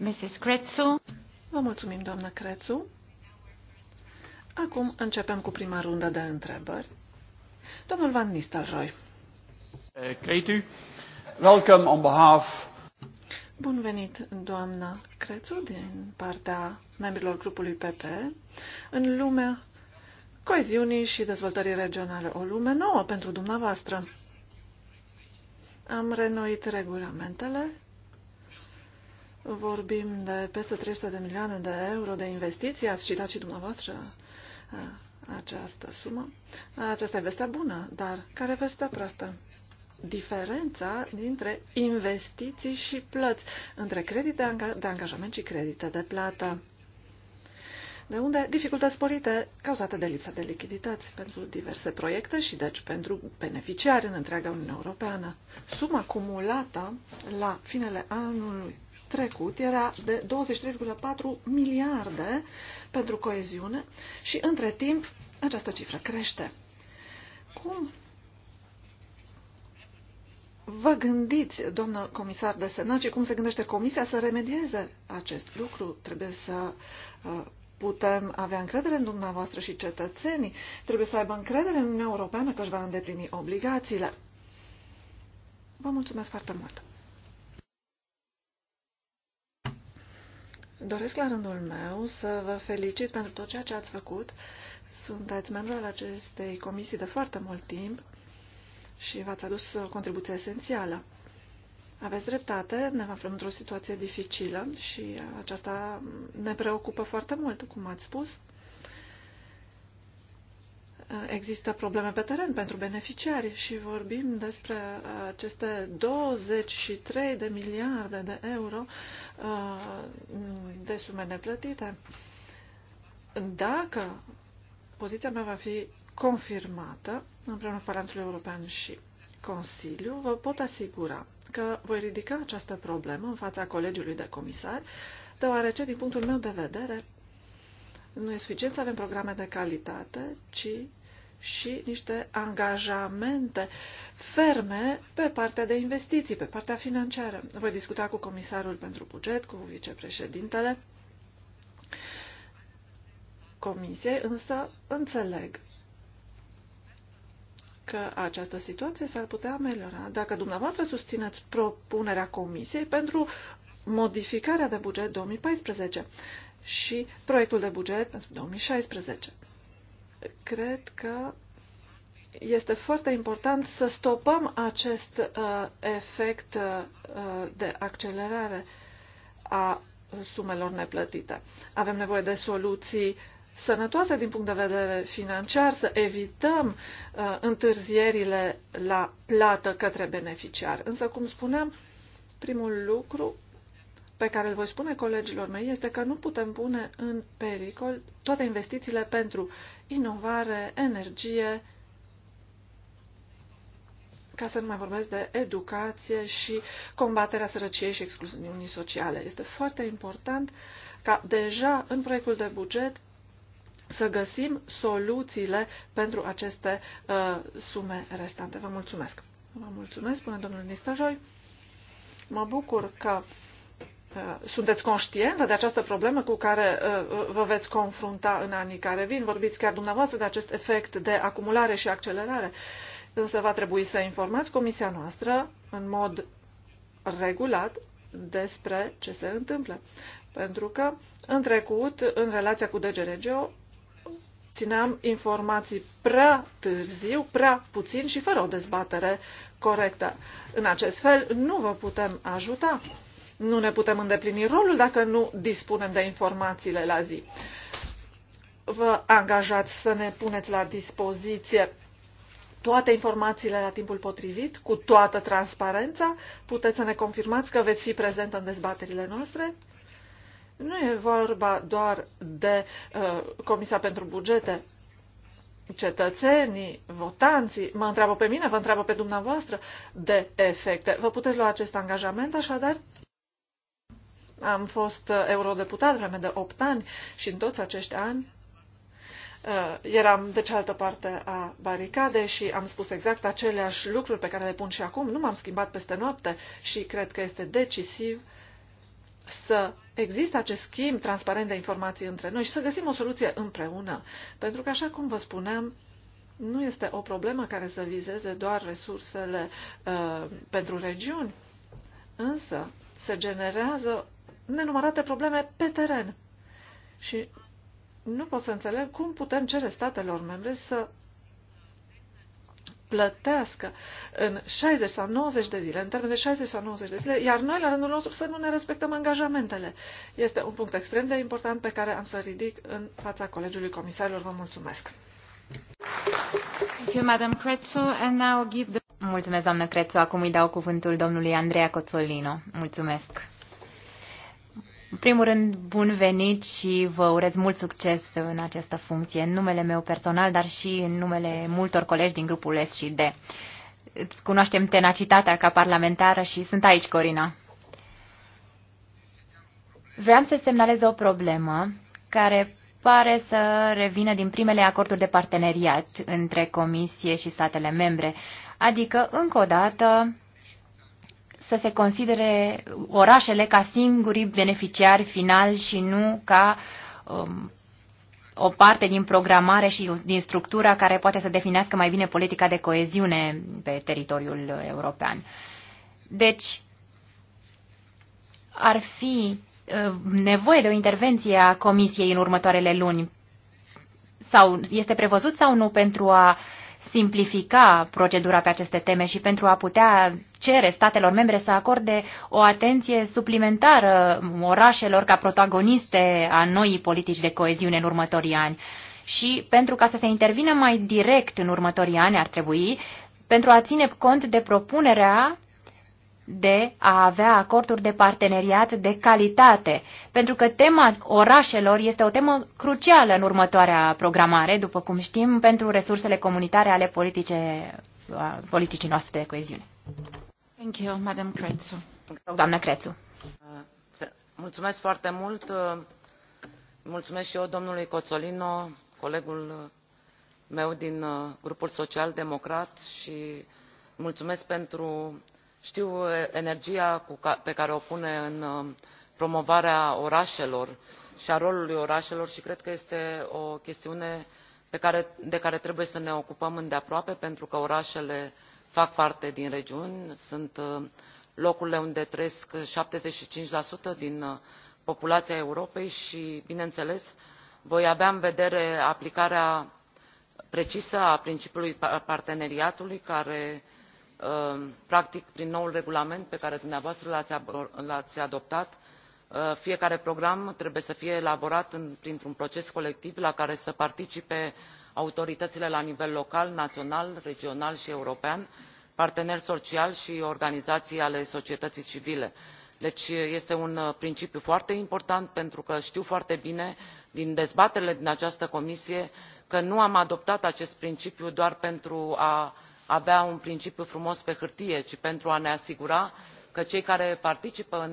Mrs. Crețu. Vă mulțumim, doamnă Crețu. Acum începem cu prima rundă de întrebări. Domnul Van Nistelrooy. Eh, Crețu, welcome on behalf Bun venit, doamna Crețu, din partea membrilor grupului PP, în lumea coeziunii și dezvoltării regionale, o lume nouă pentru dumneavoastră. Am renoit regulamentele Vorbim de peste 300 de milioane de euro de investiții. Ați citat și dumneavoastră această sumă. Aceasta e vestea bună, dar care vestea proastă? Diferența dintre investiții și plăți, între credite de angajament și credite de plată. De unde dificultăți sporite cauzate de lipsa de lichidități pentru diverse proiecte și deci pentru beneficiari în întreaga Uniune Europeană. Suma acumulată la finele anului trecut era de 23,4 miliarde pentru coeziune și între timp această cifră crește. Cum vă gândiți, doamnă comisar de Senat, și cum se gândește Comisia să remedieze acest lucru? Trebuie să uh, putem avea încredere în dumneavoastră și cetățenii. Trebuie să aibă încredere în Uniunea Europeană că își va îndeplini obligațiile. Vă mulțumesc foarte mult! Doresc la rândul meu să vă felicit pentru tot ceea ce ați făcut. Sunteți membru al acestei comisii de foarte mult timp și v-ați adus o contribuție esențială. Aveți dreptate, ne aflăm într-o situație dificilă și aceasta ne preocupă foarte mult, cum ați spus există probleme pe teren pentru beneficiari și vorbim despre aceste 23 de miliarde de euro uh, de sume neplătite. Dacă poziția mea va fi confirmată împreună cu Parlamentul European și Consiliu, vă pot asigura că voi ridica această problemă în fața Colegiului de Comisari, deoarece, din punctul meu de vedere, nu e suficient să avem programe de calitate, ci și niște angajamente ferme pe partea de investiții, pe partea financiară. Voi discuta cu comisarul pentru buget, cu vicepreședintele comisiei, însă înțeleg că această situație s-ar putea ameliora dacă dumneavoastră susțineți propunerea comisiei pentru modificarea de buget 2014 și proiectul de buget pentru 2016 cred că este foarte important să stopăm acest uh, efect uh, uh, de accelerare a sumelor neplătite. Avem nevoie de soluții sănătoase din punct de vedere financiar, să evităm uh, întârzierile la plată către beneficiar. Însă, cum spuneam, primul lucru pe care îl voi spune colegilor mei este că nu putem pune în pericol toate investițiile pentru inovare, energie, ca să nu mai vorbesc de educație și combaterea sărăciei și excluziunii sociale. Este foarte important ca deja în proiectul de buget să găsim soluțiile pentru aceste uh, sume restante. Vă mulțumesc! Vă mulțumesc, spune domnul Nistajoi. Mă bucur că Uh, sunteți conștientă de această problemă cu care uh, vă veți confrunta în anii care vin? Vorbiți chiar dumneavoastră de acest efect de acumulare și accelerare. Însă va trebui să informați comisia noastră în mod regulat despre ce se întâmplă. Pentru că în trecut, în relația cu DG țineam informații prea târziu, prea puțin și fără o dezbatere corectă. În acest fel, nu vă putem ajuta nu ne putem îndeplini rolul dacă nu dispunem de informațiile la zi. Vă angajați să ne puneți la dispoziție toate informațiile la timpul potrivit, cu toată transparența. Puteți să ne confirmați că veți fi prezent în dezbaterile noastre? Nu e vorba doar de uh, Comisia pentru Bugete. Cetățenii, votanții, mă întreabă pe mine, vă întreabă pe dumneavoastră de efecte. Vă puteți lua acest angajament, așadar? Am fost uh, eurodeputat vreme de 8 ani și în toți acești ani uh, eram de cealaltă parte a baricade și am spus exact aceleași lucruri pe care le pun și acum. Nu m-am schimbat peste noapte și cred că este decisiv să există acest schimb transparent de informații între noi și să găsim o soluție împreună. Pentru că, așa cum vă spuneam, nu este o problemă care să vizeze doar resursele uh, pentru regiuni, însă se generează nenumărate probleme pe teren. Și nu pot să înțeleg cum putem cere statelor membre să plătească în 60 sau 90 de zile, în termen de 60 sau 90 de zile, iar noi, la rândul nostru, să nu ne respectăm angajamentele. Este un punct extrem de important pe care am să ridic în fața Colegiului Comisarilor. Vă mulțumesc! Mulțumesc, doamnă Crețu. Acum îi dau cuvântul domnului Andreea Coțolino. Mulțumesc! În primul rând, bun venit și vă urez mult succes în această funcție, în numele meu personal, dar și în numele multor colegi din grupul S și D. Îți cunoaștem tenacitatea ca parlamentară și sunt aici, Corina. Vreau să semnalez o problemă care pare să revină din primele acorduri de parteneriat între Comisie și statele membre, adică, încă o dată, să se considere orașele ca singurii beneficiari finali și nu ca um, o parte din programare și din structura care poate să definească mai bine politica de coeziune pe teritoriul european. Deci, ar fi uh, nevoie de o intervenție a Comisiei în următoarele luni? Sau este prevăzut sau nu pentru a uh, simplifica procedura pe aceste teme și pentru a putea cere statelor membre să acorde o atenție suplimentară orașelor ca protagoniste a noii politici de coeziune în următorii ani. Și pentru ca să se intervină mai direct în următorii ani ar trebui, pentru a ține cont de propunerea de a avea acorduri de parteneriat de calitate, pentru că tema orașelor este o temă crucială în următoarea programare, după cum știm, pentru resursele comunitare ale politice, politicii noastre de coeziune. Thank you, Madam Crețu. Doamna Crețu. Uh, mulțumesc foarte mult. Uh, mulțumesc și eu domnului Coțolino, colegul uh, meu din grupul social-democrat și mulțumesc pentru știu uh, energia pe care o pune în uh, promovarea orașelor și a rolului orașelor și cred că este o chestiune de care trebuie să ne ocupăm îndeaproape pentru că orașele fac parte din regiuni sunt uh, locurile unde trăiesc șaptezeci și cinci din populația europei și bineînțeles voi avea în vedere aplicarea precisă a principiului parteneriatului care Um, practic prin noul regulament pe care dumneavoastră l ați adoptat uh, fiecare program trebuie să fie elaborat printr un proces colectiv la care să participe autoritățile la nivel local național regional și european parteneri sociali și organizații ale societății civile. deci uh, este un uh, principiu foarte important pentru că știu foarte bine din dezbaterile din această comisie că nu am adoptat acest principiu doar pentru a avea un principiu frumos pe hârtie ci pentru a ne asigura că cei care participă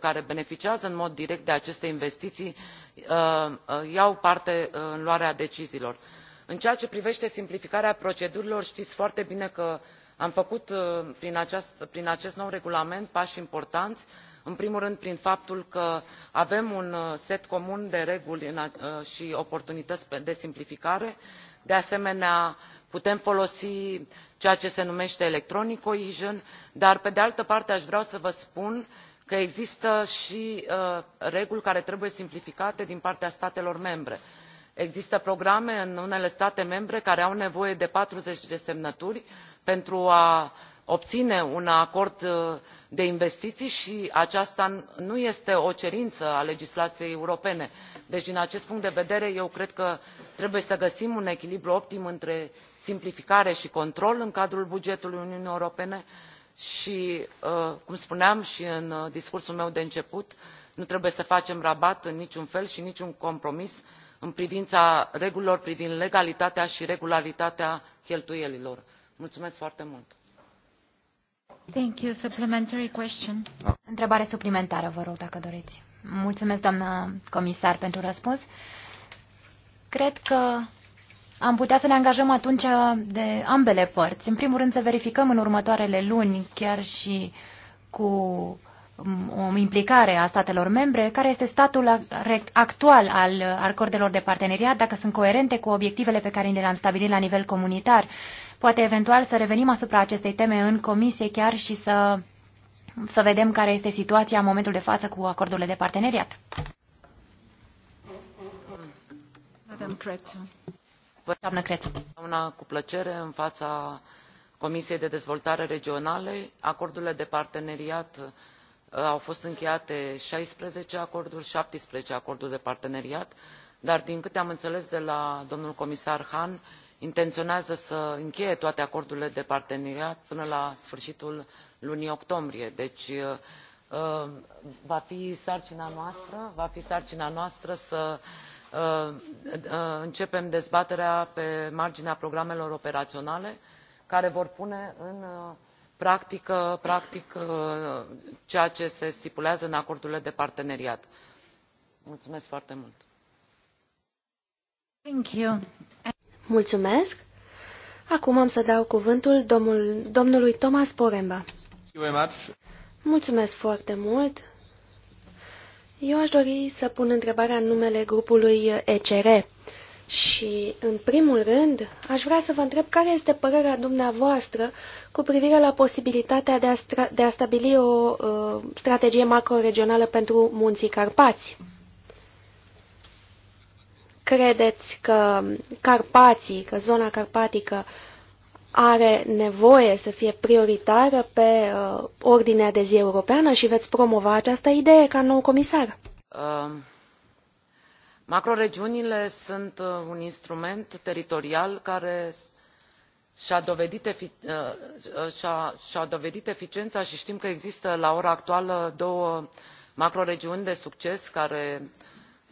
care beneficiază în mod direct de aceste investiții uh, uh, iau parte uh, în luarea deciziilor. în ceea ce privește simplificarea procedurilor știți foarte bine că am făcut prin acest, prin acest nou regulament pași importanți în primul rând prin faptul că avem un set comun de reguli și oportunități de simplificare și de asemenea putem folosi ceea ce se numește electronic cohesion dar pe de altă parte aș vrea să vă spun că există și uh, reguli care trebuie simplificate din partea statelor membre există programe în unele state membre care au nevoie de patruzeci de semnături pentru a obține un acord uh, de investiții și aceasta nu este o cerință a legislației europene deci din acest punct de vedere eu cred că trebuie să găsim un echilibru optim între simplificare și control în cadrul bugetului uniunii europene și uh, cum spuneam și în uh, discursul meu de început nu trebuie să facem rabat în niciun fel și niciun compromis în privința regulilor privind legalitatea și regularitatea cheltuielilor. mulțumesc foarte mult! Thank you. Supplementary question. Da. Întrebare suplimentară, vă rog, dacă doriți. Mulțumesc, doamnă comisar, pentru răspuns. Cred că am putea să ne angajăm atunci de ambele părți. În primul rând să verificăm în următoarele luni, chiar și cu um, o implicare a statelor membre, care este statul actual al acordelor de parteneriat, dacă sunt coerente cu obiectivele pe care le-am stabilit la nivel comunitar Poate eventual să revenim asupra acestei teme în comisie chiar și să, să vedem care este situația în momentul de față cu acordurile de parteneriat. Madame Crețu. Doamnă Crețu. Una cu plăcere în fața Comisiei de Dezvoltare Regională. Acordurile de parteneriat uh, au fost încheiate 16 acorduri, 17 acorduri de parteneriat, dar din câte am înțeles de la domnul comisar Han, intenționează să încheie toate acordurile de parteneriat până la sfârșitul lunii octombrie deci uh, uh, va fi sarcina noastră va fi sarcina noastră să uh, începem dezbaterea pe marginea programelor operaționale care vor pune în practică practic ceea ce se stipulează în acordurile de parteneriat. mulțumesc foarte mult. Mulțumesc. Acum am să dau cuvântul domnul, domnului Thomas Poremba. Mulțumesc foarte mult. Eu aș dori să pun întrebarea în numele grupului ECR. Și, în primul rând, aș vrea să vă întreb care este părerea dumneavoastră cu privire la posibilitatea de a, de a stabili o uh, strategie macroregională pentru munții Carpați credeți că Carpații, că zona carpatică are nevoie să fie prioritară pe uh, ordinea de zi europeană și veți promova această idee ca nou comisar? Uh, macroregiunile sunt uh, un instrument teritorial care și a dovedit, efic uh, uh, și -a, și -a dovedit eficiența și știm că există la ora actuală două macroregiuni de succes care uh,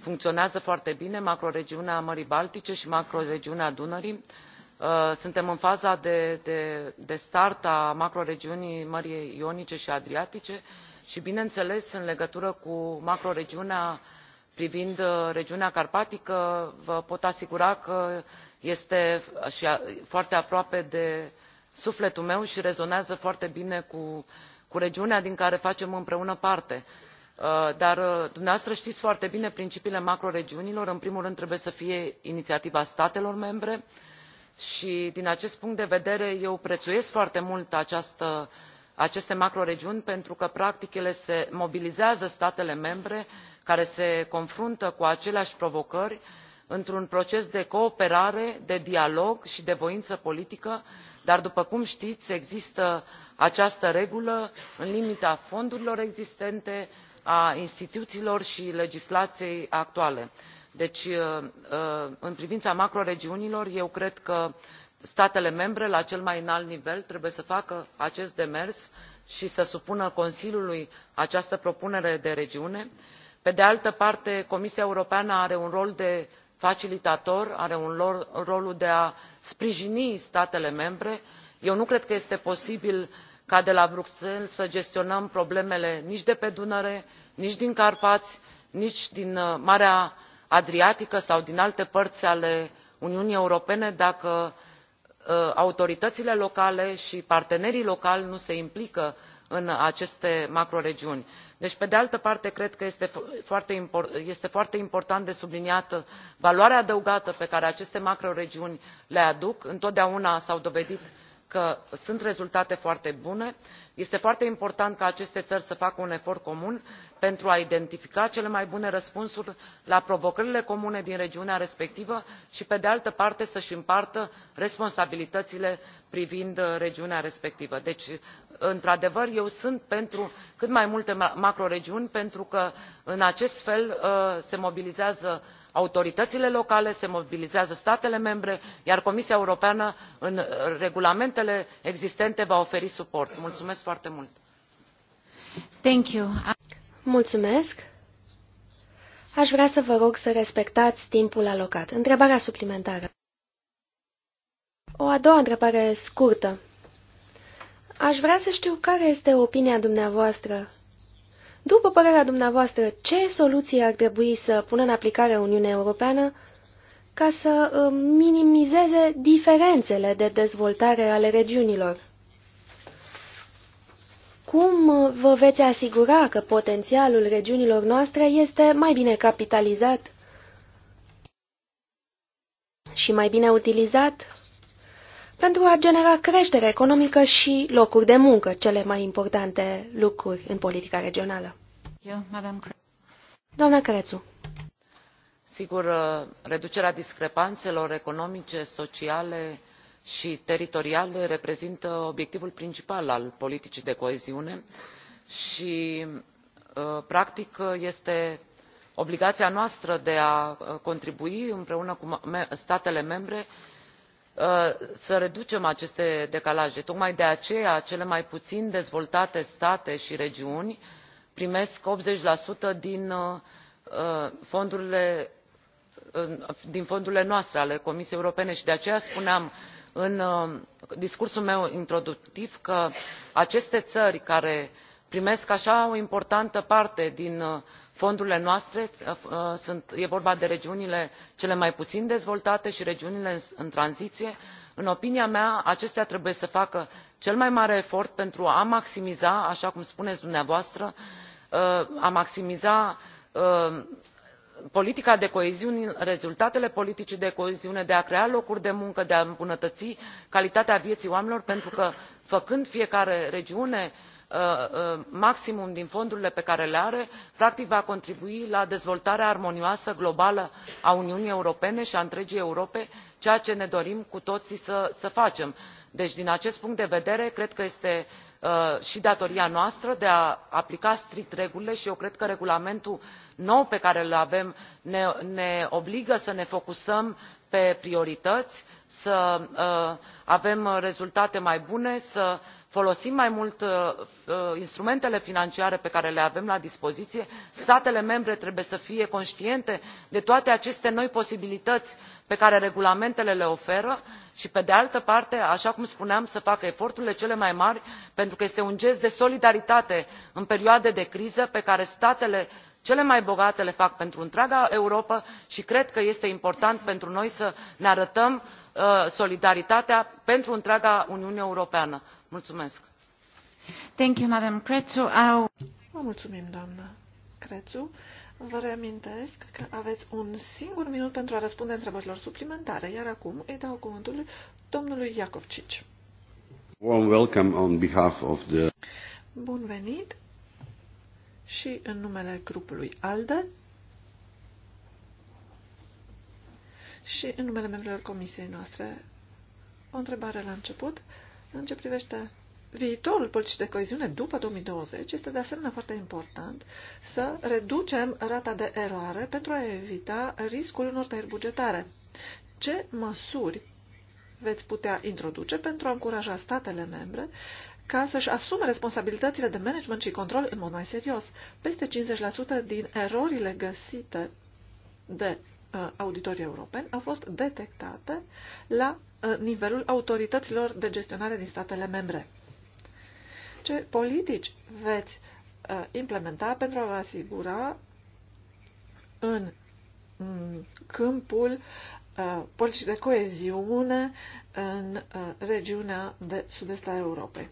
funcționează foarte bine macroregiunea mării baltice și macroregiunea dunării uh, suntem în faza de, start a macroregiunii mării ionice și adriatice și bineînțeles în legătură cu macroregiunea privind uh, regiunea carpatică vă pot asigura că este foarte aproape de sufletul meu și rezonează foarte bine cu regiunea din care facem împreună parte. Uh, dar uh, dumneavoastră știți foarte bine principiile macroregiunilor în primul rând trebuie să fie inițiativa statelor membre și din acest punct de vedere eu prețuiesc foarte mult această, aceste macroregiuni pentru că practic ele se mobilizează statele membre care se confruntă cu aceleași provocări într un proces de cooperare de dialog și de voință politică dar după cum știți există această regulă în limita fondurilor existente a instituțiilor și legislației actuale. deci uh, uh, în privința macroregiunilor eu cred că statele membre la cel mai înalt nivel trebuie să facă acest demers și să supună consiliului această propunere de regiune. pe de altă parte comisia europeană are un rol de facilitator are rol, rolul de a sprijini statele membre. eu nu cred că este posibil ca de la bruxelles să gestionăm problemele nici de pe dunăre nici din carpați nici din uh, marea adriatică sau din alte părți ale uniunii europene dacă uh, autoritățile locale și partenerii locali nu se implică în aceste macroregiuni. deci pe de altă parte cred că este foarte, important de subliniat valoarea adăugată pe care aceste macroregiuni le aduc întotdeauna s au dovedit că sunt rezultate foarte bune este foarte important ca aceste țări să facă un efort comun pentru a identifica cele mai bune răspunsuri la provocările comune din regiunea respectivă și pe de altă parte să își împartă responsabilitățile privind regiunea respectivă. deci într adevăr eu sunt pentru cât mai multe macroregiuni pentru că în acest fel uh, se mobilizează autoritățile locale se mobilizează statele membre iar comisia europeană în uh, regulamentele existente va oferi suport. mulțumesc foarte mult! Mulțumesc. Aș vrea să vă rog să respectați timpul alocat. Întrebarea suplimentară. O a doua întrebare scurtă. Aș vrea să știu care este opinia dumneavoastră după părerea dumneavoastră, ce soluții ar trebui să pună în aplicare Uniunea Europeană ca să um, minimizeze diferențele de dezvoltare ale regiunilor? Cum uh, vă veți asigura că potențialul regiunilor noastre este mai bine capitalizat și mai bine utilizat pentru a genera creștere economică și locuri de muncă, cele mai importante lucruri în politica regională. Doamna Crețu. Sigur, uh, reducerea discrepanțelor economice, sociale și teritoriale reprezintă obiectivul principal al politicii de coeziune și, uh, practic, este obligația noastră de a uh, contribui împreună cu statele membre Uh, să reducem aceste decalaje. tocmai de aceea cele mai puțin dezvoltate state și regiuni primesc optzeci uh, uh, din fondurile noastre ale comisiei europene și de aceea spuneam în discursul meu introductiv că aceste țări care primesc așa o importantă parte din fondurile noastre uh, uh, sunt e vorba de regiunile cele mai puțin dezvoltate și regiunile în tranziție în opinia mea acestea trebuie să facă cel mai mare efort pentru a maximiza așa cum spuneți dumneavoastră uh, a maximiza politica de coeziune rezultatele politicii de coeziune de a crea locuri de muncă de a îmbunătăți calitatea vieții oamenilor pentru că făcând fiecare regiune Uh, uh, maximum din fondurile pe care le are practic va contribui la dezvoltarea armonioasă globală a uniunii europene și a întregii europe ceea ce ne dorim cu toții să, facem. deci din acest punct de vedere cred că este uh, și datoria noastră de a aplica strict regulile și eu cred că regulamentul nou pe care îl avem ne obligă să ne focusăm pe priorități să avem rezultate mai bune să folosim mai mult uh, uh, instrumentele financiare pe care le avem la dispoziție statele membre trebuie să fie conștiente de toate aceste noi posibilități pe care regulamentele le oferă și pe de altă parte așa cum spuneam să facă eforturile cele mai mari pentru că este un gest de solidaritate în perioade de criză pe care statele cele mai bogate le fac pentru întreaga europă și cred că este important pentru noi să ne arătăm uh, solidaritatea pentru întreaga uniune europeană. Mulțumesc. Vă mulțumim, doamnă Crețu. Vă reamintesc că aveți un singur minut pentru a răspunde întrebărilor suplimentare, iar acum îi dau cuvântul domnului Iacovcici. Warm welcome on behalf of the... Bun venit și în numele grupului ALDE și în numele membrilor comisiei noastre. O întrebare la început. În ce privește viitorul politicii de coeziune după 2020, este de asemenea foarte important să reducem rata de eroare pentru a evita riscul unor tăieri bugetare. Ce măsuri veți putea introduce pentru a încuraja statele membre ca să-și asume responsabilitățile de management și control în mod mai serios. Peste 50% din erorile găsite de Uh, auditorii europeni au fost detectate la uh, nivelul autorităților de gestionare din statele membre. Ce politici veți uh, implementa pentru a vă asigura în mm, câmpul politicii de coeziune în regiunea de sud-est a Europei?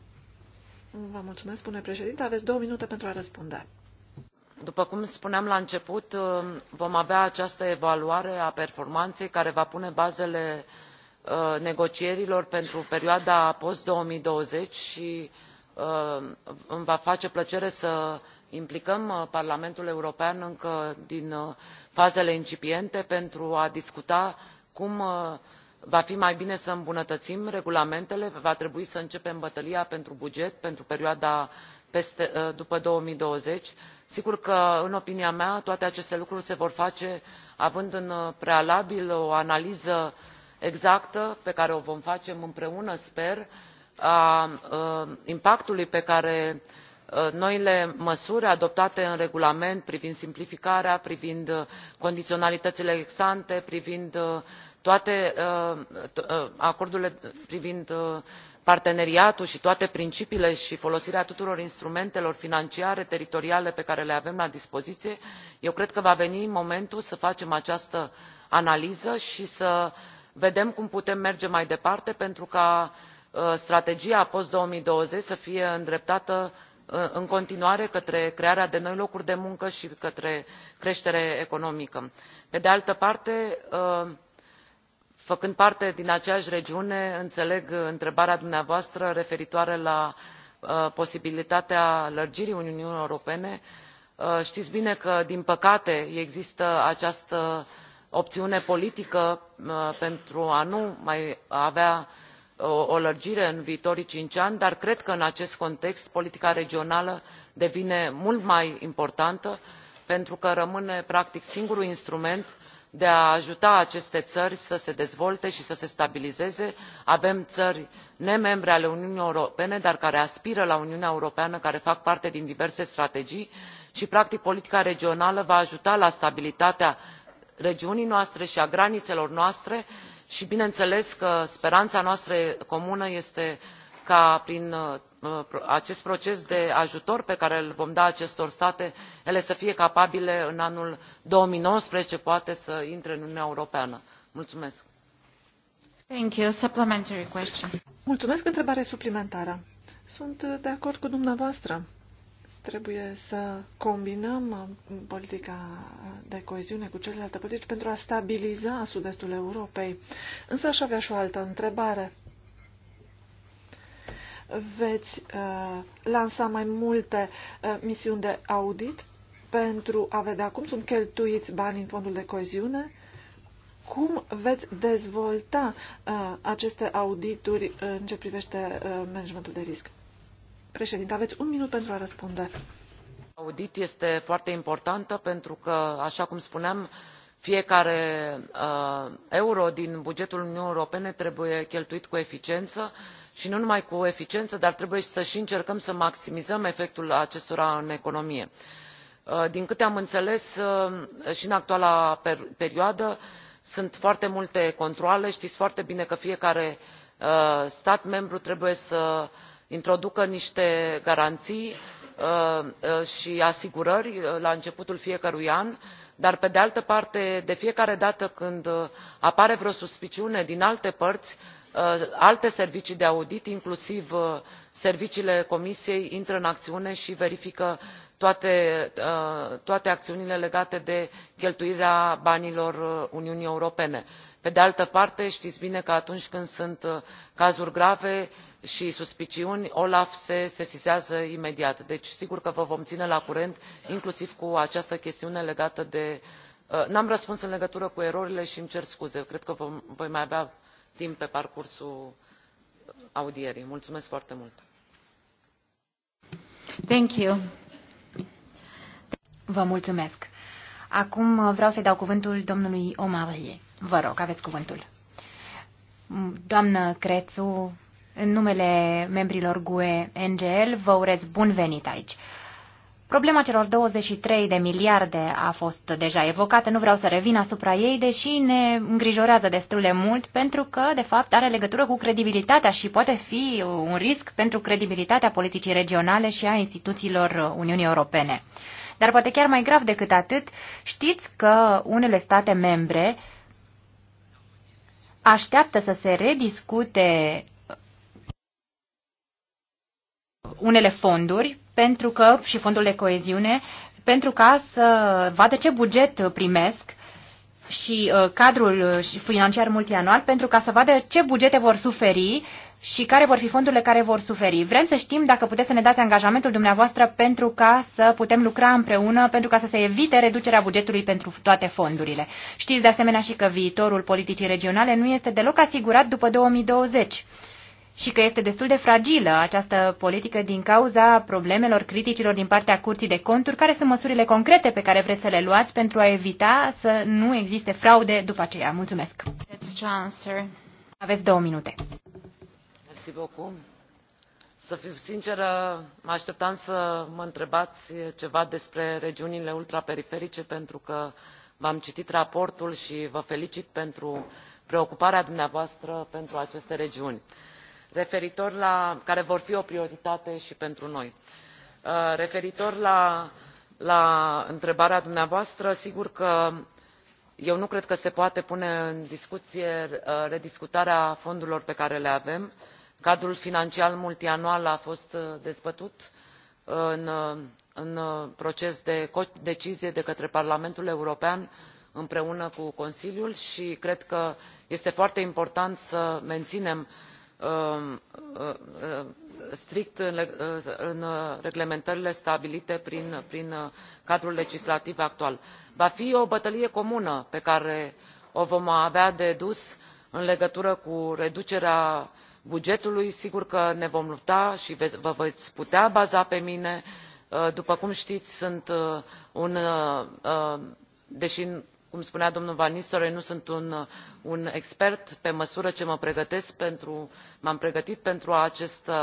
Vă mulțumesc, spune președinte. Aveți două minute pentru a răspunde după cum spuneam la început um, vom avea această evaluare a performanței care va pune bazele uh, negocierilor pentru perioada post două mii douăzeci și um, îmi va face plăcere să implicăm uh, parlamentul european încă din uh, fazele incipiente pentru a discuta cum va fi mai bine să îmbunătățim regulamentele va trebui să începem bătălia pentru buget pentru perioada peste, ă, după două mii douăzeci sigur că în opinia mea toate aceste lucruri se vor face având în ă, prealabil o analiză exactă pe care o vom face împreună sper a ă, impactului pe care noile măsuri adoptate în regulament privind simplificarea privind condiționalitățile ex ante privind toate acordurile privind parteneriatul și toate principiile și folosirea tuturor instrumentelor financiare teritoriale pe care le avem la dispoziție eu cred că va veni momentul să facem această analiză și să vedem cum putem merge mai departe pentru ca uh, strategia post două mii douăzeci să fie îndreptată uh, în continuare către crearea de noi locuri de muncă și către creștere economică. pe de altă parte uh, făcând parte din aceeași regiune înțeleg uh, întrebarea dumneavoastră referitoare la uh, posibilitatea lărgirii uniunii europene uh, știți bine că din păcate există această opțiune politică pentru a nu mai avea o lărgire în viitorii cinci ani dar cred că în acest context politica regională devine mult mai importantă pentru că rămâne practic singurul instrument de a ajuta aceste țări să se dezvolte și să se stabilizeze avem țări nemembre ale uniunii europene dar care aspiră la uniunea europeană care fac parte din diverse strategii și practic politica regională va ajuta la stabilitatea regiunii noastre și a granițelor noastre și bineînțeles că speranța noastră comună este ca prin Uh, acest proces de ajutor pe care îl vom da acestor state ele să fie capabile în anul două mii nouăsprezece poate să intre în uniunea europeană. mulțumesc. mulțumesc întrebare suplimentară. sunt de acord cu dumneavoastră trebuie să combinăm uh, politica de coeziune cu celelalte politici pentru a stabiliza sud-estul Europei. Însă aș avea și o altă întrebare veți uh, lansa mai multe uh, misiuni de audit pentru a vedea cum sunt cheltuiți banii în fondul de coeziune, cum veți dezvolta uh, aceste audituri în ce privește uh, managementul de risc. Președinte, aveți un minut pentru a răspunde. Audit este foarte importantă pentru că, așa cum spuneam, fiecare uh, euro din bugetul Uniunii Europene trebuie cheltuit cu eficiență uh, și nu numai cu eficiență dar trebuie să și încercăm să maximizăm efectul acestora în economie. Uh, din câte am înțeles uh, și în actuala perioadă sunt foarte multe controale știți foarte bine că fiecare uh, stat membru trebuie să introducă niște garanții și asigurări la începutul fiecărui an dar pe de altă parte de fiecare dată când apare vreo suspiciune din alte părți Uh, alte servicii de audit inclusiv uh, serviciile comisiei intră în acțiune și verifică toate, uh, acțiunile legate de cheltuirea banilor uniunii europene. pe de altă parte știți bine că atunci când sunt cazuri grave și suspiciuni olaf se sesizează imediat deci sigur că vă vom ține la curent inclusiv cu această chestiune legată de n am răspuns în legătură cu erorile și îmi cer scuze cred că voi mai avea timp pe parcursul audierii. mulțumesc foarte mult! Thank you. Vă mulțumesc. Acum vreau să-i dau cuvântul domnului Omarie. Vă rog, aveți cuvântul. Doamnă Crețu, în numele membrilor GUE NGL, vă urez bun venit aici. Problema celor 23 de miliarde a fost deja evocată, nu vreau să revin asupra ei, deși ne îngrijorează destul de mult, pentru că, de fapt, are legătură cu credibilitatea și poate fi un risc pentru credibilitatea politicii regionale și a instituțiilor Uniunii Europene. Dar poate chiar mai grav decât atât, știți că unele state membre așteaptă să se rediscute unele fonduri pentru că, și fondul de coeziune, pentru ca să vadă ce buget primesc și uh, cadrul uh, financiar multianual, pentru ca să vadă ce bugete vor suferi și care vor fi fondurile care vor suferi. Vrem să știm dacă puteți să ne dați angajamentul dumneavoastră pentru ca să putem lucra împreună, pentru ca să se evite reducerea bugetului pentru toate fondurile. Știți de asemenea și că viitorul politicii regionale nu este deloc asigurat după 2020 și că este destul de fragilă această politică din cauza problemelor criticilor din partea Curții de Conturi. Care sunt măsurile concrete pe care vreți să le luați pentru a evita să nu existe fraude după aceea? Mulțumesc! Aveți două minute. Mersi beaucoup. Să fiu sinceră, mă așteptam să mă întrebați ceva despre regiunile ultraperiferice pentru că v am citit raportul și vă felicit pentru preocuparea dumneavoastră pentru aceste regiuni referitor la care vor fi o prioritate și pentru noi. Uh, referitor la, întrebarea dumneavoastră sigur că eu nu cred că se poate pune în discuție uh, rediscutarea fondurilor pe care le avem cadrul financiar multianual a fost uh, dezbătut în, în proces de codecizie de către parlamentul european împreună cu consiliul și cred că este foarte important să menținem Um, uh, uh, strict în uh, reglementările stabilite prin, prin cadrul legislativ actual. va fi o bătălie comună pe care o vom avea de dus în legătură cu reducerea bugetului sigur că ne vom lupta și vă veți putea baza pe mine după cum știți sunt un deși cum spunea domnul van nistelrooij nu sunt un, un expert pe măsură ce mă pregătesc pentru m am pregătit pentru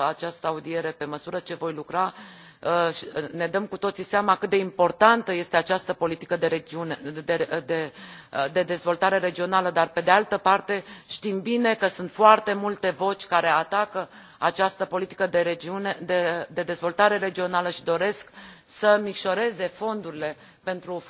această audiere pe măsură ce voi lucra uh, uh, ne dăm cu toții seama cât de importantă este această politică de, regiune, de, de, uh, de dezvoltare regională dar pe de altă parte știm bine că sunt foarte multe voci care atacă această politică de, dezvoltare regională și doresc să micșoreze fondurile uh,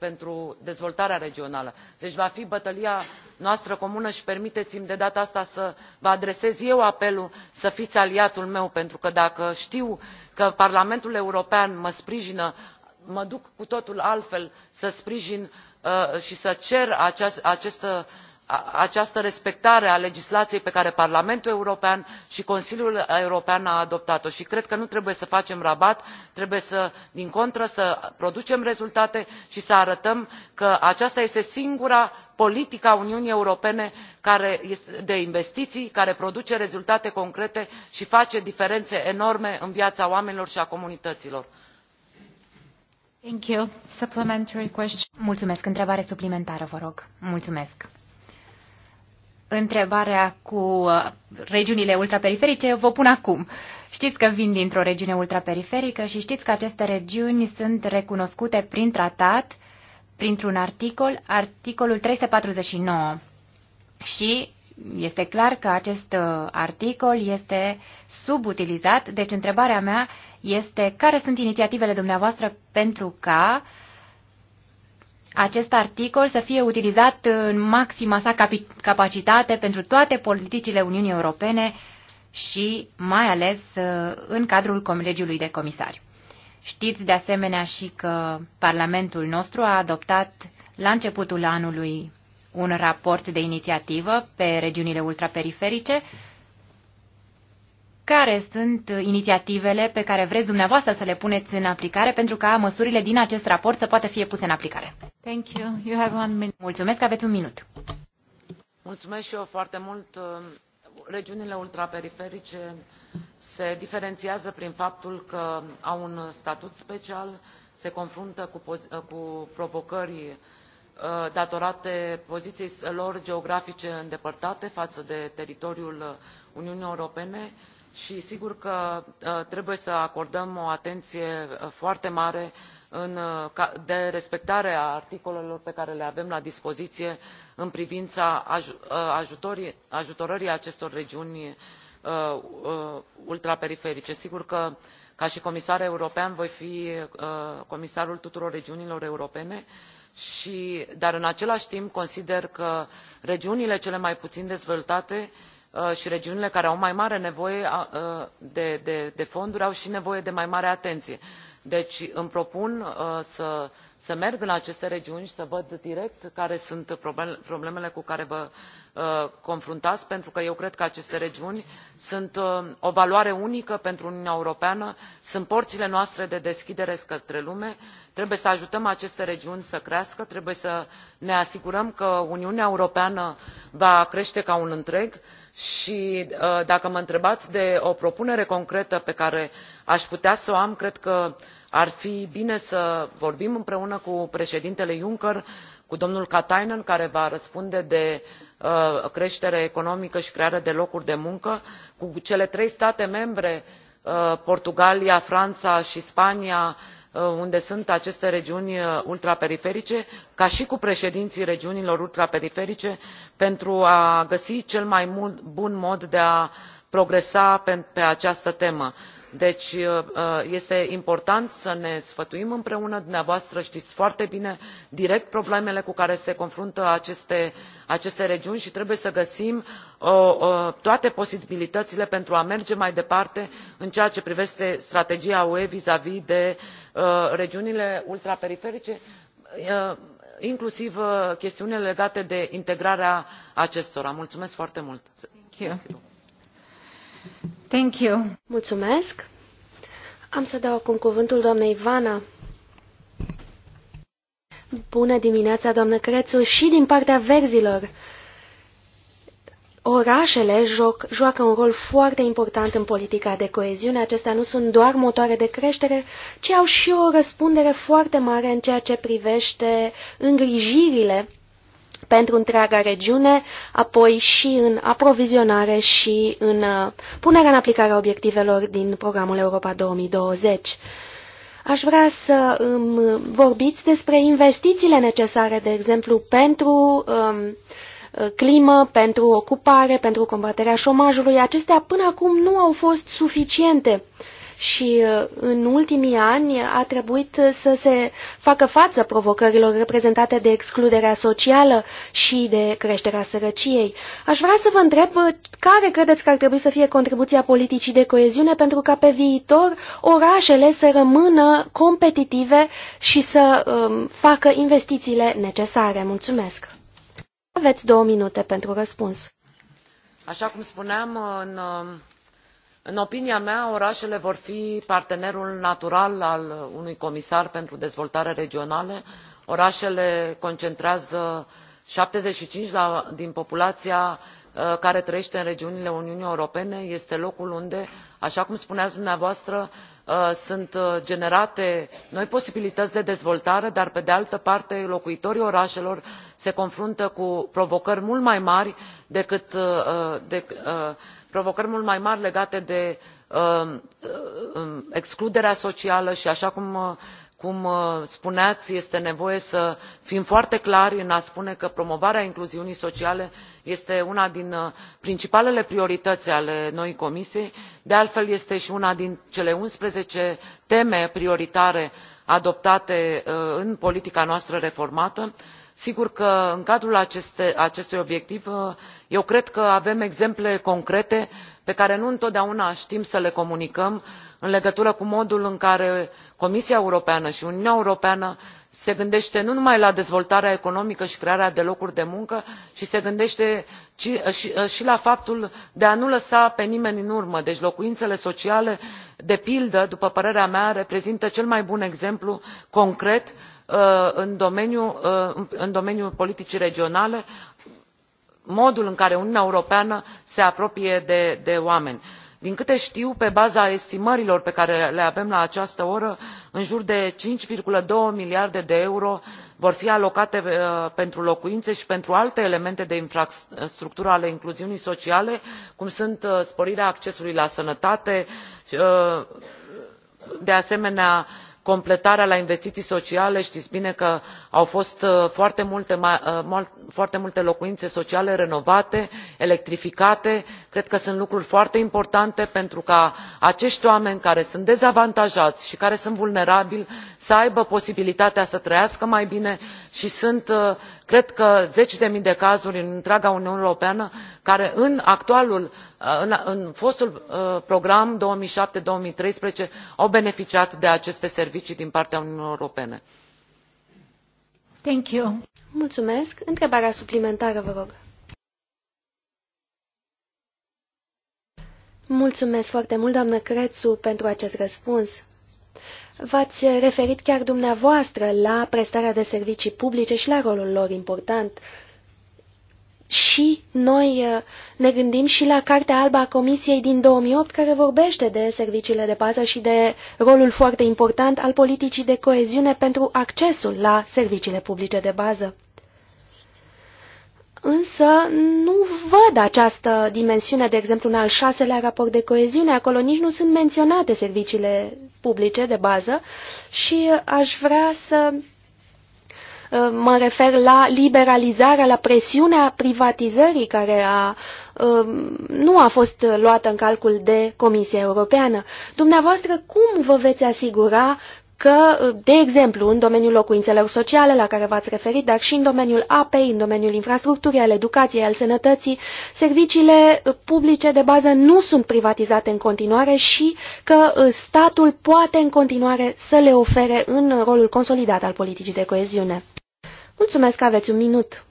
pentru, dezvoltarea regională. deci va fi bătălia noastră comună și permiteți mi de data asta să vă adresez eu apelul să fiți aliatul meu pentru că dacă știu că parlamentul european mă sprijină mă duc cu totul altfel să sprijin uh, și să cer această această respectare a legislației pe care parlamentul european și consiliul european au adoptat o și cred că nu trebuie să facem rabat trebuie din contră să producem rezultate și să arătăm că aceasta este singura politică a uniunii europene de investiții care produce rezultate concrete și face diferențe enorme în viața oamenilor și a comunităților. Mulțumesc. Întrebare suplimentară, vă rog. Mulțumesc întrebarea cu uh, regiunile ultraperiferice, vă pun acum. Știți că vin dintr-o regiune ultraperiferică și știți că aceste regiuni sunt recunoscute prin tratat, printr-un articol, articolul 349. Și este clar că acest uh, articol este subutilizat, deci întrebarea mea este care sunt inițiativele dumneavoastră pentru ca uh, acest articol să fie utilizat în maxima sa capacitate pentru toate politicile Uniunii Europene și mai ales uh, în cadrul Colegiului de Comisari. Știți de asemenea și că Parlamentul nostru a adoptat la începutul anului un raport de inițiativă pe regiunile ultraperiferice. Care sunt inițiativele pe care vreți dumneavoastră să le puneți în aplicare pentru ca măsurile din acest raport să poată fi puse în aplicare? Thank you. You have one minute. Mulțumesc, aveți un minut. Mulțumesc și eu foarte mult regiunile ultraperiferice se diferențiază prin faptul că au un statut special se confruntă cu, cu provocări uh, datorate poziției lor geografice îndepărtate față de teritoriul uniunii europene și sigur că uh, trebuie să acordăm o atenție uh, foarte mare Uh, de respectare a articolelor pe care le avem la dispoziție în privința uh, ajutorării acestor regiuni uh, ultraperiferice. sigur că ca și comisar european voi fi comisarul tuturor regiunilor europene și, dar în același timp consider că regiunile cele mai puțin dezvoltate și regiunile care au mai mare nevoie de fonduri au și nevoie de mai mare atenție deci îmi propun uh, să, merg în aceste regiuni și să văd direct care sunt problemele cu care vă uh, confruntați pentru că eu cred că aceste regiuni sunt uh, o valoare unică pentru uniunea europeană sunt porțile noastre de deschidere către lume trebuie să ajutăm aceste regiuni să crească trebuie să ne asigurăm că uniunea europeană va crește ca un întreg și dacă mă întrebați de o propunere concretă pe care aș putea să o am cred că ar fi bine să vorbim împreună cu președintele juncker cu domnul katainen care va răspunde de uh, creștere economică și creare de locuri de muncă cu cele trei state membre uh, portugalia franța și spania uh, unde sunt aceste regiuni ultraperiferice ca și cu președinții regiunilor ultraperiferice pentru a găsi cel mai bun mod de a progresa pe, pe această temă deci uh, uh, este important să ne sfătuim împreună dumneavoastră știți foarte bine direct problemele cu care se confruntă aceste, regiuni și trebuie să găsim uh, toate posibilitățile pentru a merge mai departe în ceea ce privește strategia ue vizavi de regiunile ultraperiferice inclusiv chestiunile legate de integrarea acestora. mulțumesc foarte mult. Thank you. Mulțumesc. Am să dau acum cuvântul doamnei Ivana. Bună dimineața, doamnă Crețu, și din partea verzilor. Orașele joc, joacă un rol foarte important în politica de coeziune. Acestea nu sunt doar motoare de creștere, ci au și o răspundere foarte mare în ceea ce privește îngrijirile pentru întreaga regiune, apoi și în aprovizionare și în uh, punerea în aplicare a obiectivelor din programul Europa 2020. Aș vrea să um, vorbiți despre investițiile necesare, de exemplu, pentru um, uh, climă, pentru ocupare, pentru combaterea șomajului. Acestea până acum nu au fost suficiente. Uh, și uh, în ultimii ani a trebuit să se facă față provocărilor reprezentate de excluderea socială și de creșterea sărăciei. Aș vrea să vă întreb uh, care credeți că ar trebui să fie contribuția politicii de coeziune pentru ca pe viitor orașele să rămână competitive și să um, facă investițiile necesare. Mulțumesc! Aveți două minute pentru răspuns. Așa cum spuneam, în um, în opinia mea orașele vor fi partenerul natural al unui comisar pentru dezvoltare regională orașele concentrează șaptezeci și cinci din populația uh, care trăiește în regiunile uniunii europene este locul unde așa cum spuneați dumneavoastră uh, sunt uh, generate noi posibilități de dezvoltare dar pe de altă parte locuitorii orașelor se confruntă cu provocări mult mai mari decât provocări mult mai mari legate de uh, uh, um, excluderea socială și așa cum uh, spuneați este nevoie să fim foarte clari în a spune că promovarea incluziunii sociale este una din principalele priorități ale noii comisii de altfel este și una din cele unsprezece teme prioritare adoptate în politica noastră reformată și sigur că în cadrul acestui obiectiv uh, eu cred că avem exemple concrete pe care nu întotdeauna știm să le comunicăm în legătură cu modul în care comisia europeană și uniunea europeană se gândește nu numai la dezvoltarea economică și crearea de locuri de muncă ci se gândește uh, uh, și la faptul de a nu lăsa pe nimeni în urmă deci locuințele sociale de pildă după părerea mea reprezintă cel mai bun exemplu concret de Uh, uh, în domeniul, politicii regionale modul în care uniunea europeană se apropie de, de oameni. din câte știu pe baza estimărilor pe care le avem la această oră în jur de cinci doi miliarde de euro vor fi alocate uh, pentru locuințe și pentru alte elemente de infrastructură ale incluziunii sociale cum sunt sporirea accesului la sănătate de asemenea completarea la investiții sociale știți bine că au fost uh, foarte multe, uh, foarte multe locuințe sociale renovate electrificate cred că sunt lucruri foarte importante pentru ca acești oameni care sunt dezavantajați și care sunt vulnerabili să aibă posibilitatea să trăiască mai bine și sunt uh, cred că zeci de mii de cazuri în întreaga uniune europeană care în actualul în, în fostul program două mii șapte două mii treisprezece au beneficiat de aceste servicii servicii din partea uniunii europene. Thank you. Mulțumesc. Întrebarea suplimentară, vă rog. Mulțumesc foarte mult, doamnă Crețu, pentru acest răspuns. V-ați referit chiar dumneavoastră la prestarea de servicii publice și la rolul lor important. Și noi uh, ne gândim și la Cartea Albă a Comisiei din 2008, care vorbește de serviciile de bază și de rolul foarte important al politicii de coeziune pentru accesul la serviciile publice de bază. Însă nu văd această dimensiune, de exemplu, în al șaselea raport de coeziune, acolo nici nu sunt menționate serviciile publice de bază și uh, aș vrea să Uh, mă refer la liberalizarea, la presiunea privatizării care a, uh, nu a fost luată în calcul de Comisia Europeană. Dumneavoastră, cum vă veți asigura că, uh, de exemplu, în domeniul locuințelor sociale la care v-ați referit, dar și în domeniul apei, în domeniul infrastructurii, al educației, al sănătății, serviciile publice de bază nu sunt privatizate în continuare și că statul poate în continuare să le ofere în rolul consolidat al politicii de coeziune. Mulțumesc că aveți un minut.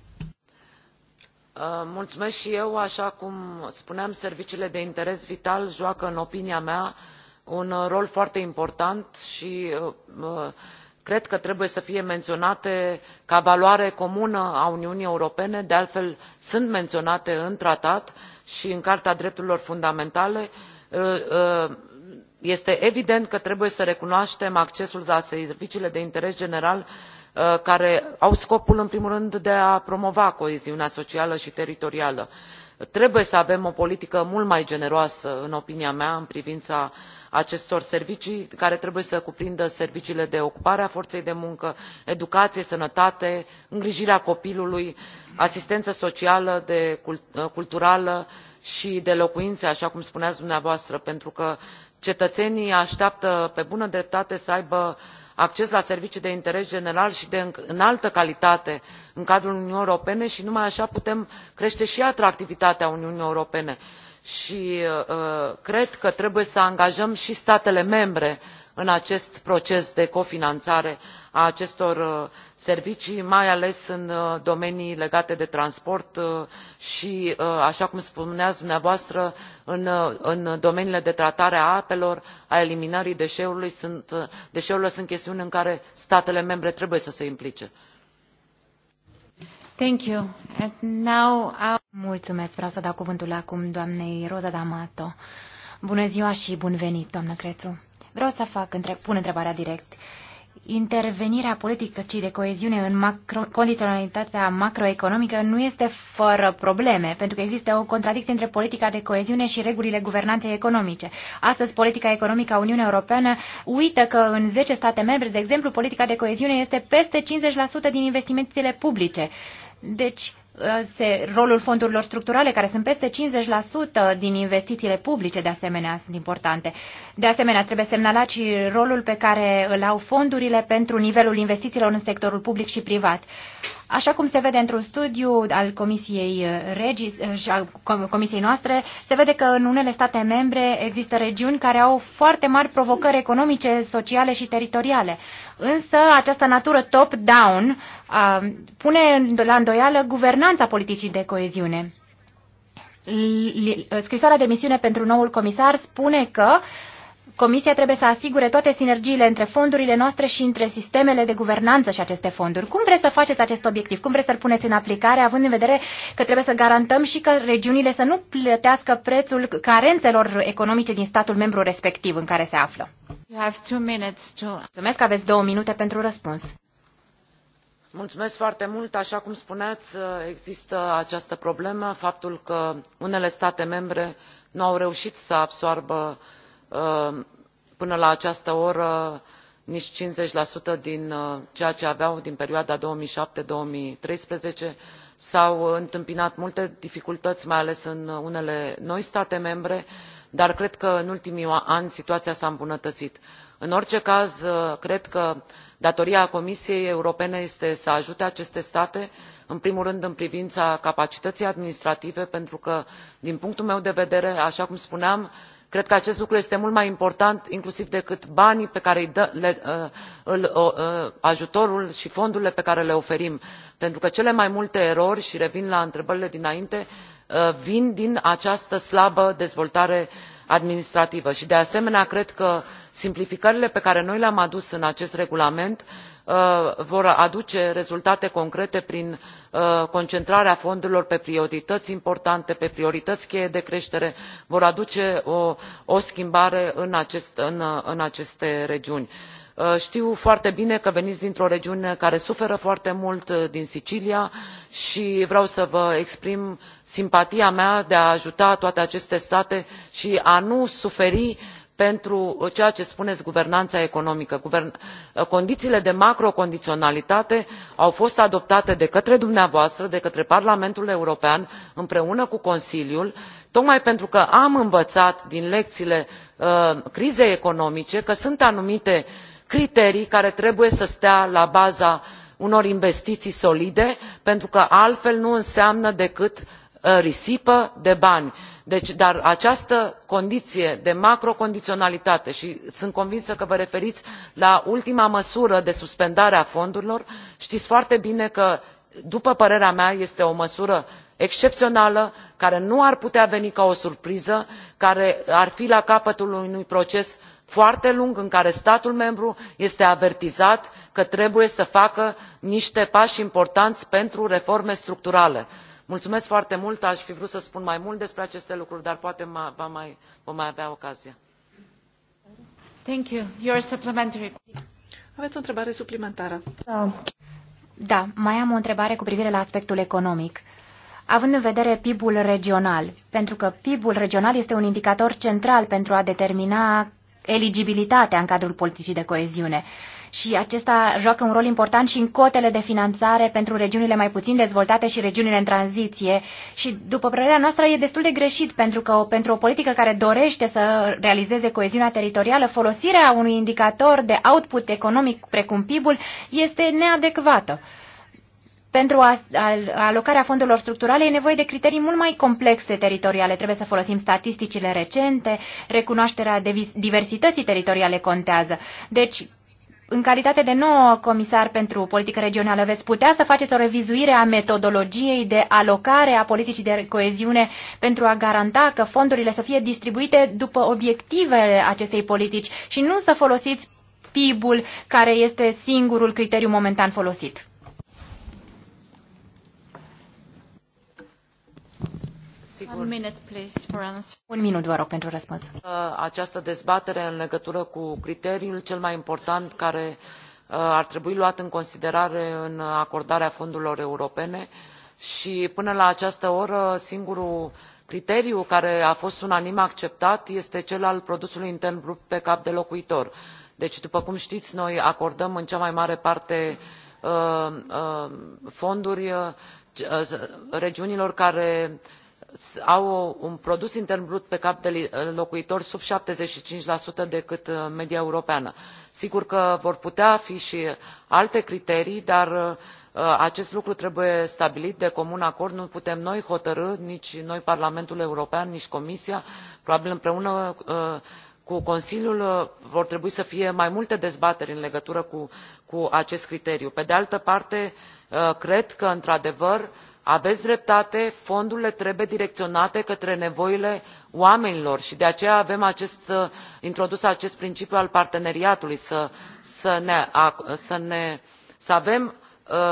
Uh, mulțumesc și eu. Așa cum spuneam, serviciile de interes vital joacă, în opinia mea, un rol foarte important și uh, uh, cred că trebuie să fie menționate ca valoare comună a uniunii europene de altfel sunt menționate în tratat și în carta drepturilor fundamentale este evident că trebuie să recunoaștem accesul la serviciile de interes general Uh, care au scopul în primul rând de a promova coeziunea socială și teritorială. trebuie să avem o politică mult mai generoasă în opinia mea în privința acestor servicii care trebuie să cuprindă serviciile de ocupare a forței de muncă educație sănătate îngrijirea copilului asistență socială uh, culturală și de locuințe așa cum spuneați dumneavoastră pentru că cetățenii așteaptă pe bună dreptate să aibă acces la servicii de interes general și de înaltă calitate în cadrul uniunii europene și numai așa putem crește și atractivitatea uniunii europene și uh, uh, cred că trebuie să angajăm și statele membre să în acest proces de cofinanțare a acestor uh, servicii mai ales în uh, domenii legate de transport uh, și așa cum spuneați dumneavoastră în, domeniile de tratare a apelor a eliminării deșeurilor sunt, sunt chestiuni în care statele membre trebuie să se implice. Thank you. And now I... Mulțumesc. Vreau să dau cuvântul acum doamnei Roza D'Amato. Bună ziua și bun venit, doamnă Crețu. Vreau să fac, între, pun întrebarea direct. Intervenirea politică, ci de coeziune în macro, condiționalitatea macroeconomică nu este fără probleme, pentru că există o contradicție între politica de coeziune și regulile guvernanței economice. Astăzi, politica economică a Uniunii Europeană uită că în 10 state membre, de exemplu, politica de coeziune este peste 50% din investițiile publice. Deci, se, rolul fondurilor structurale, care sunt peste 50% din investițiile publice, de asemenea, sunt importante. De asemenea, trebuie semnalat și rolul pe care îl au fondurile pentru nivelul investițiilor în sectorul public și privat. Așa cum se vede într-un studiu al Comisiei eh, Regis eh, și al Comisiei noastre, se vede că în unele state membre există regiuni care au foarte mari provocări economice, sociale și teritoriale. Însă această natură top-down pune la îndoială guvernanța politicii de coeziune. Scrisoarea de misiune pentru noul comisar spune că uh, Comisia trebuie să asigure toate sinergiile între fondurile noastre și între sistemele de guvernanță și aceste fonduri. Cum vreți să faceți acest obiectiv? Cum vreți să-l puneți în aplicare, având în vedere că trebuie să garantăm și că regiunile să nu plătească prețul carențelor economice din statul membru respectiv în care se află? You have two minutes to... Mulțumesc că aveți două minute pentru răspuns. Mulțumesc foarte mult. Așa cum spuneați, există această problemă, faptul că unele state membre nu au reușit să absoarbă Ehm, până la această oră nici cincizeci din uh, ceea ce aveau din perioada două mii șapte două mii treisprezece s au întâmpinat multe dificultăți mai ales în unele noi state membre dar cred că în ultimii ani situația s a îmbunătățit. în orice caz uh, cred că datoria comisiei europene este să ajute aceste state în primul rând în privința capacității administrative pentru că din punctul meu de vedere așa cum spuneam cred că acest lucru este mult mai important inclusiv decât banii pe care îi uh, uh, ajutorul și fondurile pe care le oferim pentru că cele mai multe erori și revin la întrebările dinainte uh, vin din această slabă dezvoltare administrativă și de asemenea cred că simplificările pe care noi le am adus în acest regulament Uh, vor aduce rezultate concrete prin uh, concentrarea fondurilor pe priorități importante pe priorități cheie de creștere vor aduce o, schimbare în aceste regiuni uh, știu foarte bine că veniți dintr o regiune care suferă foarte mult din sicilia și vreau să vă exprim simpatia mea de a ajuta toate aceste state și a nu suferi pentru ceea ce spuneți guvernanța economică. condițiile de macrocondiționalitate au fost adoptate de către dumneavoastră de către parlamentul european împreună cu consiliul tocmai pentru că am învățat din lecțiile uh, crizei economice că sunt anumite criterii care trebuie să stea la baza unor investiții solide pentru că altfel nu înseamnă decât Uh, risipă de bani deci dar această condiție de macrocondiționalitate și sunt convinsă că vă referiți la ultima măsură de suspendare a fondurilor știți foarte bine că după părerea mea este o măsură excepțională care nu ar putea veni ca o surpriză care ar fi la capătul unui proces foarte lung în care statul membru este avertizat că trebuie să facă niște pași importanți pentru reforme structurale mulțumesc foarte mult aș fi vrut să spun mai mult despre aceste lucruri dar poate vom mai, avea ocazia. Thank you. Aveți o întrebare suplimentară. Da. da, mai am o întrebare cu privire la aspectul economic. Având în vedere PIB-ul regional, pentru că PIB-ul regional este un indicator central pentru a determina eligibilitatea în cadrul politicii de coeziune și acesta joacă un rol important și în cotele de finanțare pentru regiunile mai puțin dezvoltate și regiunile în tranziție. Și, după părerea noastră, e destul de greșit pentru că pentru o politică care dorește să realizeze coeziunea teritorială, folosirea unui indicator de output economic precum PIB-ul este neadecvată. Pentru a, a, alocarea fondurilor structurale e nevoie de criterii mult mai complexe teritoriale. Trebuie să folosim statisticile recente, recunoașterea de, diversității teritoriale contează. Deci, în calitate de nou comisar pentru politică regională, veți putea să faceți o revizuire a metodologiei de alocare a politicii de coeziune pentru a garanta că fondurile să fie distribuite după obiectivele acestei politici și nu să folosiți PIB-ul care este singurul criteriu momentan folosit. sigur. Un minut, vă rog, pentru răspuns. Uh, această dezbatere în legătură cu criteriul cel mai important care uh, ar trebui luat în considerare în acordarea fondurilor europene și până la această oră singurul criteriu care a fost unanim acceptat este cel al produsului intern brut pe cap de locuitor deci după cum știți noi acordăm în cea mai mare parte uh, fonduri regiunilor care au un produs intern brut pe cap de eh, locuitor sub șaptezeci și cinci decât eh, media europeană. sigur că vor putea fi și alte criterii dar eh, acest lucru trebuie stabilit de comun acord nu putem noi hotărî nici noi parlamentul european nici comisia probabil împreună cu consiliul vor trebui să fie mai multe dezbateri în legătură cu, cu acest criteriu. pe de altă parte cred că într adevăr aveți dreptate fondurile trebuie direcționate către nevoile oamenilor și de aceea avem uh, introdus acest principiu al parteneriatului să, să avem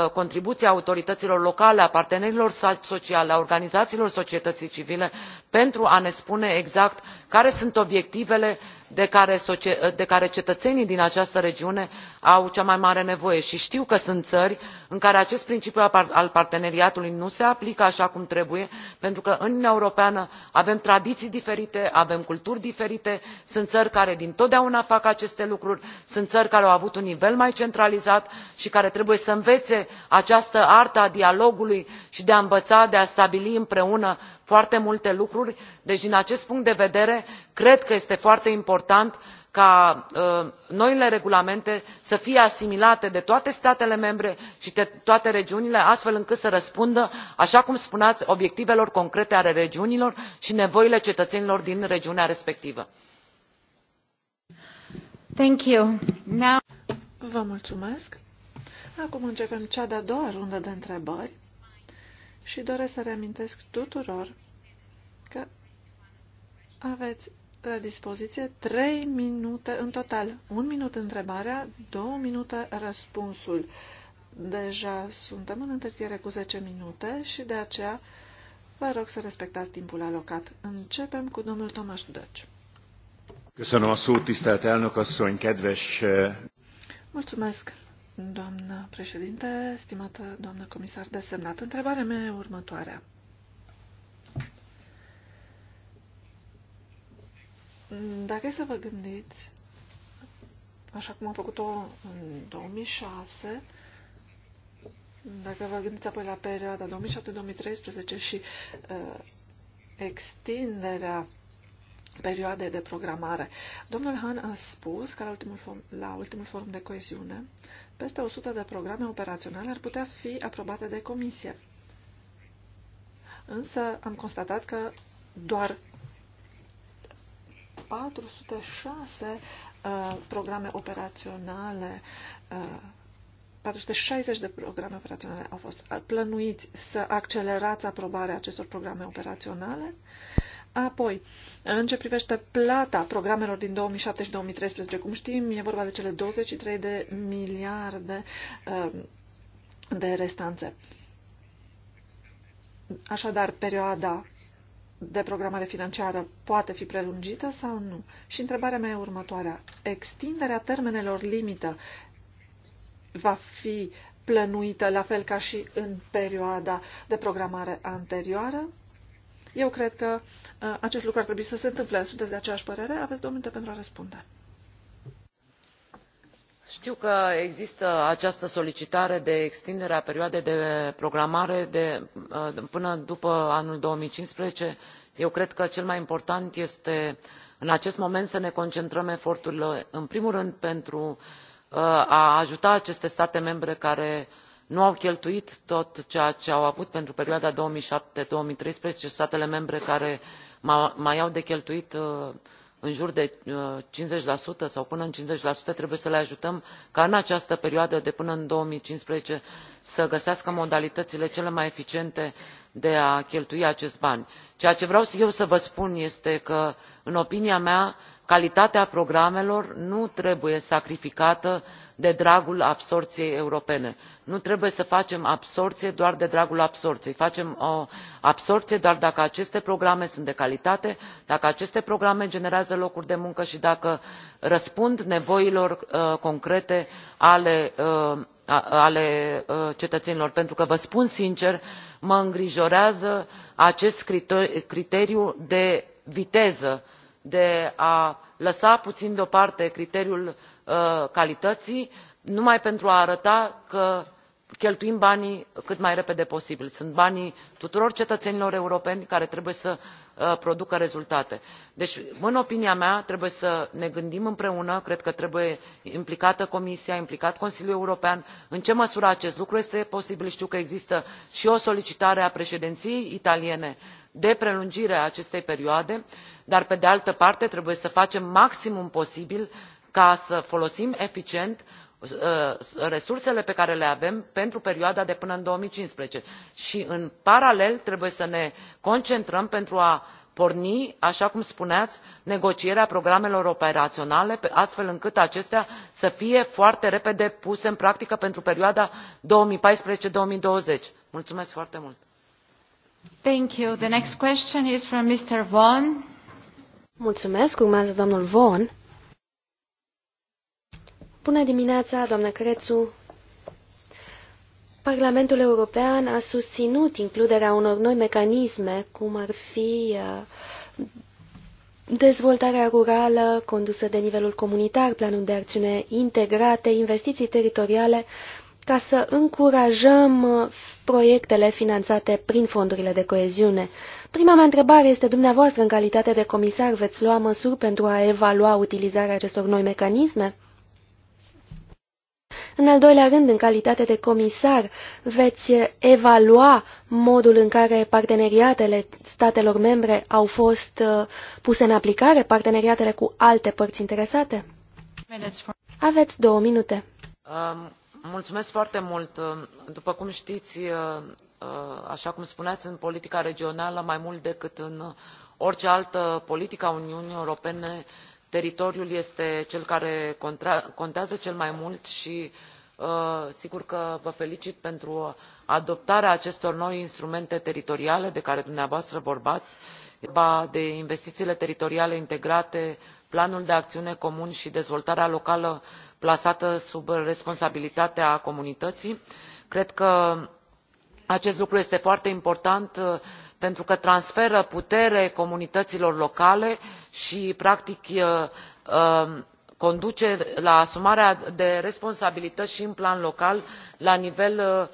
uh, contribuția autorităților locale a partenerilor sociali a organizațiilor societății civile pentru a ne spune exact care sunt obiectivele de care, cetățenii din această regiune au cea mai mare nevoie și știu că sunt țări în care acest principiu al parteneriatului nu se aplică așa cum trebuie pentru că în uniunea europeană avem tradiții diferite avem culturi diferite sunt țări care dintotdeauna fac aceste lucruri sunt țări care au avut un nivel mai centralizat și care trebuie să învețe această artă a dialogului și de a învăța de a stabili împreună foarte multe lucruri deci din acest punct de vedere cred că este foarte important ca ă, noile regulamente să fie asimilate de toate statele membre și de toate regiunile astfel încât să răspundă așa cum spuneați obiectivelor concrete ale regiunilor și nevoilor cetățenilor din regiunea respectivă. Thank you. Vă mulțumesc. Acum începem cea de-a doua rundă de întrebări și doresc să reamintesc tuturor că aveți la dispoziție 3 minute în total. Un minut întrebarea, două minute răspunsul. Deja suntem în întârziere cu 10 minute și de aceea vă rog să respectați timpul alocat. Începem cu domnul Tomaș Dăci. Köszönöm a szót, tisztelt elnök asszony, kedves... Eh, Mulțumesc, Doamnă președinte, stimată doamnă comisar desemnat, întrebarea mea e următoarea. Dacă e să vă gândiți, așa cum am făcut-o în 2006, dacă vă gândiți apoi la perioada 2007-2013 și uh, extinderea perioade de programare. Domnul Han a spus că la ultimul, form, la ultimul forum de coeziune, peste 100 de programe operaționale ar putea fi aprobate de comisie. Însă am constatat că doar 406 uh, programe operaționale uh, 460 de programe operaționale au fost. Plănuiți să accelerați aprobarea acestor programe operaționale? Uh, Apoi, în ce privește plata programelor din 2007 și 2013, cum știm, e vorba de cele 23 de miliarde um, de restanțe. Așadar, perioada de programare financiară poate fi prelungită sau nu? Și întrebarea mea e următoarea. Extinderea termenelor limită va fi plănuită la fel ca și în perioada de programare anterioară? Eu cred că uh, acest lucru ar trebui să se întâmple. Sunteți de aceeași părere? Aveți două minute pentru a răspunde. Știu că există această solicitare de extindere a perioadei de programare de, uh, până după anul 2015. Eu cred că cel mai important este în acest moment să ne concentrăm eforturile în primul rând pentru uh, a ajuta aceste state membre care nu au cheltuit tot ceea ce au avut pentru perioada două mii șapte două mii treisprezece statele membre care mai au de cheltuit uh, în jur de uh, cincizeci sau până în cincizeci trebuie să le ajutăm ca în această perioadă de până în două mii cincisprezece să găsească modalitățile cele mai eficiente de a cheltui acești bani. ceea ce vreau eu să vă spun este că în opinia mea calitatea programelor nu trebuie sacrificată de dragul absorbției europene nu trebuie să facem absorbție doar de dragul absorbției facem absorbție doar dacă aceste programe sunt de calitate dacă aceste programe generează locuri de muncă și dacă răspund nevoilor uh, concrete ale uh, ale uh, cetățenilor pentru că vă spun sincer mă îngrijorează acest criteriu de viteză de a lăsa puțin deoparte criteriul uh, calității numai pentru a arăta că cheltuim banii cât mai repede posibil sunt banii tuturor cetățenilor europeni care trebuie să uh, producă rezultate. deci în opinia mea trebuie să ne gândim împreună cred că trebuie implicată comisia implicat consiliul european în ce măsură acest lucru este posibil știu că există și o solicitare a președinției italiene de prelungire a acestei perioade dar pe de altă parte trebuie să facem maximul posibil ca să folosim eficient Uh, resursele pe care le avem pentru perioada de până în două mii cincisprezece și în paralel trebuie să ne concentrăm pentru a porni așa cum spuneați negocierea programelor operaționale astfel încât acestea să fie foarte repede puse în practică pentru perioada două mii paisprezece două mii douăzeci mulțumesc foarte mult. Mulțumesc. domnul Vaughan. Bună dimineața, doamnă Crețu! Parlamentul European a susținut includerea unor noi mecanisme, cum ar fi uh, dezvoltarea rurală condusă de nivelul comunitar, planul de acțiune integrate, investiții teritoriale, ca să încurajăm uh, proiectele finanțate prin fondurile de coeziune. Prima mea întrebare este, dumneavoastră, în calitate de comisar, veți lua măsuri pentru a evalua utilizarea acestor noi mecanisme? În al doilea rând, în calitate de comisar, veți evalua modul în care parteneriatele statelor membre au fost uh, puse în aplicare, parteneriatele cu alte părți interesate? Aveți două minute. Um, mulțumesc foarte mult. După cum știți, uh, uh, așa cum spuneați, în politica regională, mai mult decât în orice altă politică a Uniunii Europene, teritoriul este cel care contează cel mai mult și uh, sigur că vă felicit pentru adoptarea acestor noi instrumente teritoriale de care dumneavoastră vorbeați este vorba de investițiile teritoriale integrate planul de acțiune comun și dezvoltarea locală plasată sub responsabilitatea comunității. cred că acest lucru este foarte important pentru pentru că transferă putere comunităților locale și practic conduce la asumarea de responsabilități și în plan local la nivel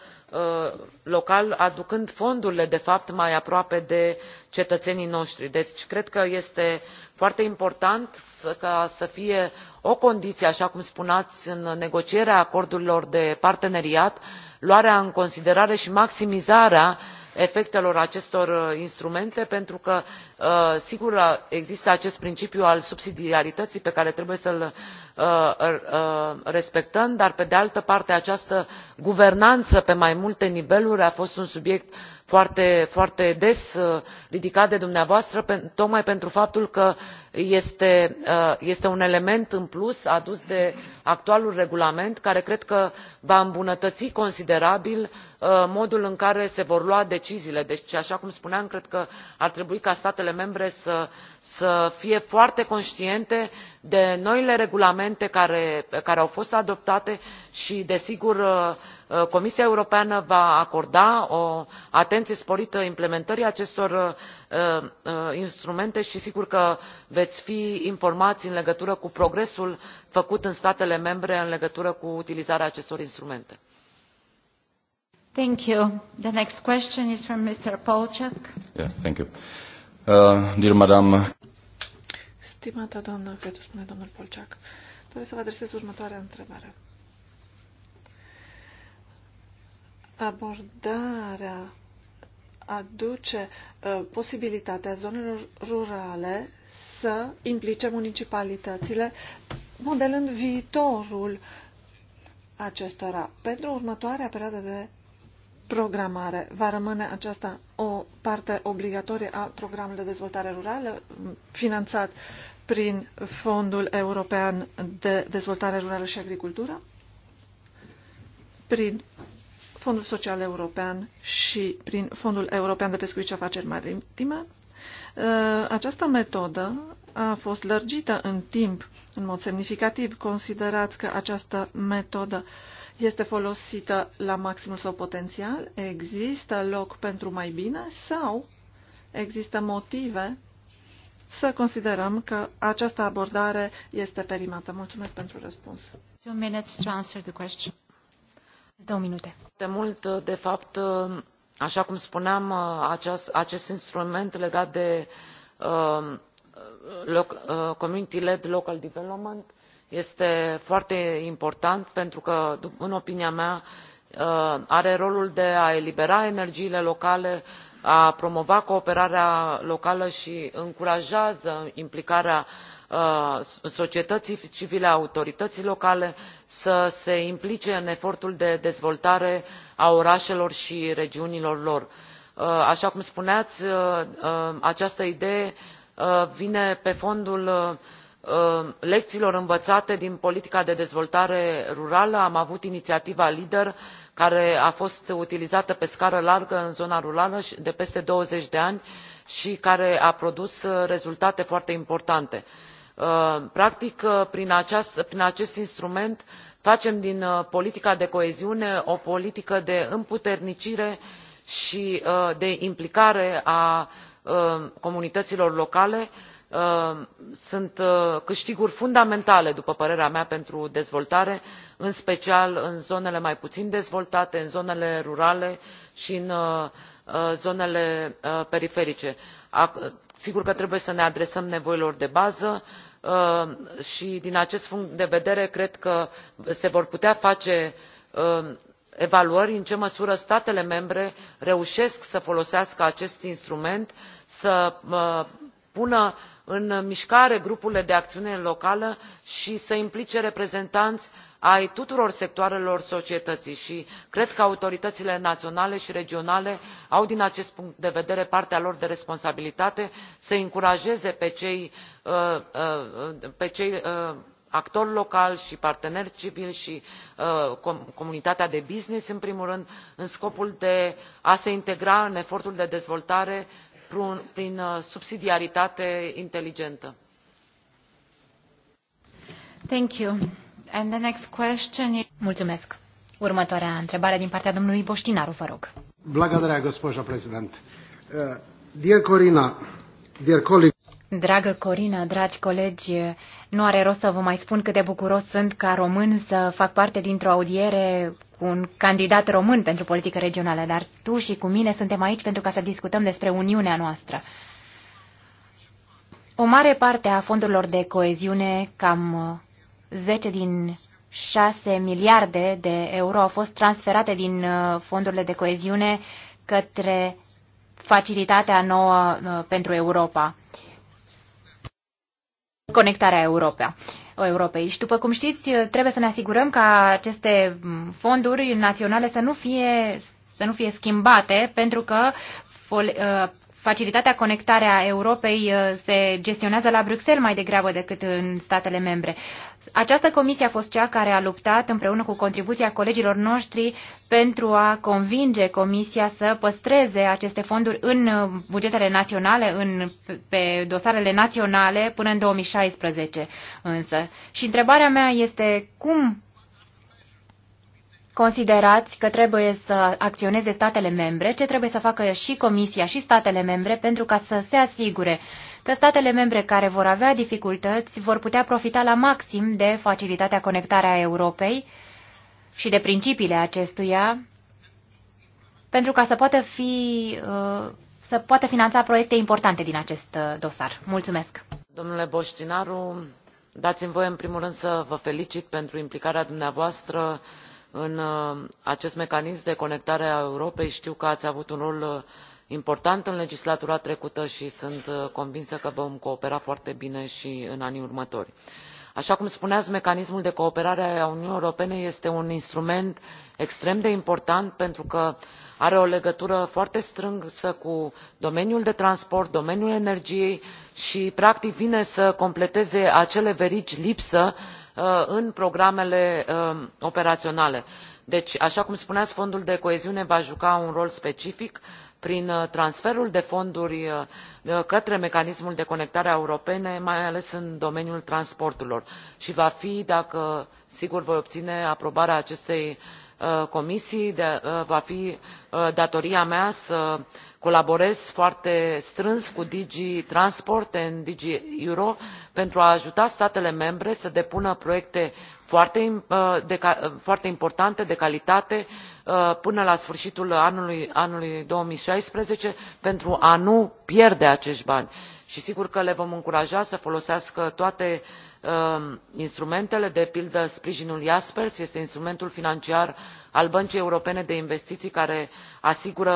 local aducând fondurile de fapt mai aproape de cetățenii noștri. deci cred că este foarte important să, ca să fie o condiție așa cum spuneați în negocierea acordurilor de parteneriat luarea în considerare și maximizarea efectelor acestor uh, instrumente pentru că uh, sigur uh, există acest principiu al subsidiarității pe care trebuie să l respectăm dar pe de altă parte această guvernanță pe mai multe niveluri a fost un subiect foarte, foarte des uh, ridicat de dumneavoastră tocmai pentru faptul că este, uh, este un element în plus adus de actualul regulament care cred că va îmbunătăți considerabil uh, modul în care se vor lua deciziile deci așa cum spuneam cred că ar trebui ca statele membre să, fie foarte conștiente de noile regulamente care, care au fost adoptate și desigur Uh, comisia europeană va acorda o atenție sporită implementării acestor uh, uh, instrumente și sigur că veți fi informați în legătură cu progresul făcut în statele membre în legătură cu utilizarea acestor instrumente. Thank you. The next question is from Mr. Polchak. Yeah, thank you. Uh, dear madam. Stimată doamnă, cred că spune domnul doresc să vă adresez următoarea întrebare. Abordarea aduce uh, posibilitatea zonelor rurale să implice municipalitățile, modelând viitorul acestora. Pentru următoarea perioadă de programare, va rămâne aceasta o parte obligatorie a programului de dezvoltare rurală, finanțat prin Fondul European de Dezvoltare Rurală și Agricultură, prin Fondul Social European și prin Fondul European de Pescuit și Afaceri Maritime. Uh, această metodă a fost lărgită în timp, în mod semnificativ. Considerați că această metodă este folosită la maximul său potențial? Există loc pentru mai bine sau există motive să considerăm că această abordare este perimată? Mulțumesc pentru răspuns. Two minutes to answer the question. De mult, de fapt, așa cum spuneam, acest, instrument legat de uh, uh, Community Led Local Development este foarte important pentru că, în opinia mea, uh, are rolul de a elibera energiile locale a promova cooperarea locală și încurajează implicarea Uh, societății civile a autorității locale să se implice în efortul de dezvoltare a orașelor și regiunilor lor. Uh, așa cum spuneați uh, această idee vine pe fondul lecțiilor învățate din politica de dezvoltare rurală am avut inițiativa leader care a fost utilizată pe scară largă în zona rurală de peste douăzeci de ani și care a produs rezultate foarte importante. Uh, practic uh, prin, acest instrument facem din uh, politica de coeziune o politică de împuternicire și de implicare a comunităților locale sunt câștiguri fundamentale după părerea mea pentru dezvoltare în special în zonele mai puțin dezvoltate în zonele rurale și în zonele periferice. sigur că trebuie să ne adresăm nevoilor de bază Uh, și din acest punct de vedere cred că se vor putea face uh, evaluări în ce măsură statele membre reușesc să folosească acest instrument să uh, pună în mișcare grupurile de acțiune locală și să implice reprezentanți ai tuturor sectoarelor societății și cred că autoritățile naționale și regionale au din acest punct de vedere partea lor de responsabilitate să îi încurajeze pe cei, uh, uh, uh, actori locali și parteneri civili și comunitatea de business în primul rând în scopul de a se integra în efortul de dezvoltare prin uh, subsidiaritate inteligentă. Thank you. And the next question is... Mulțumesc. Următoarea întrebare din partea domnului Boștinaru, vă rog. Благодаря, госпожа президент. Dear Corina, dear colleague, Dragă Corina, dragi colegi, nu are rost să vă mai spun cât de bucuros sunt ca român să fac parte dintr-o audiere cu un candidat român pentru politică regională, dar tu și cu mine suntem aici pentru ca să discutăm despre Uniunea noastră. O mare parte a fondurilor de coeziune, cam 10 din 6 miliarde de euro, au fost transferate din uh, fondurile de coeziune către facilitatea nouă uh, pentru Europa conectarea Europea. Europei. Și după cum știți, trebuie să ne asigurăm ca aceste fonduri naționale să nu fie, să nu fie schimbate, pentru că Facilitatea Conectarea Europei uh, se gestionează la Bruxelles mai degrabă decât în statele membre. Această comisie a fost cea care a luptat împreună cu contribuția colegilor noștri pentru a convinge comisia să păstreze aceste fonduri în uh, bugetele naționale, în, pe dosarele naționale până în 2016 însă. Și întrebarea mea este cum considerați că trebuie să acționeze statele membre, ce trebuie să facă și Comisia și statele membre pentru ca să se asigure că statele membre care vor avea dificultăți vor putea profita la maxim de facilitatea conectarea Europei și de principiile acestuia pentru ca să poată, fi, uh, să poată finanța proiecte importante din acest uh, dosar. Mulțumesc! Domnule Boștinaru, dați-mi voie în primul rând să vă felicit pentru implicarea dumneavoastră în uh, acest mecanism de conectare a europei știu că ați avut un rol uh, important în legislatura trecută și sunt uh, convinsă că vom coopera foarte bine și în anii următori. așa cum spuneați mecanismul de cooperare a uniunii europene este un instrument extrem de important pentru că are o legătură foarte strânsă cu domeniul de transport domeniul energiei și practic vine să completeze acele verigi lipsă Uh, în programele um, operaționale. deci așa cum spuneați fondul de coeziune va juca un rol specific prin uh, transferul de fonduri uh, către mecanismul de conectare a mai ales în domeniul transporturilor și va fi dacă sigur voi obține aprobarea acestei comisii va fi datoria mea să colaborez foarte strâns cu dg transport și dg euro pentru a ajuta statele membre să depună proiecte foarte, uh, importante de calitate uh, până la sfârșitul anului, două mii șaisprezece pentru a nu pierde acești bani și sigur că le vom încuraja să folosească toate uh, instrumentele de pildă sprijinul jaspers este instrumentul financiar al băncii europene de investiții care asigură,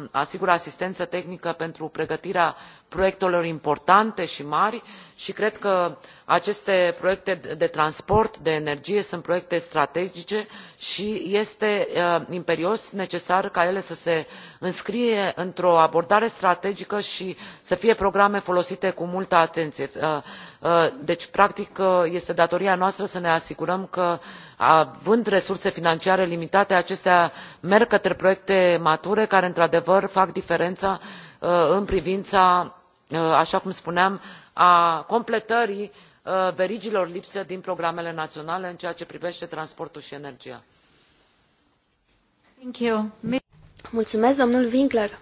uh, asigură asistență tehnică pentru pregătirea proiectelor importante și mari și cred că aceste proiecte de transport de energie sunt proiecte strategice și este uh, imperios necesar ca ele să se înscrie într o abordare strategică și să fie programe folosite cu multă atenție. Uh, deci practic este datoria noastră să ne asigurăm că având resurse financiare limitate acestea merg către proiecte mature care într adevăr fac diferența uh, în privința uh, așa cum spuneam a completării uh, verigilor lipsă din programele naționale în ceea ce privește transportul și energia. Mulțumesc, Winkler.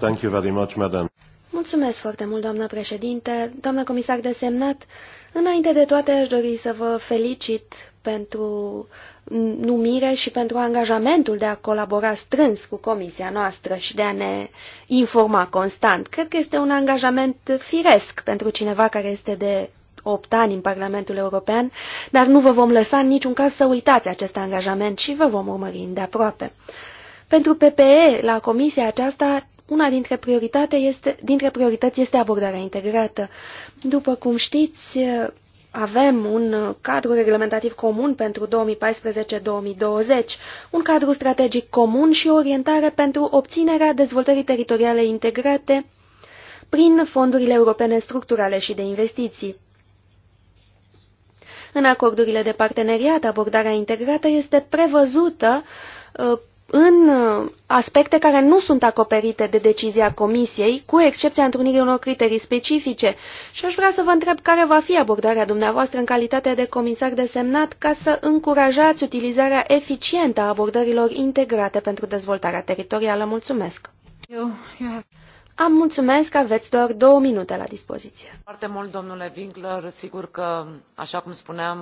thank you very much, madam. Mulțumesc foarte mult, doamna președinte, doamna comisar desemnat. Înainte de toate, aș dori să vă felicit pentru numire și pentru angajamentul de a colabora strâns cu comisia noastră și de a ne informa constant. Cred că este un angajament firesc pentru cineva care este de 8 ani în Parlamentul European, dar nu vă vom lăsa în niciun caz să uitați acest angajament și vă vom urmări îndeaproape. aproape. Pentru PPE, la comisia aceasta, una dintre, prioritate este, dintre priorități este abordarea integrată. După cum știți, avem un cadru reglementativ comun pentru 2014-2020, un cadru strategic comun și o orientare pentru obținerea dezvoltării teritoriale integrate prin fondurile europene structurale și de investiții. În acordurile de parteneriat, abordarea integrată este prevăzută uh, în uh, aspecte care nu sunt acoperite de decizia Comisiei, cu excepția întrunirii unor criterii specifice. Și aș vrea să vă întreb care va fi abordarea dumneavoastră în calitate de comisar desemnat ca să încurajați utilizarea eficientă a abordărilor integrate pentru dezvoltarea teritorială. Mulțumesc! Eu, eu... Am mulțumesc, aveți doar două minute la dispoziție. Foarte mult, domnule Winkler, sigur că, așa cum spuneam,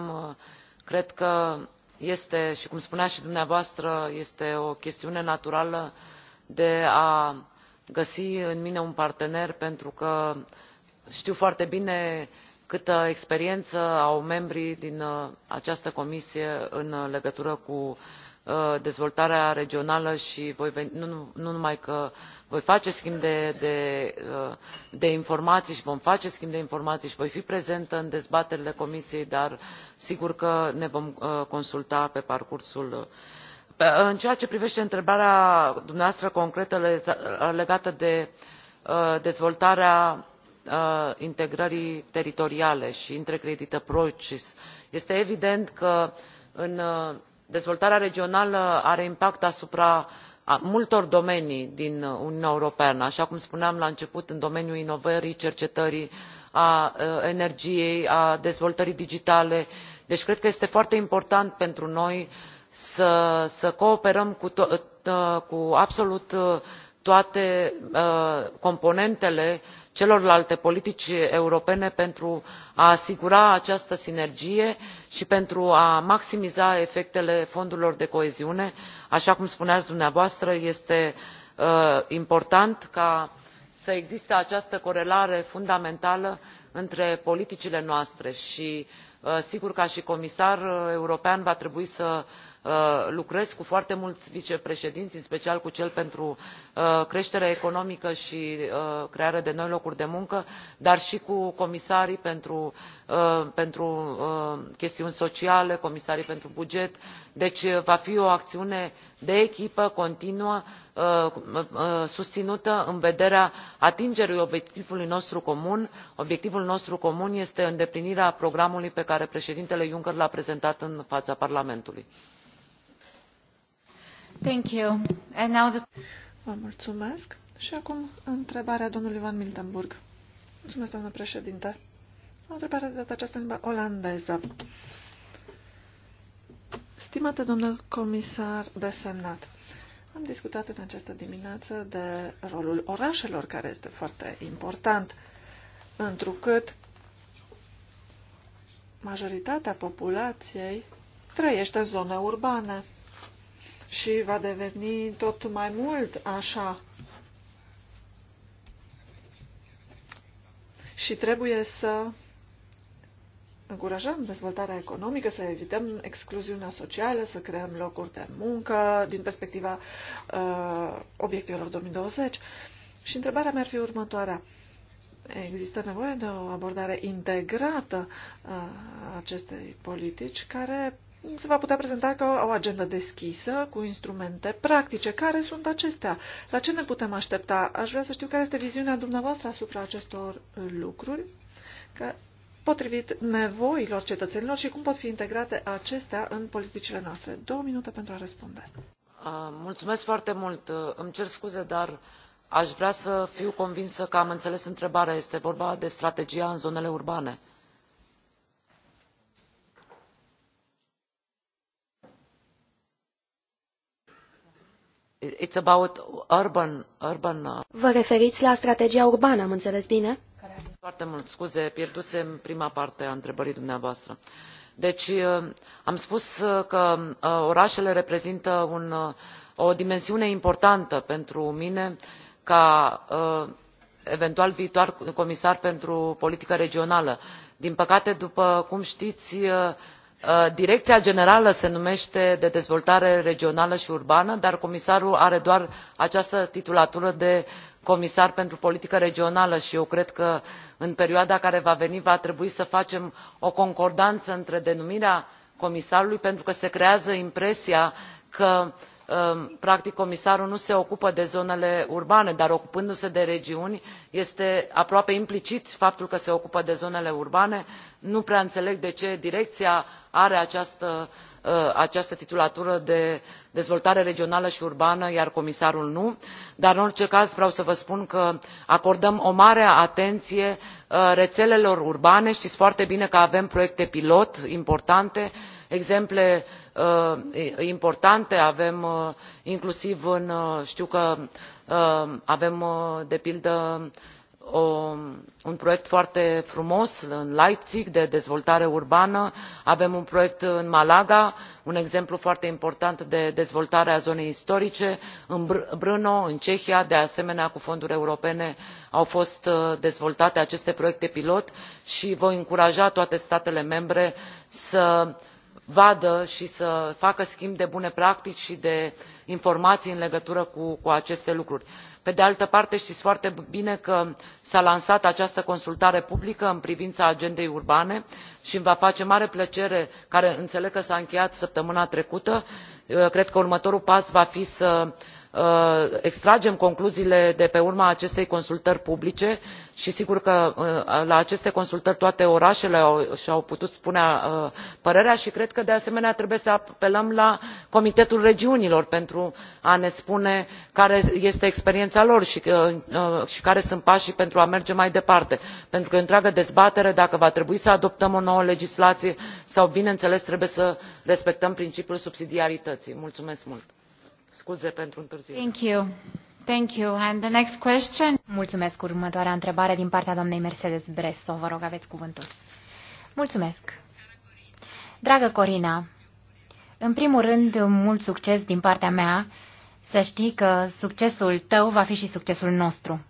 cred că este și cum spuneați și dumneavoastră este o chestiune naturală de a găsi în mine un partener pentru că știu foarte bine câtă experiență au membrii din uh, această comisie în legătură cu Uh, dezvoltarea regională și voi nu, numai că voi face schimb uh, de, informații și vom face schimb de informații și voi fi prezentă în dezbaterile comisiei dar sigur că ne vom uh, consulta pe parcursul în ceea ce privește întrebarea dumneavoastră concretă legată de dezvoltarea integrării teritoriale și intercredit approaches este evident că în dezvoltarea regională are impact asupra multor domenii din uniunea europeană așa cum spuneam la început în domeniul inovării cercetării al energiei al dezvoltării digitale deci cred că este foarte important pentru noi să, cooperăm cu, ă, cu absolut toate ă, componentele celorlalte politici europene pentru a asigura această sinergie și pentru a maximiza efectele fondurilor de coeziune așa cum spuneați dumneavoastră este uh, important ca să existe această corelare fundamentală între politicile noastre și uh, sigur ca și comisar european va trebui să Uh, lucrez cu foarte mulți vicepreședinți în special cu cel pentru uh, creștere economică și uh, crearea de noi locuri de muncă dar și cu comisarii pentru, pentru chestiuni sociale comisarii pentru buget deci va fi o acțiune de echipă continuă susținută în vederea atingerii obiectivului nostru comun obiectivul nostru comun este îndeplinirea programului pe care președintele juncker l a prezentat în fața parlamentului. Thank you. And now the... Vă mulțumesc. Și acum întrebarea domnului Van Miltenburg. Mulțumesc, doamnă președinte. O întrebare de data aceasta în limba olandeză. Stimate domnul comisar desemnat, am discutat în această dimineață de rolul orașelor, care este foarte important, întrucât majoritatea populației trăiește în zone urbane și va deveni tot mai mult așa. Și trebuie să încurajăm dezvoltarea economică, să evităm excluziunea socială, să creăm locuri de muncă din perspectiva uh, obiectivelor 2020. Și întrebarea mea ar fi următoarea. Există nevoie de o abordare integrată uh, a acestei politici care se va putea prezenta ca o agendă deschisă, cu instrumente practice. Care sunt acestea? La ce ne putem aștepta? Aș vrea să știu care este viziunea dumneavoastră asupra acestor uh, lucruri, că, potrivit nevoilor cetățenilor și cum pot fi integrate acestea în politicile noastre. Două minute pentru a răspunde. Uh, mulțumesc foarte mult. Uh, îmi cer scuze, dar aș vrea să fiu convinsă că am înțeles întrebarea. Este vorba de strategia în zonele urbane. It's about urban, urban... Uh, Vă referiți la strategia urbană, am înțeles bine? Foarte mult, scuze, pierdusem prima parte a întrebării dumneavoastră. Deci, uh, am spus uh, că orașele reprezintă un, o dimensiune importantă pentru mine ca eventual viitor comisar pentru politică regională. Din păcate, după cum știți, Uh, direcția generală se numește de dezvoltare regională și urbană dar comisarul are doar această titulatură de comisar pentru politică regională și eu cred că în perioada care va veni va trebui să facem o concordanță între denumirea comisarului pentru că se creează impresia că Um, practic comisarul nu se ocupă de zonele urbane dar ocupându se de regiuni este aproape implicit faptul că se ocupă de zonele urbane nu prea înțeleg de ce direcția are această, uh, această titulatură de dezvoltare regională și urbană iar comisarul nu dar în orice caz vreau să vă spun că acordăm o mare atenție uh, rețelelor urbane știți foarte bine că avem proiecte pilot importante exemple Uh, importante avem uh, inclusiv uh, știu că avem de pildă un proiect foarte frumos în leipzig de dezvoltare urbană avem un proiect în malaga un exemplu foarte important de dezvoltare a zonei istorice în brno în cehia de asemenea cu fonduri europene au fost dezvoltate aceste proiecte pilot și voi încuraja toate statele membre să vadă și să facă schimb de bune practici și de informații în legătură cu, aceste lucruri. pe de altă parte știți foarte bine că s a lansat această consultare publică în privința agendei urbane și îmi va face mare plăcere care înțeleg că s a încheiat săptămâna trecută cred că următorul pas va fi să Uh, extragem concluziile de pe urma acestei consultări publice și sigur că uh, la aceste consultări toate orașele și au putut spune uh, părerea și cred că de asemenea trebuie să apelăm la comitetul regiunilor pentru a ne spune care este experiența lor și, care sunt pașii pentru a merge mai departe pentru că e o întreagă dezbatere dacă va trebui să adoptăm o nouă legislație sau bineînțeles trebuie să respectăm principiul subsidiarității. mulțumesc mult! Scuze pentru întârziere. Thank you. Thank you. And the next question? Mulțumesc. Următoarea întrebare din partea doamnei Mercedes Bresso. Vă rog, aveți cuvântul. Mulțumesc. Dragă Corina, în primul rând, mult succes din partea mea. Să știi că succesul tău va fi și succesul nostru.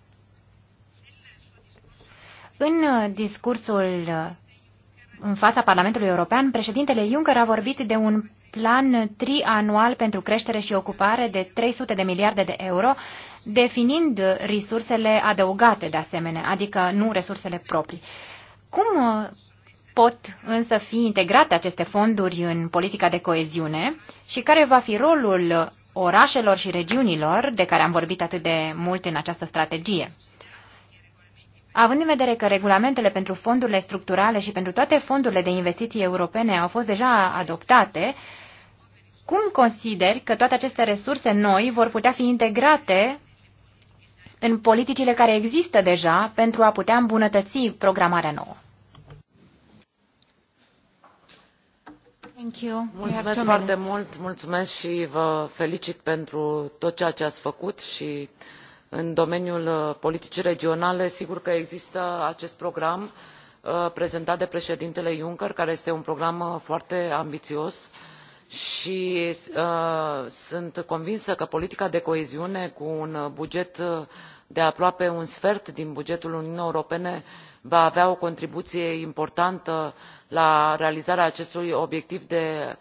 În discursul în fața Parlamentului European, președintele Juncker a vorbit de un plan trianual pentru creștere și ocupare de 300 de miliarde de euro, definind resursele adăugate de asemenea, adică nu resursele proprii. Cum uh, pot însă fi integrate aceste fonduri în politica de coeziune și care va fi rolul orașelor și regiunilor de care am vorbit atât de mult în această strategie? Având în vedere că regulamentele pentru fondurile structurale și pentru toate fondurile de investiții europene au fost deja adoptate, cum consideri că toate aceste resurse noi vor putea fi integrate în politicile care există deja pentru a putea îmbunătăți programarea nouă? mulțumesc foarte mult mulțumesc și vă felicit pentru tot ceea ce ați făcut și în domeniul uh, politicii regionale sigur că există acest program uh, prezentat de președintele juncker care este un program uh, foarte ambițios și uh, sunt convinsă că politica de coeziune cu un buget de aproape un sfert din bugetul uniunii europene va avea o contribuție importantă la realizarea acestui obiectiv de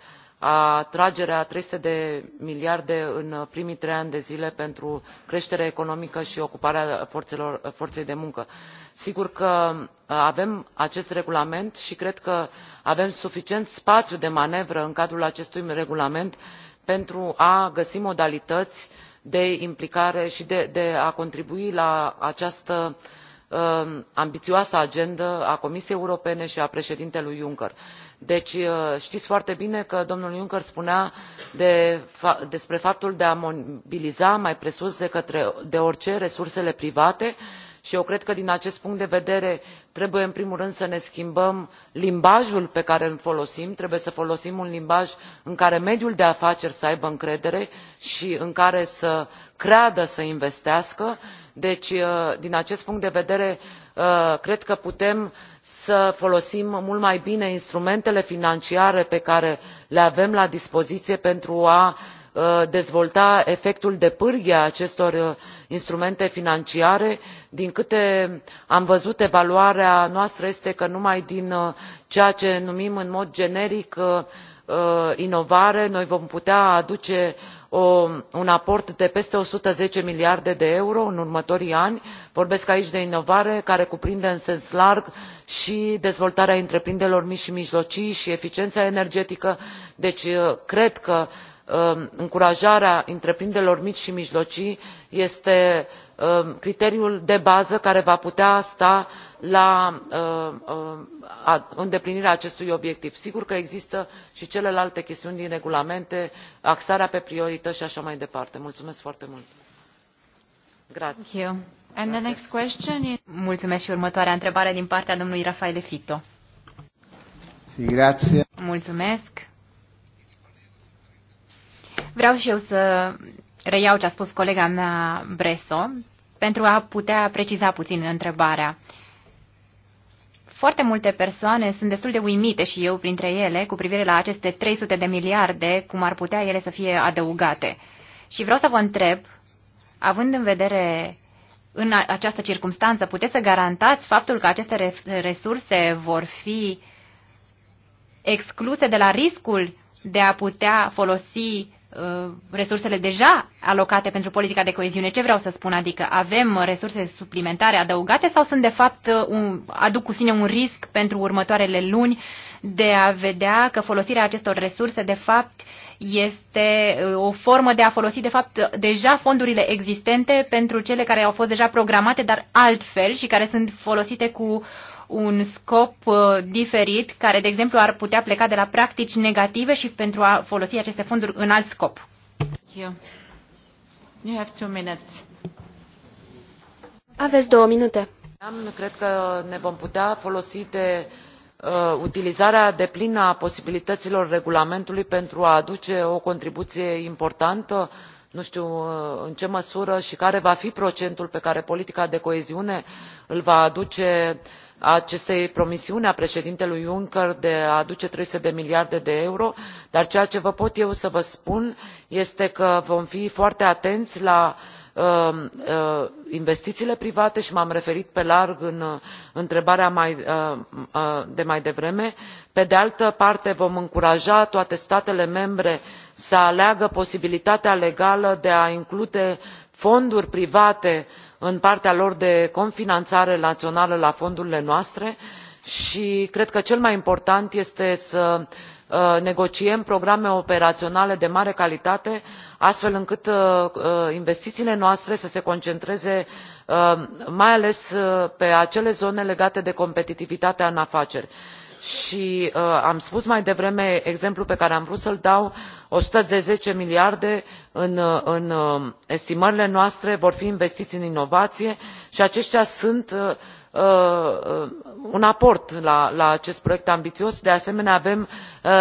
atragerea a trei sute de miliarde în primii trei ani de zile pentru creștere economică și ocuparea forțelor, forței de muncă. sigur că uh, avem acest regulament și cred că avem suficient spațiu de manevră în cadrul acestui regulament pentru a găsi modalități de implicare și de, de a contribui la această uh, ambițioasă agendă a comisiei europene și a președintelui juncker deci uh, știți foarte bine că domnul juncker spunea despre faptul de a mobiliza mai presus de, de orice resursele private și eu cred că din acest punct de vedere trebuie în primul rând să ne schimbăm limbajul pe care îl folosim trebuie să folosim un limbaj în care mediul de afaceri să aibă încredere și în care să creadă să investească deci uh, din acest punct de vedere Uh, cred că putem să folosim mult mai bine instrumentele financiare pe care le avem la dispoziție pentru a uh, dezvolta efectul de pârghie a acestor uh, instrumente financiare din câte am văzut evaluarea noastră este că numai din ceea ce numim în mod generic inovare noi vom putea aduce un aport de peste o sută zece miliarde de euro în următorii ani vorbesc aici de inovare care cuprinde în sens larg și dezvoltarea întreprinderilor mici și mijlocii și eficiența energetică deci cred că Um, încurajarea întreprinderilor mici și mijlocii este um, criteriul de bază care va putea sta la um, îndeplinirea acestui obiectiv. sigur că există și celelalte chestiuni din regulamente axarea pe priorități și așa mai departe. mulțumesc foarte mult. Mulțumesc și următoarea întrebare din partea domnului Rafael Fito. Mulțumesc. Vreau și eu să reiau ce a spus colega mea Breso pentru a putea preciza puțin întrebarea. Foarte multe persoane sunt destul de uimite și eu printre ele cu privire la aceste 300 de miliarde, cum ar putea ele să fie adăugate. Și vreau să vă întreb, având în vedere în această circunstanță, puteți să garantați faptul că aceste resurse vor fi excluse de la riscul de a putea folosi Uh, resursele deja alocate pentru politica de coeziune. Ce vreau să spun? Adică avem resurse suplimentare adăugate sau sunt de fapt uh, un, aduc cu sine un risc pentru următoarele luni de a vedea că folosirea acestor resurse de fapt este uh, o formă de a folosi de fapt deja fondurile existente pentru cele care au fost deja programate, dar altfel și care sunt folosite cu un scop uh, diferit care, de exemplu, ar putea pleca de la practici negative și pentru a folosi aceste fonduri în alt scop? You. You have two minutes. Aveți două minute. Cred că ne vom putea folosi de uh, utilizarea plină a posibilităților regulamentului pentru a aduce o contribuție importantă nu știu uh, în ce măsură și care va fi procentul pe care politica de coeziune îl va aduce uh, acestei promisiuni a președintelui juncker de a aduce trei sute de miliarde de euro dar ceea ce pot eu să vă spun este că vom fi foarte atenți la um, uh, investițiile private și m am referit pe larg în uh, întrebarea mai, uh, de mai devreme pe de altă parte vom încuraja toate statele membre să aleagă posibilitatea legală de a include fonduri private în în partea lor de cofinanțare națională la fondurile noastre și cred că cel mai important este să uh, negociem programe operaționale de mare calitate astfel încât uh, uh, investițiile noastre să se concentreze mai ales pe acele zone legate de competitivitatea în afaceri și uh, am spus mai devreme exemplul pe care am vrut să l dau o sută zece miliarde în, uh, uh, estimările noastre vor fi investiți în inovație și aceștia sunt un aport la, la acest proiect ambițios de asemenea avem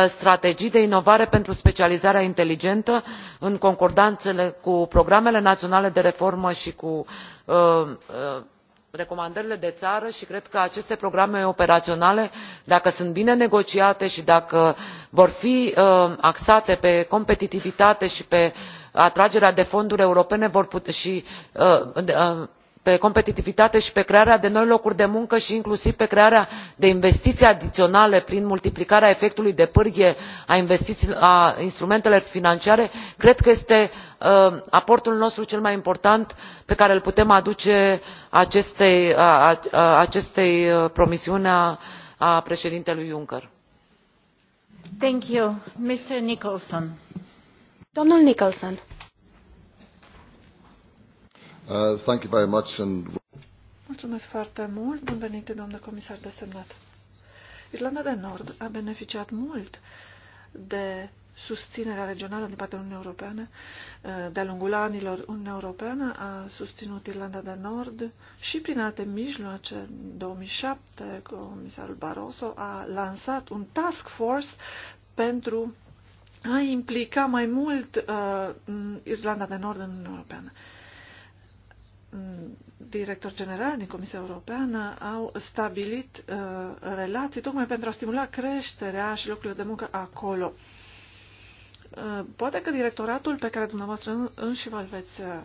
strategii de inovare pentru specializarea inteligentă în concordanță cu programele naționale de reformă și cu recomandările de țară și cred că aceste programe operaționale dacă sunt bine negociate și dacă vor fi uh, axate pe competitivitate și pe atragerea de fonduri europene și uh, uh, pe competitivitate și pe crearea de noi locuri de muncă și inclusiv pe crearea de investiții adiționale prin multiplicarea efectului de pârghie a, instrumentelor financiare cred că este uh, aportul nostru cel mai important pe care îl putem aduce acestei, a, uh, promisiuni a președintelui juncker. Thank you. Mr. Nicholson. Nicholson. Uh, thank you very much and... Mulțumesc foarte mult. Bun venit, domnule comisar desemnat. Irlanda de Nord a beneficiat mult de susținerea regională din partea Uniunii Europene. Uh, de-a lungul anilor, Uniunea Europeană a susținut Irlanda de Nord și prin alte mijloace. În 2007, comisarul Barroso a lansat un task force pentru a implica mai mult uh, Irlanda de Nord în Uniunea Europeană. Uh, Mm, director general din Comisia Europeană au stabilit uh, relații tocmai pentru a stimula creșterea și locurile de muncă acolo. Uh, poate că directoratul pe care dumneavoastră înși vă veți uh,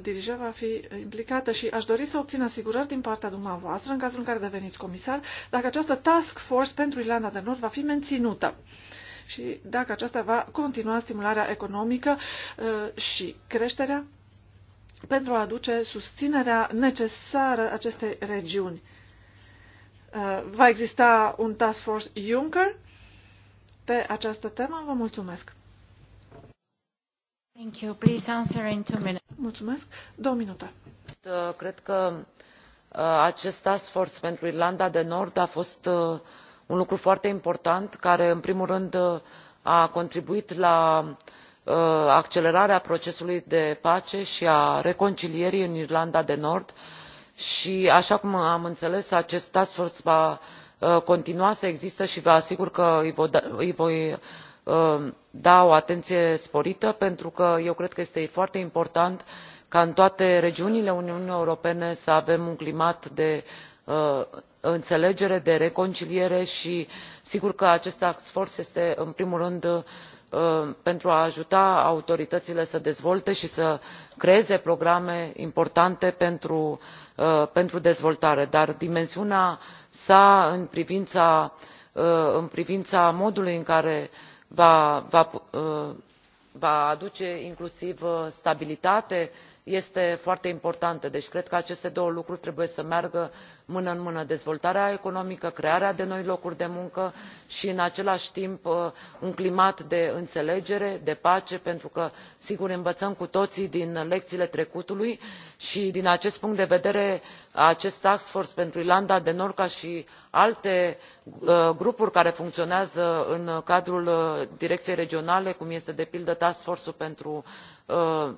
dirige va fi implicată și aș dori să obțin asigurări din partea dumneavoastră în cazul în care deveniți comisar dacă această task force pentru Irlanda de Nord va fi menținută și dacă aceasta va continua stimularea economică uh, și creșterea pentru a aduce susținerea necesară acestei regiuni. Uh, va exista un task force Juncker pe această temă. Vă mulțumesc. Thank you. Please answer in two minutes. Mulțumesc. Două minute. Uh, cred că uh, acest task force pentru Irlanda de Nord a fost un lucru foarte important care, în primul rând, a contribuit la Uh, accelerarea procesului de pace și a reconcilierii în irlanda de nord și așa cum am înțeles acest task force va uh, continua să existe și vă asigur că îi da, voi uh, da o atenție sporită pentru că eu cred că este foarte important ca în toate regiunile uniunii europene să avem un climat de înțelegere de reconciliere și sigur că acest task force este în primul rând Uh, pentru a ajuta autoritățile să dezvolte și să creeze programe importante pentru, uh, pentru dezvoltare dar dimensiunea sa în privința, uh, în privința modului în care va, va, va aduce inclusiv stabilitate este foarte importantă deci cred că aceste două lucruri trebuie să meargă mână în mână dezvoltarea economică crearea de noi locuri de muncă și în același timp uh, un climat de înțelegere de pace pentru că sigur învățăm cu toții din lecțiile trecutului și din acest punct de vedere acest task force pentru irlanda de nord ca și alte uh, grupuri care funcționează în cadrul uh, direcției regionale cum este de pildă task force ul pentru,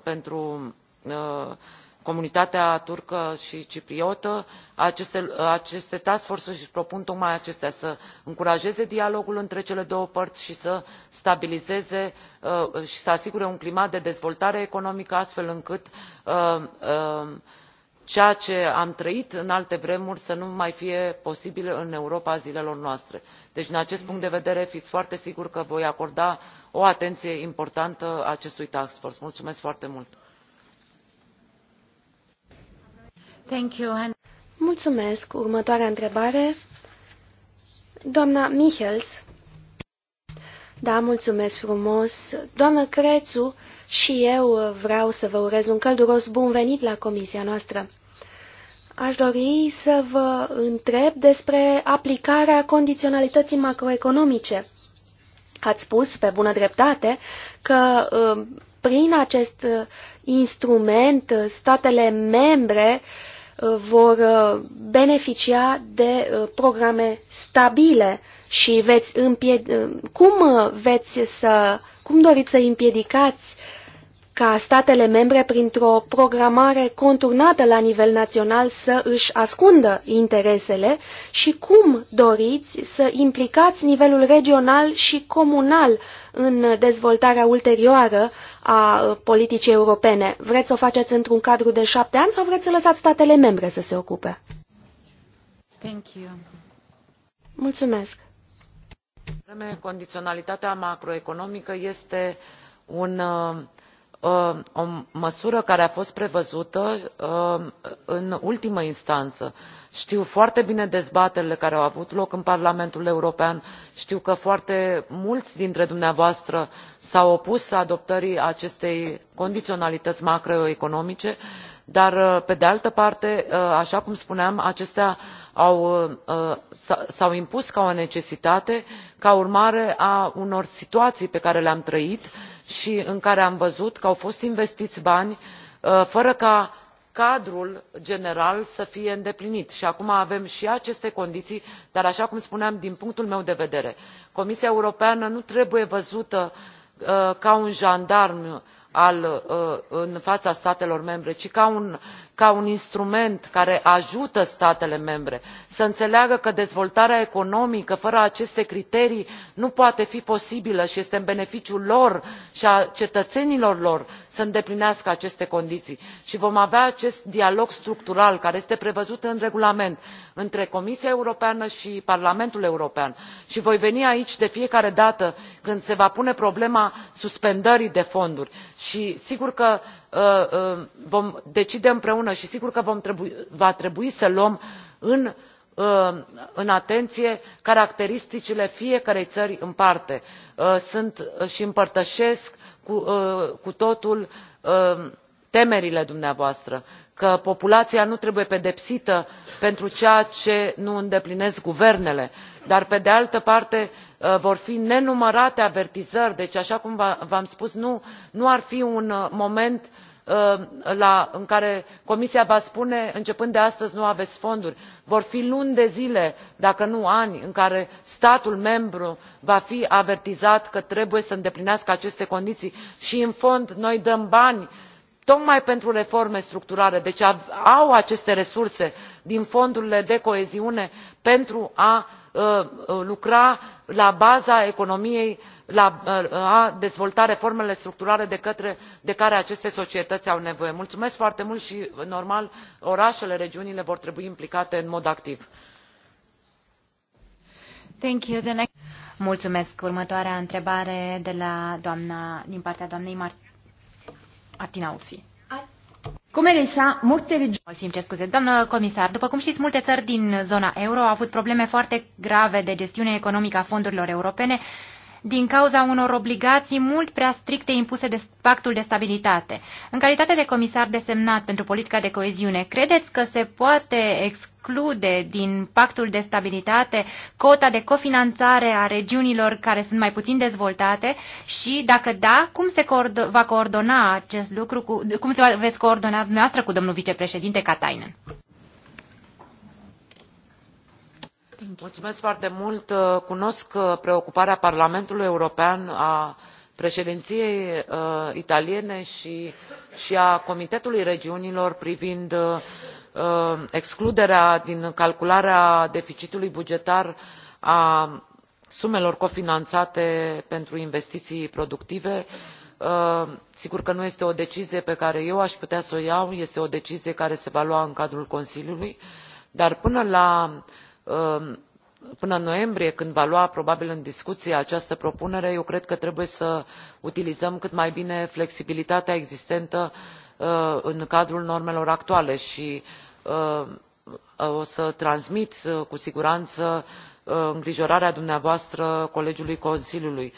pentru Uh, comunitatea turcă și cipriotă aceste, task force uri își propun tocmai acestea să încurajeze dialogul între cele două părți și să stabilizeze uh, și să asigure un climat de dezvoltare economică astfel încât uh, ceea ce am trăit în alte vremuri să nu mai fie posibil în europa zilelor noastre. deci din acest punct de vedere fiți foarte siguri că voi acorda o atenție importantă acestui task force. mulțumesc foarte mult! Thank you. Mulțumesc. Următoarea întrebare. Doamna Michels. Da, mulțumesc frumos. Doamnă Crețu, și eu vreau să vă urez un călduros bun venit la comisia noastră. Aș dori să vă întreb despre aplicarea condiționalității macroeconomice. Ați spus, pe bună dreptate, că uh, prin acest uh, instrument uh, statele membre uh, vor uh, beneficia de uh, programe stabile și veți împied... Uh, cum veți să cum doriți să împiedicați ca statele membre printr-o programare conturnată la nivel național să își ascundă interesele și cum doriți să implicați nivelul regional și comunal în dezvoltarea ulterioară a uh, politicii europene? Vreți să o faceți într-un cadru de șapte ani sau vreți să lăsați statele membre să se ocupe? Thank you. Mulțumesc. Vreme, condiționalitatea macroeconomică este un, uh, uh, o măsură care a fost prevăzută în ultimă instanță știu foarte bine dezbaterile care au avut loc în parlamentul european știu că foarte mulți dintre dumneavoastră s au opus adoptării acestei condiționalități macroeconomice dar uh, pe de altă parte uh, așa cum spuneam acestea s au uh, impus ca o necesitate ca urmare a unor situații pe care le am trăit și în care am văzut că au fost investiți bani fără ca cadrul general să fie îndeplinit și acum avem și aceste condiții dar așa cum spuneam din punctul meu de vedere comisia europeană nu trebuie văzută uh, ca un jandarm uh, în fața statelor membre ci ca un ca un instrument care ajută statele membre să înțeleagă că dezvoltarea economică fără aceste criterii nu poate fi posibilă și este în beneficiul lor și al cetățenilor lor să îndeplinească aceste condiții și vom avea acest dialog structural care este prevăzut în regulament între comisia europeană și parlamentul european și voi veni aici de fiecare dată când se va pune problema suspendării de fonduri și sigur că uh, uh, vom decide împreună bună și sigur că va trebui să luăm în, uh, atenție caracteristicile fiecărei țări în parte. Uh, sunt și împărtășesc cu, uh, totul temerile dumneavoastră că populația nu trebuie pedepsită pentru ceea ce nu îndeplinesc guvernele dar pe de altă parte vor fi nenumărate avertizări deci așa cum v am spus nu, nu ar fi un moment Uh, la, în care comisia va spune începând de astăzi nu aveți fonduri vor fi luni de zile dacă nu ani în care statul membru va fi avertizat că trebuie să îndeplinească aceste condiții și în fond noi dăm bani tocmai pentru reforme structurale deci au aceste resurse din fondurile de coeziune pentru a uh, uh, lucra la baza economiei uh, a dezvolta reformele structurale de, către, de care aceste societăți au nevoie. mulțumesc foarte mult și normal orașele regiunile vor trebui implicate în mod activ. Mulțumesc. Următoarea întrebare de la din partea doamnei Martin. Artinaufi. Cum sa multe regiuni... ce scuze. Doamnă comisar, după cum știți, multe țări din zona euro au avut probleme foarte grave de gestiune economică a fondurilor europene din cauza unor obligații mult prea stricte impuse de pactul de stabilitate. În calitate de comisar desemnat pentru politica de coeziune, credeți că se poate exclude din pactul de stabilitate cota de cofinanțare a regiunilor care sunt mai puțin dezvoltate și, dacă da, cum se va coordona acest lucru, cu, cum se va, veți coordona dumneavoastră cu domnul vicepreședinte Katainen? Uh, cunosc uh, preocuparea parlamentului european a președinției uh, italiene și a comitetului regiunilor privind excluderea din calcularea deficitului bugetar a sumelor cofinanțate pentru investiții productive. sigur că nu este o decizie pe care eu aș putea să o iau este o decizie care se va lua în cadrul consiliului dar până la Um, până în noiembrie când va lua probabil în discuție această propunere eu cred că trebuie să utilizăm cât mai bine flexibilitatea existentă uh, în cadrul normelor actuale și uh, o să transmit uh, cu siguranță îngrijorarea dumneavoastră colegiului consiliului.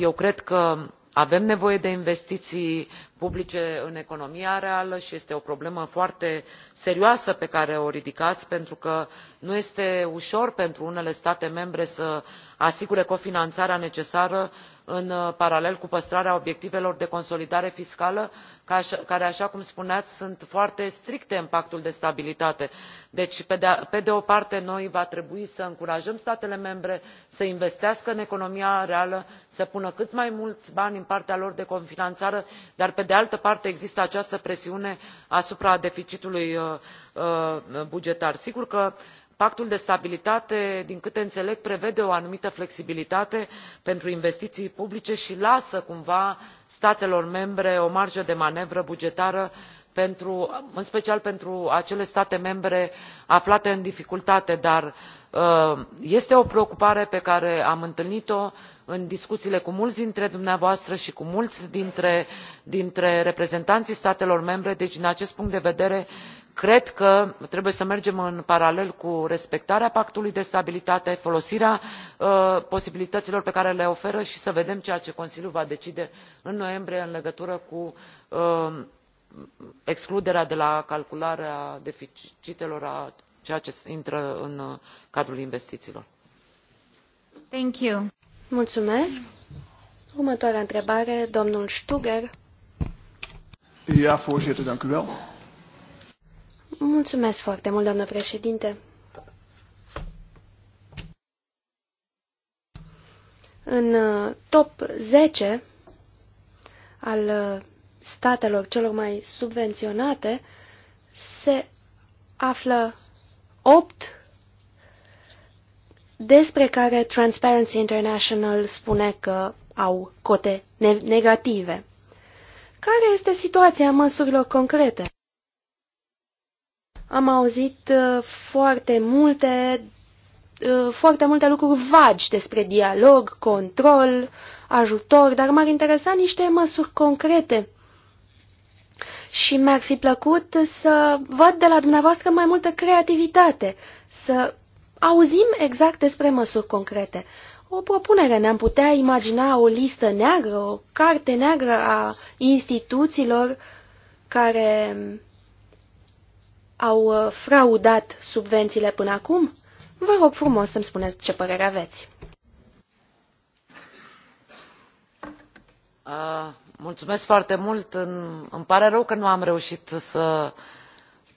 eu cred că avem nevoie de investiții publice în economia reală și este o problemă foarte serioasă pe care o ridicați pentru că nu este ușor pentru unele state membre să asigure cofinanțarea necesară în uh, paralel cu păstrarea obiectivelor de consolidare fiscală care așa cum spuneați sunt foarte stricte în pactul de stabilitate. deci pe de o parte noi va trebui să încurajăm statele membre să investească în economia reală să pună cât mai mulți bani în partea lor de cofinanțare dar de altă parte există această presiune asupra deficitului uh, uh, bugetar. sigur că pactul de stabilitate din câte înțeleg prevede o anumită flexibilitate pentru investiții publice și lasă cumva statelor membre o marjă de manevră bugetară în special pentru acele state membre aflate în dificultate dar uh, este o preocupare pe care am întâlnit o în discuțiile cu mulți dintre dumneavoastră și cu mulți dintre reprezentanții statelor membre deci din acest punct de vedere cred că trebuie să mergem în paralel cu respectarea pactului de stabilitate folosirea uh, posibilităților pe care le oferă și să vedem ceea ce consiliul va decide în noiembrie în legătură cu uh, excluderea de la calcularea deficitelor a ceea ce intră în uh, cadrul investițiilor. Thank you. Mulțumesc. Următoarea întrebare, domnul Stuger. Ja, voorzitter, dank u wel. Mulțumesc foarte mult, doamnă președinte. În uh, top 10 al uh, statelor celor mai subvenționate se află opt despre care Transparency International spune că au cote negative. Care este situația măsurilor concrete? Am auzit uh, foarte multe, uh, foarte multe lucruri vagi despre dialog, control, ajutor, dar m-ar interesa niște măsuri concrete și mi-ar fi plăcut să văd de la dumneavoastră mai multă creativitate, să auzim exact despre măsuri concrete. O propunere, ne-am putea imagina o listă neagră, o carte neagră a instituțiilor care au uh, fraudat subvențiile până acum? Vă rog frumos să-mi spuneți ce părere aveți. Uh, mulțumesc foarte mult îmi pare rău că nu am reușit să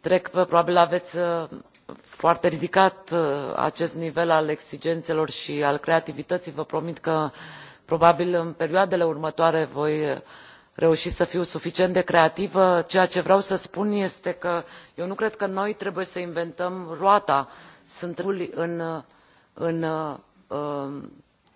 trec probabil aveți uh, foarte ridicat uh, acest nivel al exigențelor și al creativității vă promit că probabil în perioadele următoare voi reuși să fiu suficient de creativă ceea ce vreau să spun este că eu nu cred că noi trebuie să inventăm roata sunt reguli în, în, uh,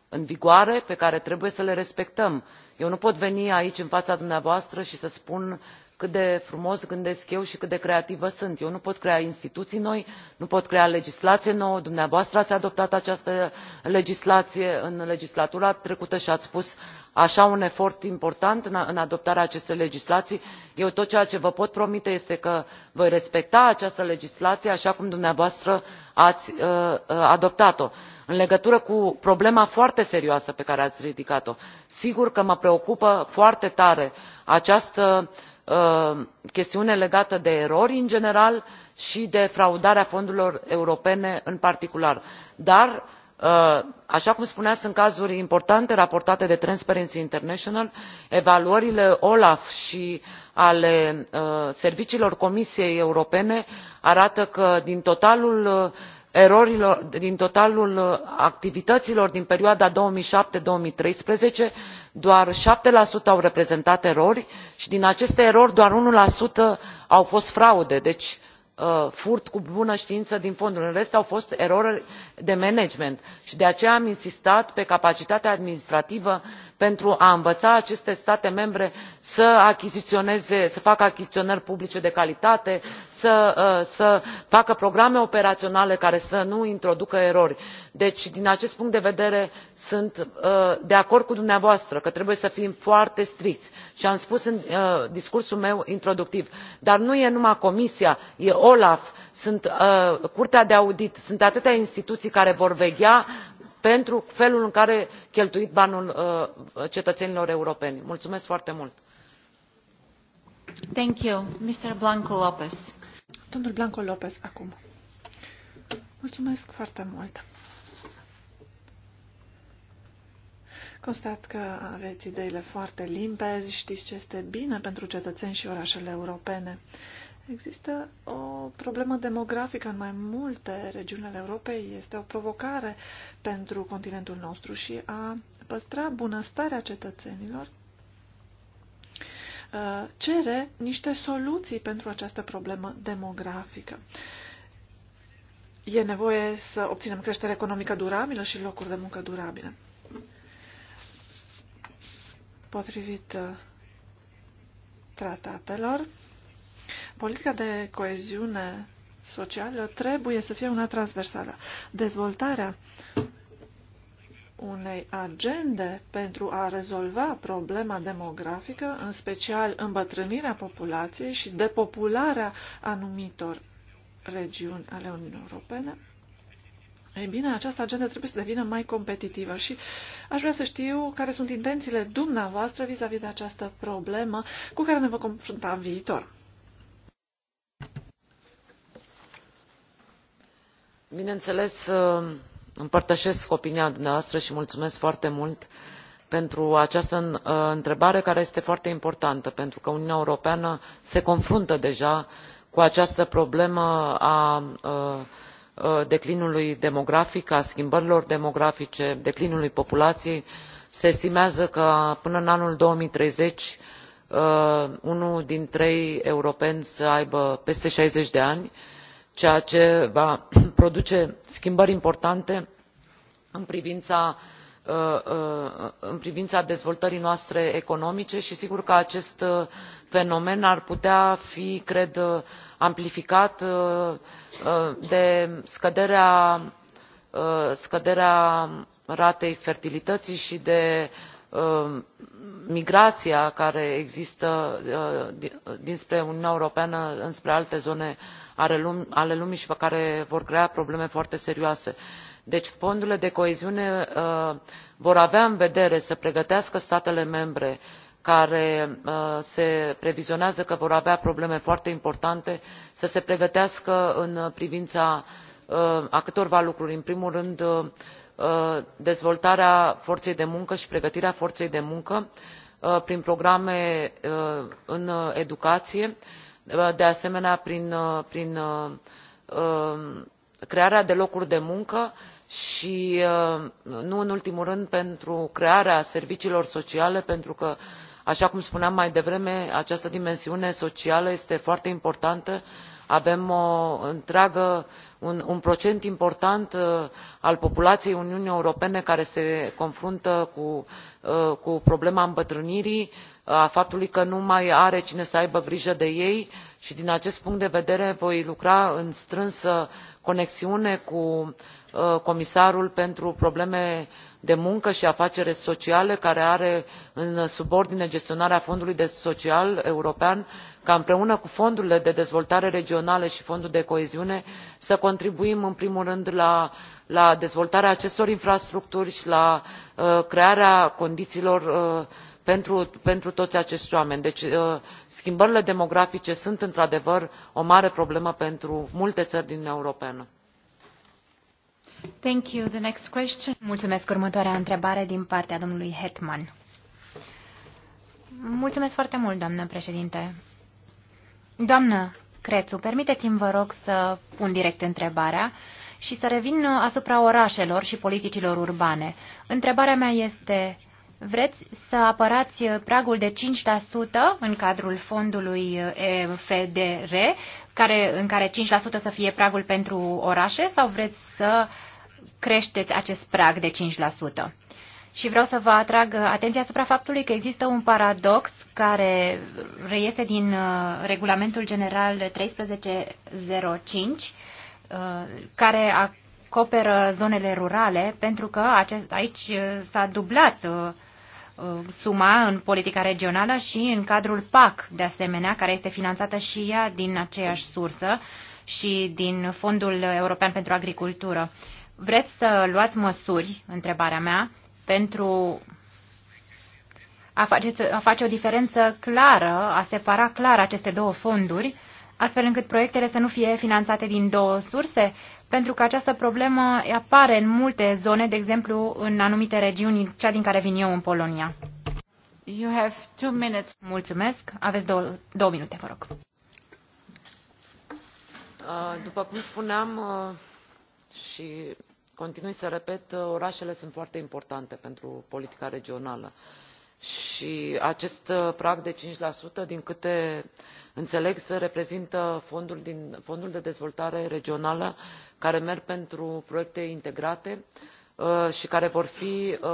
în vigoare pe care trebuie să le respectăm eu nu pot veni aici în fața dumneavoastră și să spun cât de frumos gândesc eu și cât de creativă sunt eu nu pot crea instituții noi nu pot crea legislație nouă dumneavoastră ați adoptat această legislație în legislatura trecută și ați spus așa un efort important în adoptarea acestei legislații eu tot ceea ce vă pot promite este că voi respecta această legislație așa cum dumneavoastră ați uh, uh, adoptat o în legătură cu problema foarte serioasă pe care ați ridicat o sigur că mă preocupă foarte tare această Uh, chestiune legată de erori în general și de fraudarea fondurilor europene în particular dar uh, așa cum spuneați sunt cazuri importante raportate de transparency international evaluările olaf și ale uh, serviciilor comisiei europene arată că din totalul erorilor din totalul uh, activităților din perioada două mii șapte două mii treisprezece doar șapte au reprezentat erori și din aceste erori doar unu au fost fraude deci uh, furt cu bună știință din fonduri în rest au fost erori de management și de aceea am insistat pe capacitatea administrativă pentru a învăța aceste state membre să achiziționeze să facă achiziționări publice de calitate să, uh, să facă programe operaționale care să nu introducă erori. deci din acest punct de vedere sunt uh, de acord cu dumneavoastră că trebuie să fim foarte stricți și am spus în uh, discursul meu introductiv dar nu e numai comisia e olaf sunt curtea de audit sunt atâtea instituții care vor veghea pentru felul în care e cheltuit banul uh, cetățenilor europeni. mulțumesc foarte mult. Blanco acum. Mulțumesc foarte mult. Constat că aveți ideile foarte limpezi, știți ce este bine pentru cetățeni și orașele europene. Există o problemă demografică în mai multe regiuni ale Europei. Este o provocare pentru continentul nostru și a păstra bunăstarea cetățenilor uh, cere niște soluții pentru această problemă demografică. E nevoie să obținem creștere economică durabilă și locuri de muncă durabile. Potrivit uh, tratatelor, Politica de coeziune socială trebuie să fie una transversală. Dezvoltarea unei agende pentru a rezolva problema demografică, în special îmbătrânirea populației și depopularea anumitor regiuni ale Uniunii Europene, ei bine, această agendă trebuie să devină mai competitivă și aș vrea să știu care sunt intențiile dumneavoastră vis-a-vis -vis de această problemă cu care ne vom confrunta în viitor. bineînțeles uh, împărtășesc opinia dumneavoastră și mulțumesc foarte mult pentru această uh, întrebare care este foarte importantă pentru că uniunea europeană se confruntă deja cu această problemă a uh, declinului demografic a schimbărilor demografice declinului populației se estimează că până în anul două mii treizeci unul din trei europeni să aibă peste șaizeci de ani și ceea ce va produce schimbări importante în privința uh, uh, în privința dezvoltării noastre economice și sigur că acest uh, fenomen ar putea fi cred amplificat de scăderea, scăderea ratei fertilității și de migrația care există dinspre uniunea europeană înspre alte zone ale ale lumii și care vor crea probleme foarte serioase. deci fondurile de coeziune uh, vor avea în vedere să pregătească statele membre care uh, se previzionează că vor avea probleme foarte importante să se pregătească în privința uh, a câtorva lucruri în primul rând dezvoltarea forței de muncă și pregătirea forței de muncă prin programe în educație și Uh, de asemenea prin, uh, uh, um, crearea de locuri de muncă și nu în ultimul rând pentru crearea serviciilor sociale pentru că așa cum spuneam mai devreme această dimensiune socială este foarte importantă avem un, procent important al populației uniunii europene care se confruntă cu, cu problema îmbătrânirii a faptului că nu mai are cine să aibă grijă de ei și din acest punct de vedere voi lucra în strânsă conexiune cu uh, comisarul pentru probleme de muncă și afaceri sociale care are în subordine gestionarea fondului social european ca împreună cu fondurile de dezvoltare regională și fondul de coeziune să contribuim în primul rând la, dezvoltarea acestor infrastructuri și la uh, crearea condițiilor uh, pentru, toți acești oameni. deci uh, schimbările demografice sunt într adevăr o mare problemă pentru multe țări din uniunea europeană. Mulțumesc. Următoarea întrebare din partea domnului Hetman. Mulțumesc foarte mult, doamnă președinte. Doamnă Crețu, permiteți-mi, vă rog, să pun direct întrebarea și să revin asupra orașelor și politicilor urbane. Întrebarea mea este Vreți să apărați pragul de 5% în cadrul fondului eh, FDR, care, în care 5% să fie pragul pentru orașe, sau vreți să creșteți acest prag de 5%? Și vreau să vă atrag atenția asupra faptului că există un paradox care reiese din eh, regulamentul general 1305, eh, care acoperă zonele rurale, pentru că acest, aici s-a dublat Uh, suma în politica regională și în cadrul PAC, de asemenea, care este finanțată și ea din aceeași sursă și din Fondul European pentru Agricultură. Vreți să luați măsuri, întrebarea mea, pentru a face, a face o diferență clară, a separa clar aceste două fonduri, astfel încât proiectele să nu fie finanțate din două surse, pentru că această problemă apare în multe zone, de exemplu în anumite regiuni, cea din care vin eu în Polonia. You have two minutes. Mulțumesc. Aveți două, două minute, vă rog. Uh, după cum spuneam uh, și continui să repet, uh, orașele sunt foarte importante pentru politica regională și acest prag de 5% din câte înțeleg să reprezintă fondul, de dezvoltare regională care merg pentru proiecte integrate uh, și care vor fi uh,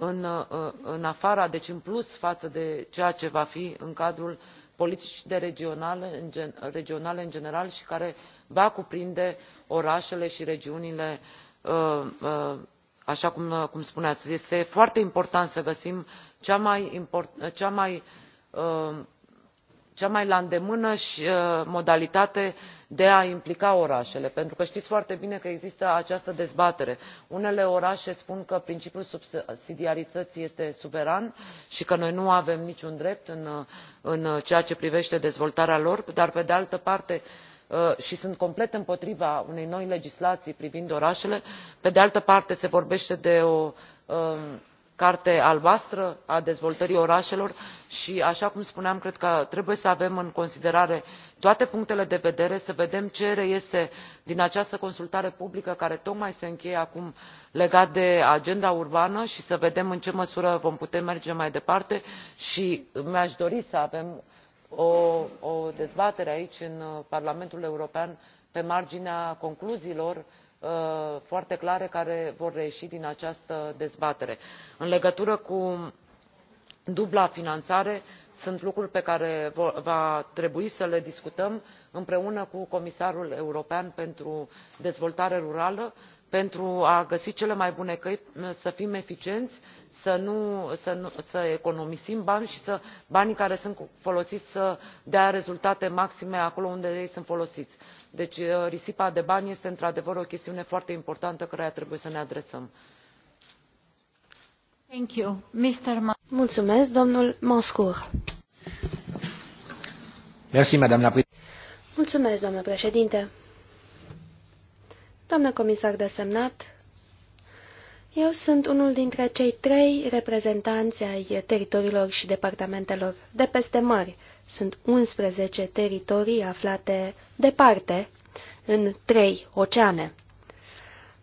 uh, în, afara deci în plus față de ceea ce va fi în cadrul politicii de regionale, în general și care va cuprinde orașele și regiunile așa cum, spuneați. este foarte important să găsim cea mai cea mai la îndemână uh, modalitate de a implica orașele pentru că știți foarte bine că există această dezbatere unele orașe spun că principiul subsidiarității este suveran și că noi nu avem niciun drept în, uh, ceea ce privește dezvoltarea lor dar pe de altă parte uh, și sunt complet împotriva unei noi legislații privind orașele pe de altă parte se vorbește de o um, carte albastră a dezvoltării orașelor și așa cum spuneam cred că trebuie să avem în considerare toate punctele de vedere să vedem ce reiese din această consultare publică care tocmai se încheie acum legată de agenda urbană și să vedem în ce măsură vom putea merge mai departe și mi aș dori să avem o, o dezbatere aici în parlamentul european pe marginea concluziilor Uh, foarte clare care vor reieși din această dezbatere. în legătură cu dubla finanțare sunt lucruri pe care va trebui să le discutăm împreună cu comisarul european pentru dezvoltare rurală pentru a găsi cele mai bune căi uh, să fim eficienți să, nu, să, economisim bani și să banii care sunt folosiți să dea rezultate maxime acolo unde ei sunt folosiți deci uh, risipa de bani este într adevăr o chestiune foarte importantă căreia trebuie să ne adresăm. Mulțumesc, domnul Monscour. Mulțumesc, doamnă președinte. Doamnă comisar desemnat, eu sunt unul dintre cei trei reprezentanți ai teritoriilor și departamentelor de peste mări. Sunt 11 teritorii aflate departe, în trei oceane.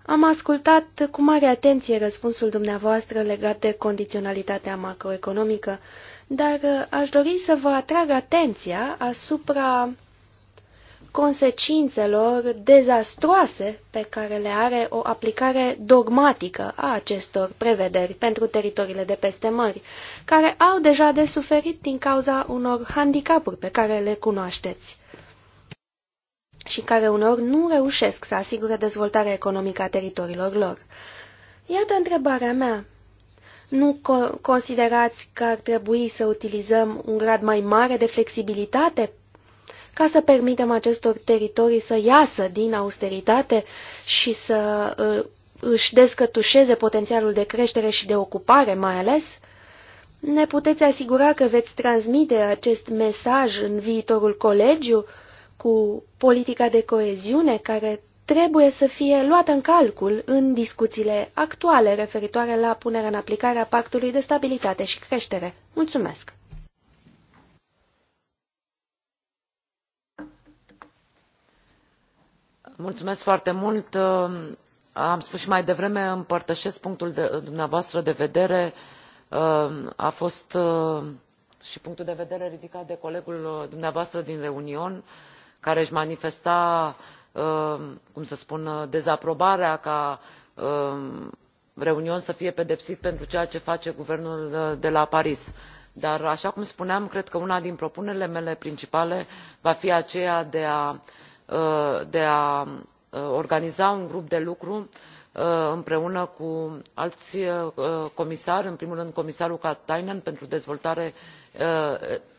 Am ascultat cu mare atenție răspunsul dumneavoastră legat de condiționalitatea macroeconomică, dar uh, aș dori să vă atrag atenția asupra consecințelor dezastroase pe care le are o aplicare dogmatică a acestor prevederi pentru teritoriile de peste mări, care au deja de suferit din cauza unor handicapuri pe care le cunoașteți și care uneori nu reușesc să asigure dezvoltarea economică a teritoriilor lor. Iată întrebarea mea. Nu co considerați că ar trebui să utilizăm un grad mai mare de flexibilitate ca să permitem acestor teritorii să iasă din austeritate și să uh, își descătușeze potențialul de creștere și de ocupare mai ales? Ne puteți asigura că veți transmite acest mesaj în viitorul colegiu cu politica de coeziune care trebuie să fie luată în calcul în discuțiile actuale referitoare la punerea în aplicare a Pactului de Stabilitate și Creștere. Mulțumesc! mulțumesc foarte mult am spus și mai devreme împărtășesc punctul de, dumneavoastră de vedere a fost uh, și punctul de vedere ridicat de colegul uh, dumneavoastră din reunion care își manifesta uh, cum să spun dezaprobarea ca reunion să fie pedepsit pentru ceea ce face guvernul de la paris dar așa cum spuneam cred că una din propunerile mele principale va fi aceea de a Uh, de a uh, organiza un grup de lucru uh, împreună cu alți comisari în primul rând comisarul katainen pentru dezvoltare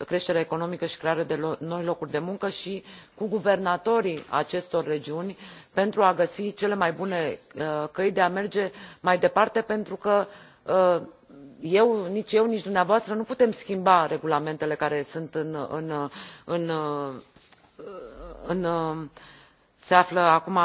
creștere economică și creare de noi locuri de muncă și cu guvernatorii acestor regiuni pentru a găsi cele mai bune căi de a merge mai departe pentru că eu, nici eu nici dumneavoastră nu putem schimba regulamentele care sunt în Uh, se află acum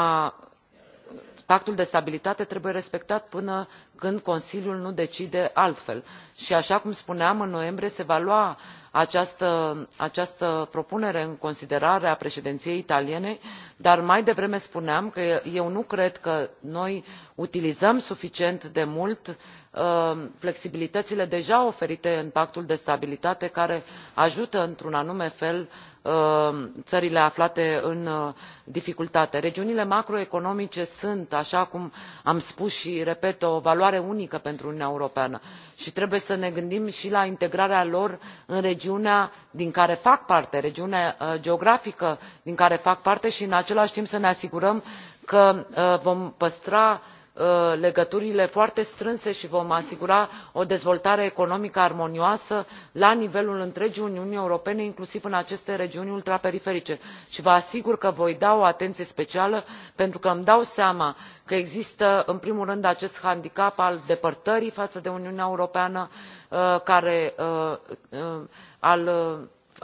pactul de stabilitate trebuie respectat până când consiliul nu decide altfel și așa cum spuneam în noiembrie se va lua această, această propunere în considerare a președinției italiene dar mai devreme spuneam că eu nu cred că noi utilizăm suficient de mult uh, flexibilitățile deja oferite în pactul de stabilitate care ajută într un anume fel Uh, țările aflate în uh, dificultate. regiunile macroeconomice sunt așa cum am spus și repet o valoare unică pentru uniunea europeană și trebuie să ne gândim și la integrarea lor în regiunea din care fac parte regiunea uh, geografică din care fac parte și în același timp să ne asigurăm că vom păstra Uh, legăturile foarte strânse și vom asigura o dezvoltare economică armonioasă la nivelul întregii uniuni europene inclusiv în aceste regiuni ultraperiferice și vă asigur că voi da o atenție specială pentru că îmi dau seama că există în primul rând acest handicap al depărtării față de uniunea europeană uh, care uh, al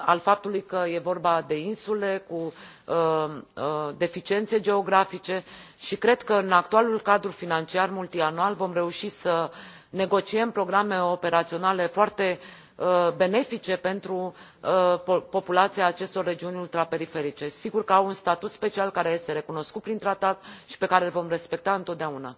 al faptului că e vorba de insule cu uh, uh, deficiențe geografice și cred că în actualul cadru financiar multianual vom reuși să negociem programe operaționale foarte uh, benefice pentru populația acestor regiuni ultraperiferice. sigur că au un statut special care este recunoscut prin tratat și pe care îl vom respecta întotdeauna.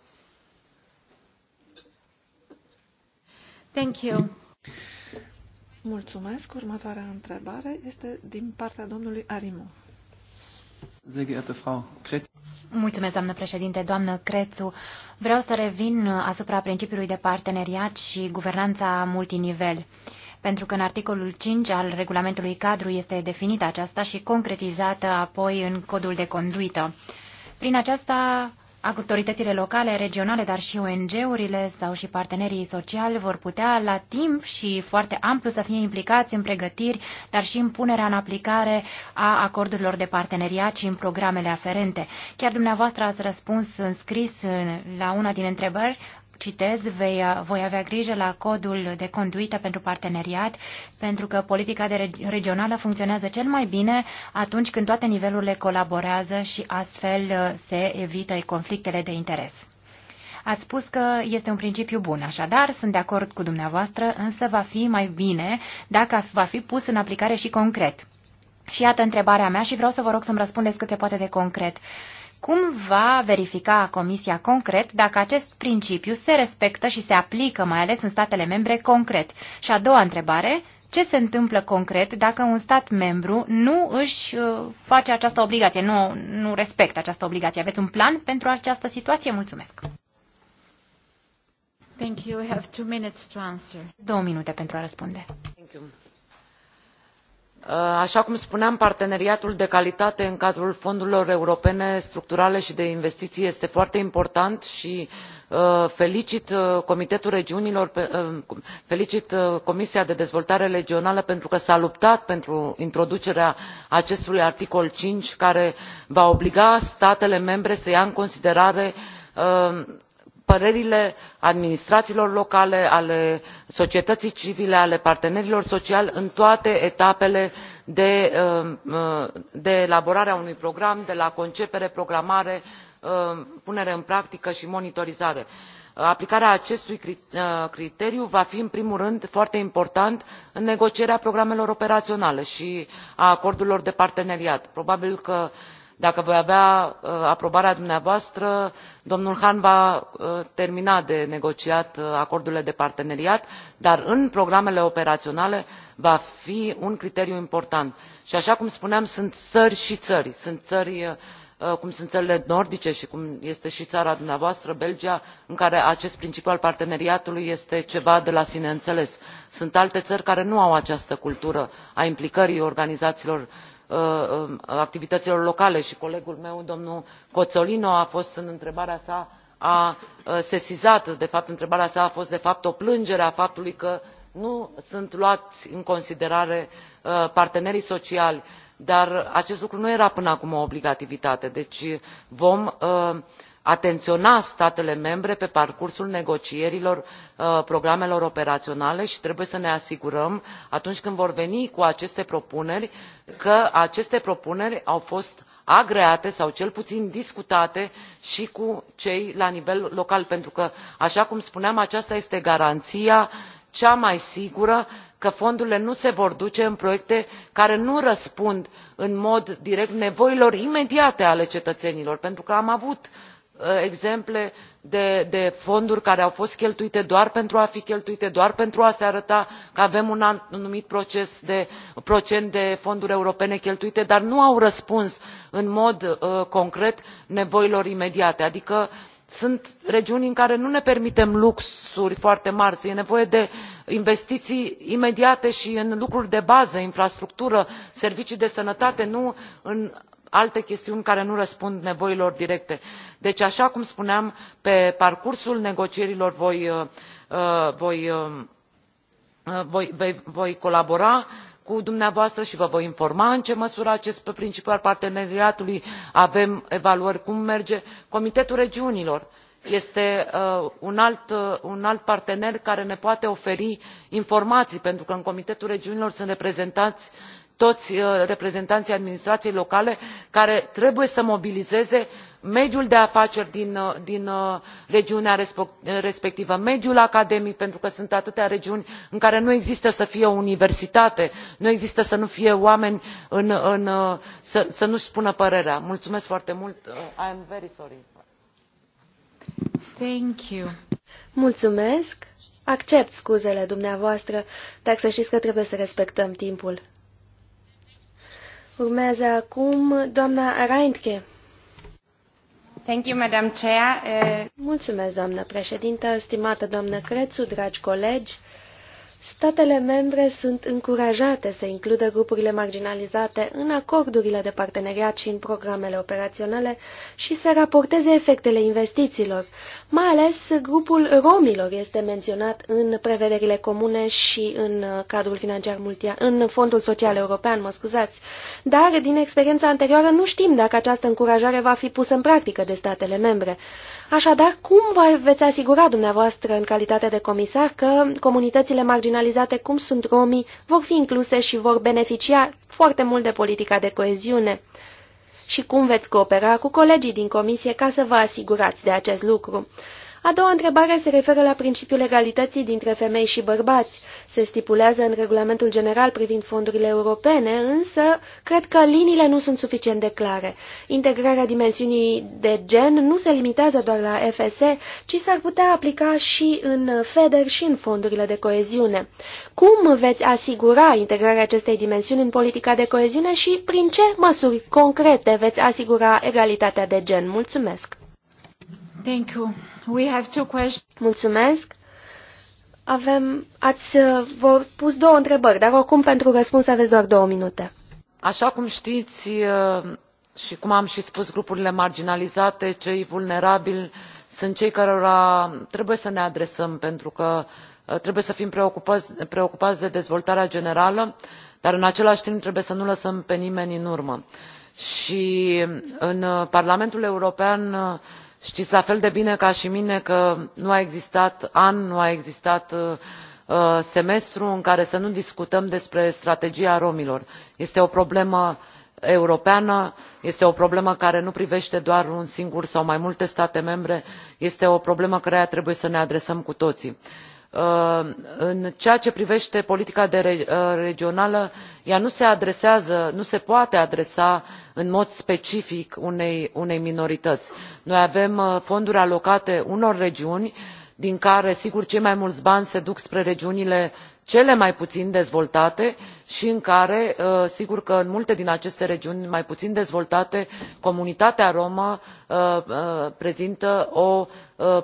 Mulțumesc. Următoarea întrebare este din partea domnului Arimu. Mulțumesc, doamnă președinte. Doamnă Crețu, vreau să revin asupra principiului de parteneriat și guvernanța multinivel pentru că în articolul 5 al regulamentului cadru este definită aceasta și concretizată apoi în codul de conduită. Prin aceasta autoritățile locale, regionale, dar și ONG-urile sau și partenerii sociali vor putea la timp și foarte amplu să fie implicați în pregătiri, dar și în punerea în aplicare a acordurilor de parteneriat și în programele aferente. Chiar dumneavoastră ați răspuns în scris la una din întrebări Citez, vei, voi avea grijă la codul de conduită pentru parteneriat, pentru că politica de regională funcționează cel mai bine atunci când toate nivelurile colaborează și astfel uh, se evită conflictele de interes. Ați spus că este un principiu bun, așadar sunt de acord cu dumneavoastră, însă va fi mai bine dacă va fi pus în aplicare și concret. Și iată întrebarea mea și vreau să vă rog să-mi răspundeți cât se poate de concret. Uh, cum va verifica Comisia concret dacă acest principiu se respectă și se aplică, mai ales în statele membre, concret? Și a doua întrebare, ce se întâmplă concret dacă un stat membru nu își uh, face această obligație, nu, nu respectă această obligație? Aveți un plan pentru această situație? Mulțumesc! Thank you. We have two minutes to answer. Două minute pentru a răspunde. Thank you. Uh, așa cum spuneam parteneriatul de calitate în cadrul fondurilor europene structurale și de investiții este foarte important și uh, felicit uh, comitetul regiunilor felicit comisia de dezvoltare regională pentru că s a luptat pentru introducerea acestui articol cinci care va obliga statele membre să ia în considerare părerile administrațiilor locale ale societății civile ale partenerilor sociali în toate etapele de, um, uh, elaborare a unui program de la concepere programare um, punere în practică și monitorizare. aplicarea acestui uh, criteriu va fi în primul rând foarte importantă în negocierea programelor operaționale și a acordurilor de parteneriat. probabil că dacă voi avea uh, aprobarea dumneavoastră domnul hahn va uh, termina de negociat uh, acordurile de parteneriat dar în programele operaționale va fi un criteriu important și așa cum spuneam sunt țări și țări sunt țări cum sunt țările nordice și cum este și țara dumneavoastră belgia în care acest principiu al parteneriatului este ceva de la sine înțeles. sunt alte țări care nu au această cultură a implicării organizațiilor Uh, uh, activităților locale și colegul meu domnul cozzolino a fost în întrebarea sa a uh, sesizat de fapt întrebarea sa a fost de fapt o plângere a faptului că nu sunt luați în considerare partenerii sociali dar acest lucru nu era până acum o obligativitate deci vom atenționa statele membre pe parcursul negocierilor uh, programelor operaționale și trebuie să ne asigurăm atunci când vor veni cu aceste propuneri că aceste propuneri au fost agreate sau cel puțin discutate și cu cei la nivel local pentru că așa cum spuneam aceasta este garanția cea mai sigură că fondurile nu se vor duce în proiecte care nu răspund în mod direct nevoilor imediate ale cetățenilor pentru că am avut Uh, exemple de, fonduri care au fost cheltuite doar pentru a fi cheltuite doar pentru a se arăta că avem un anumit de, procent de fonduri europene cheltuite dar nu au răspuns în mod uh, concret nevoilor imediate adică sunt regiuni în care nu ne permitem luxuri foarte mari e nevoie de investiții imediate și în lucruri de bază infrastructură servicii de sănătate nu în alte chestiuni care nu răspund nevoilor directe. deci așa cum spuneam pe parcursul negocierilor voi, uh, uh, voi, um, uh, voi, voi colabora cu dumneavoastră și vă voi informa în ce măsură acest principiu al parteneriatului avem evaluări cum merge. comitetul regiunilor este un, alt, un alt partener care ne poate oferi informații pentru că în comitetul regiunilor sunt reprezentați toți uh, reprezentanții administrației locale care trebuie să mobilizeze mediul de afaceri din, uh, uh, regiunea respectivă mediul academic pentru că sunt atâtea regiuni în care nu există să fie o universitate nu există să nu fie oameni să, să nu și spună părerea. mulțumesc foarte mult i am very sorry. Thank you. Mulțumesc. Accept scuzele dumneavoastră, dar să știți că trebuie să respectăm timpul. Urmează acum doamna Reintke. Thank you, Madam Chair. Uh, Mulțumesc, doamnă președintă, stimată doamnă Crețu, dragi colegi statele membre sunt încurajate să includă grupurile marginalizate în acordurile de parteneriat și în programele operaționale și să raporteze efectele investițiilor. Mai ales grupul romilor este menționat în prevederile comune și în cadrul financiar multian. în fondul social european, mă scuzați. Dar din experiența anterioară nu știm dacă această încurajare va fi pusă în practică de statele membre. Așadar, cum vă veți asigura dumneavoastră în calitate de comisar că comunitățile marginalizate cum sunt romii vor fi incluse și vor beneficia foarte mult de politica de coeziune? Și cum veți coopera cu colegii din comisie ca să vă asigurați de acest lucru? A doua întrebare se referă la principiul egalității dintre femei și bărbați. Se stipulează în regulamentul general privind fondurile europene, însă cred că liniile nu sunt suficient de clare. Integrarea dimensiunii de gen nu se limitează doar la FSE, ci s-ar putea aplica și în FEDER și în fondurile de coeziune. Cum veți asigura integrarea acestei dimensiuni în politica de coeziune și prin ce măsuri concrete veți asigura egalitatea de gen? Mulțumesc! Thank you. We have two questions. Mulțumesc. Avem, ați uh, vă pus două întrebări, dar oricum pentru răspuns aveți doar două minute. Așa cum știți uh, și cum am și spus, grupurile marginalizate, cei vulnerabili, sunt cei cărora trebuie să ne adresăm pentru că uh, trebuie să fim preocupați, preocupați de dezvoltarea generală dar în același timp trebuie să nu lăsăm pe nimeni în urmă și în parlamentul european știți la fel de bine ca și mine că nu a existat an nu a existat uh, uh, semestru în care să nu discutăm despre strategia romilor. este o problemă europeană este o problemă care nu privește doar un singur sau mai multe state membre este o problemă căreia trebuie să ne adresăm cu toții. Uh, în ceea ce privește politica uh, regională ea nu se adresează nu se poate adresa în mod specific unei, minorități. noi avem uh, fonduri alocate unor regiuni din care sigur cei mai mulți bani se duc spre regiunile cele mai puțin dezvoltate și în care sigur că în multe din aceste regiuni mai puțin dezvoltate comunitatea romă prezintă o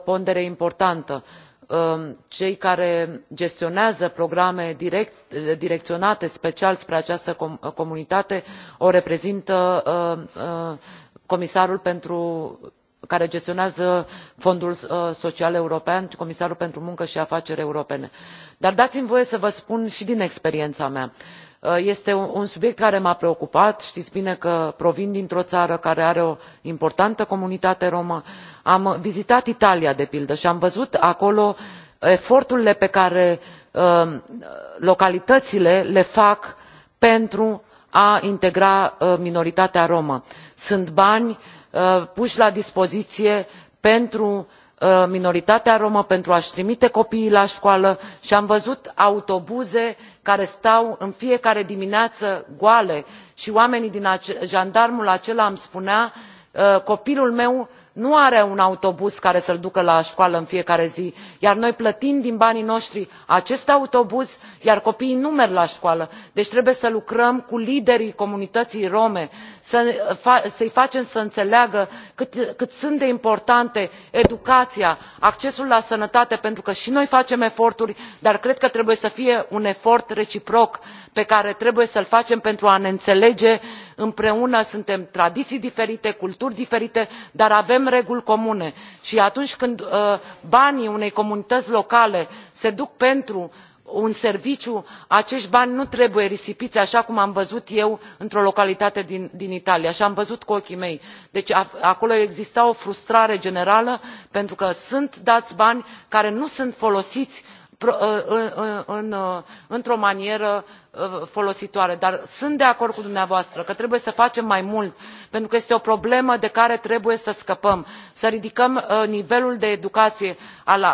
pondere importantă. Um, cei care gestionează programe direcționate special spre această comunitate o reprezintă um, uh, comisarul care gestionează fondul uh, social european comisarul pentru muncă și afaceri europene. dar dați mi voie să vă spun și din experiența mea că Uh, este un subiect care m a preocupat știți bine că provin dintr o țară care are o importantă comunitate romă am vizitat italia de pildă și am văzut acolo eforturile pe care uh, localitățile le fac pentru a integra uh, minoritatea romă. sunt bani puși la dispoziție pentru Uh, minoritatea romă pentru a și trimite copiii la școală și am văzut autobuze care stau în fiecare dimineață goale și oamenii din jandarmul acela îmi spunea uh, copilul meu nu are un autobuz care să l ducă la școală în fiecare zi iar noi plătim din banii noștri acest autobuz iar copiii nu merg la școală deci trebuie să lucrăm cu liderii comunității rome să i facem să înțeleagă cât sunt de importante educația accesul la sănătate pentru că și noi facem eforturi dar cred că trebuie să fie un efort reciproc pe care trebuie să l facem pentru a ne înțelege împreună suntem tradiții diferite culturi diferite dar avem reguli comune și atunci când uh, banii unei comunități locale se duc pentru un serviciu acești bani nu trebuie risipiți așa cum am văzut eu într o localitate din, italia și am văzut cu ochii mei deci acolo exista o frustrare generală pentru că sunt dați bani care nu sunt folosiți uh, uh, într o manieră folositoare dar sunt de acord cu dumneavoastră că trebuie să facem mai mult pentru că este o problemă de care trebuie să scăpăm să ridicăm uh, nivelul de educație al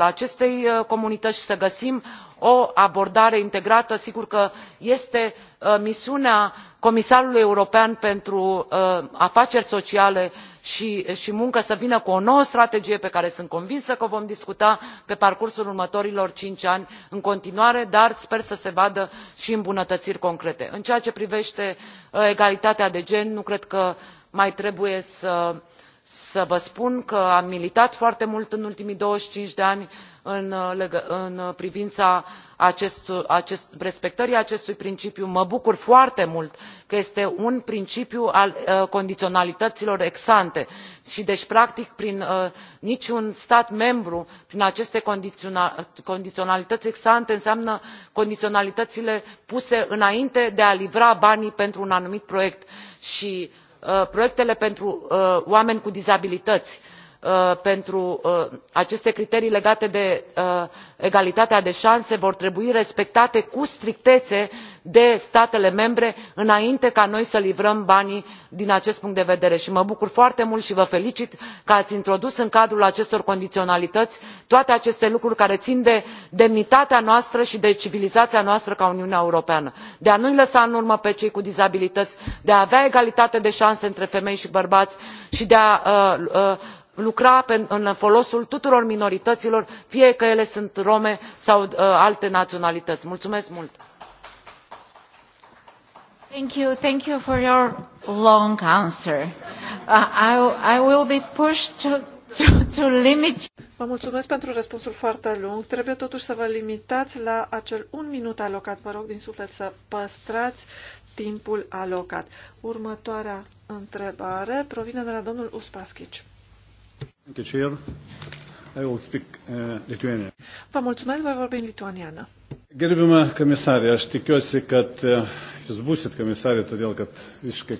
acestei uh, uh, comunități și să găsim o abordare integrată sigur că este misiunea comisarului european pentru afaceri sociale și, muncă să vină cu o nouă strategie pe care sunt convinsă că o vom discuta pe parcursul următorilor cinci ani în continuare dar sper să se vadă și îmbunătățiri concrete. în ceea ce privește uh, egalitatea de gen nu cred că mai trebuie să să vă spun că am militat foarte mult în ultimii douăzeci și cinci de ani în, uh, uh, privința acest, respectării acestui principiu mă bucur foarte mult că este un principiu al condiționalităților ex ante și deci practic prin uh, niciun stat membru prin aceste condiționalități ex ante înseamnă condiționalitățile puse înainte de a livra banii pentru un anumit proiect și uh, proiectele pentru uh, oameni cu dizabilități Uh, pentru uh, aceste criterii legate de uh, egalitatea de șanse vor trebui respectate cu strictețe de statele membre înainte ca noi să livrăm banii din acest punct de vedere și mă bucur foarte mult și vă felicit că ați introdus în cadrul acestor condiționalități toate aceste lucruri care țin de demnitatea noastră și de civilizația noastră ca uniune europeană de a nu i lăsa în urmă pe cei cu dizabilități de a avea egalitate de șanse între femei și bărbați și de a lucra în folosul tuturor minorităților fie că ele sunt rome sau uh, alte naționalități. mulțumesc mult! Thank you. Thank you for your long answer. Uh, I, I will be pushed to, to, to limit. Vă mulțumesc pentru răspunsul foarte lung. Trebuie totuși să vă limitați la acel un minut alocat. Vă rog din suflet să păstrați timpul alocat. Următoarea întrebare provine de la domnul Uspaschici. Uh, Vă mulțumesc, voi vorbi în lituaniană. Gerbima comisarie, aș tikiuosi, că uh, jūs būsit comisarie, todėl că visiškai...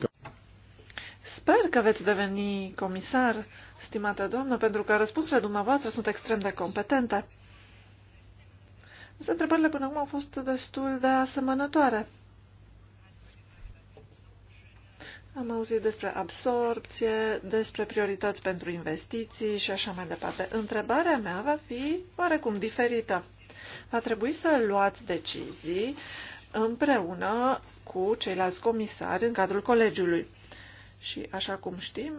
Sper că veți deveni comisar, stimată doamnă, pentru că răspunsurile dumneavoastră sunt extrem de competente. Însă întrebările până acum au fost destul de asemănătoare. Am auzit despre absorpție, despre priorități pentru investiții și așa mai departe. Întrebarea mea va fi oarecum diferită. Va trebui să luați decizii împreună cu ceilalți comisari în cadrul colegiului. Și, așa cum știm,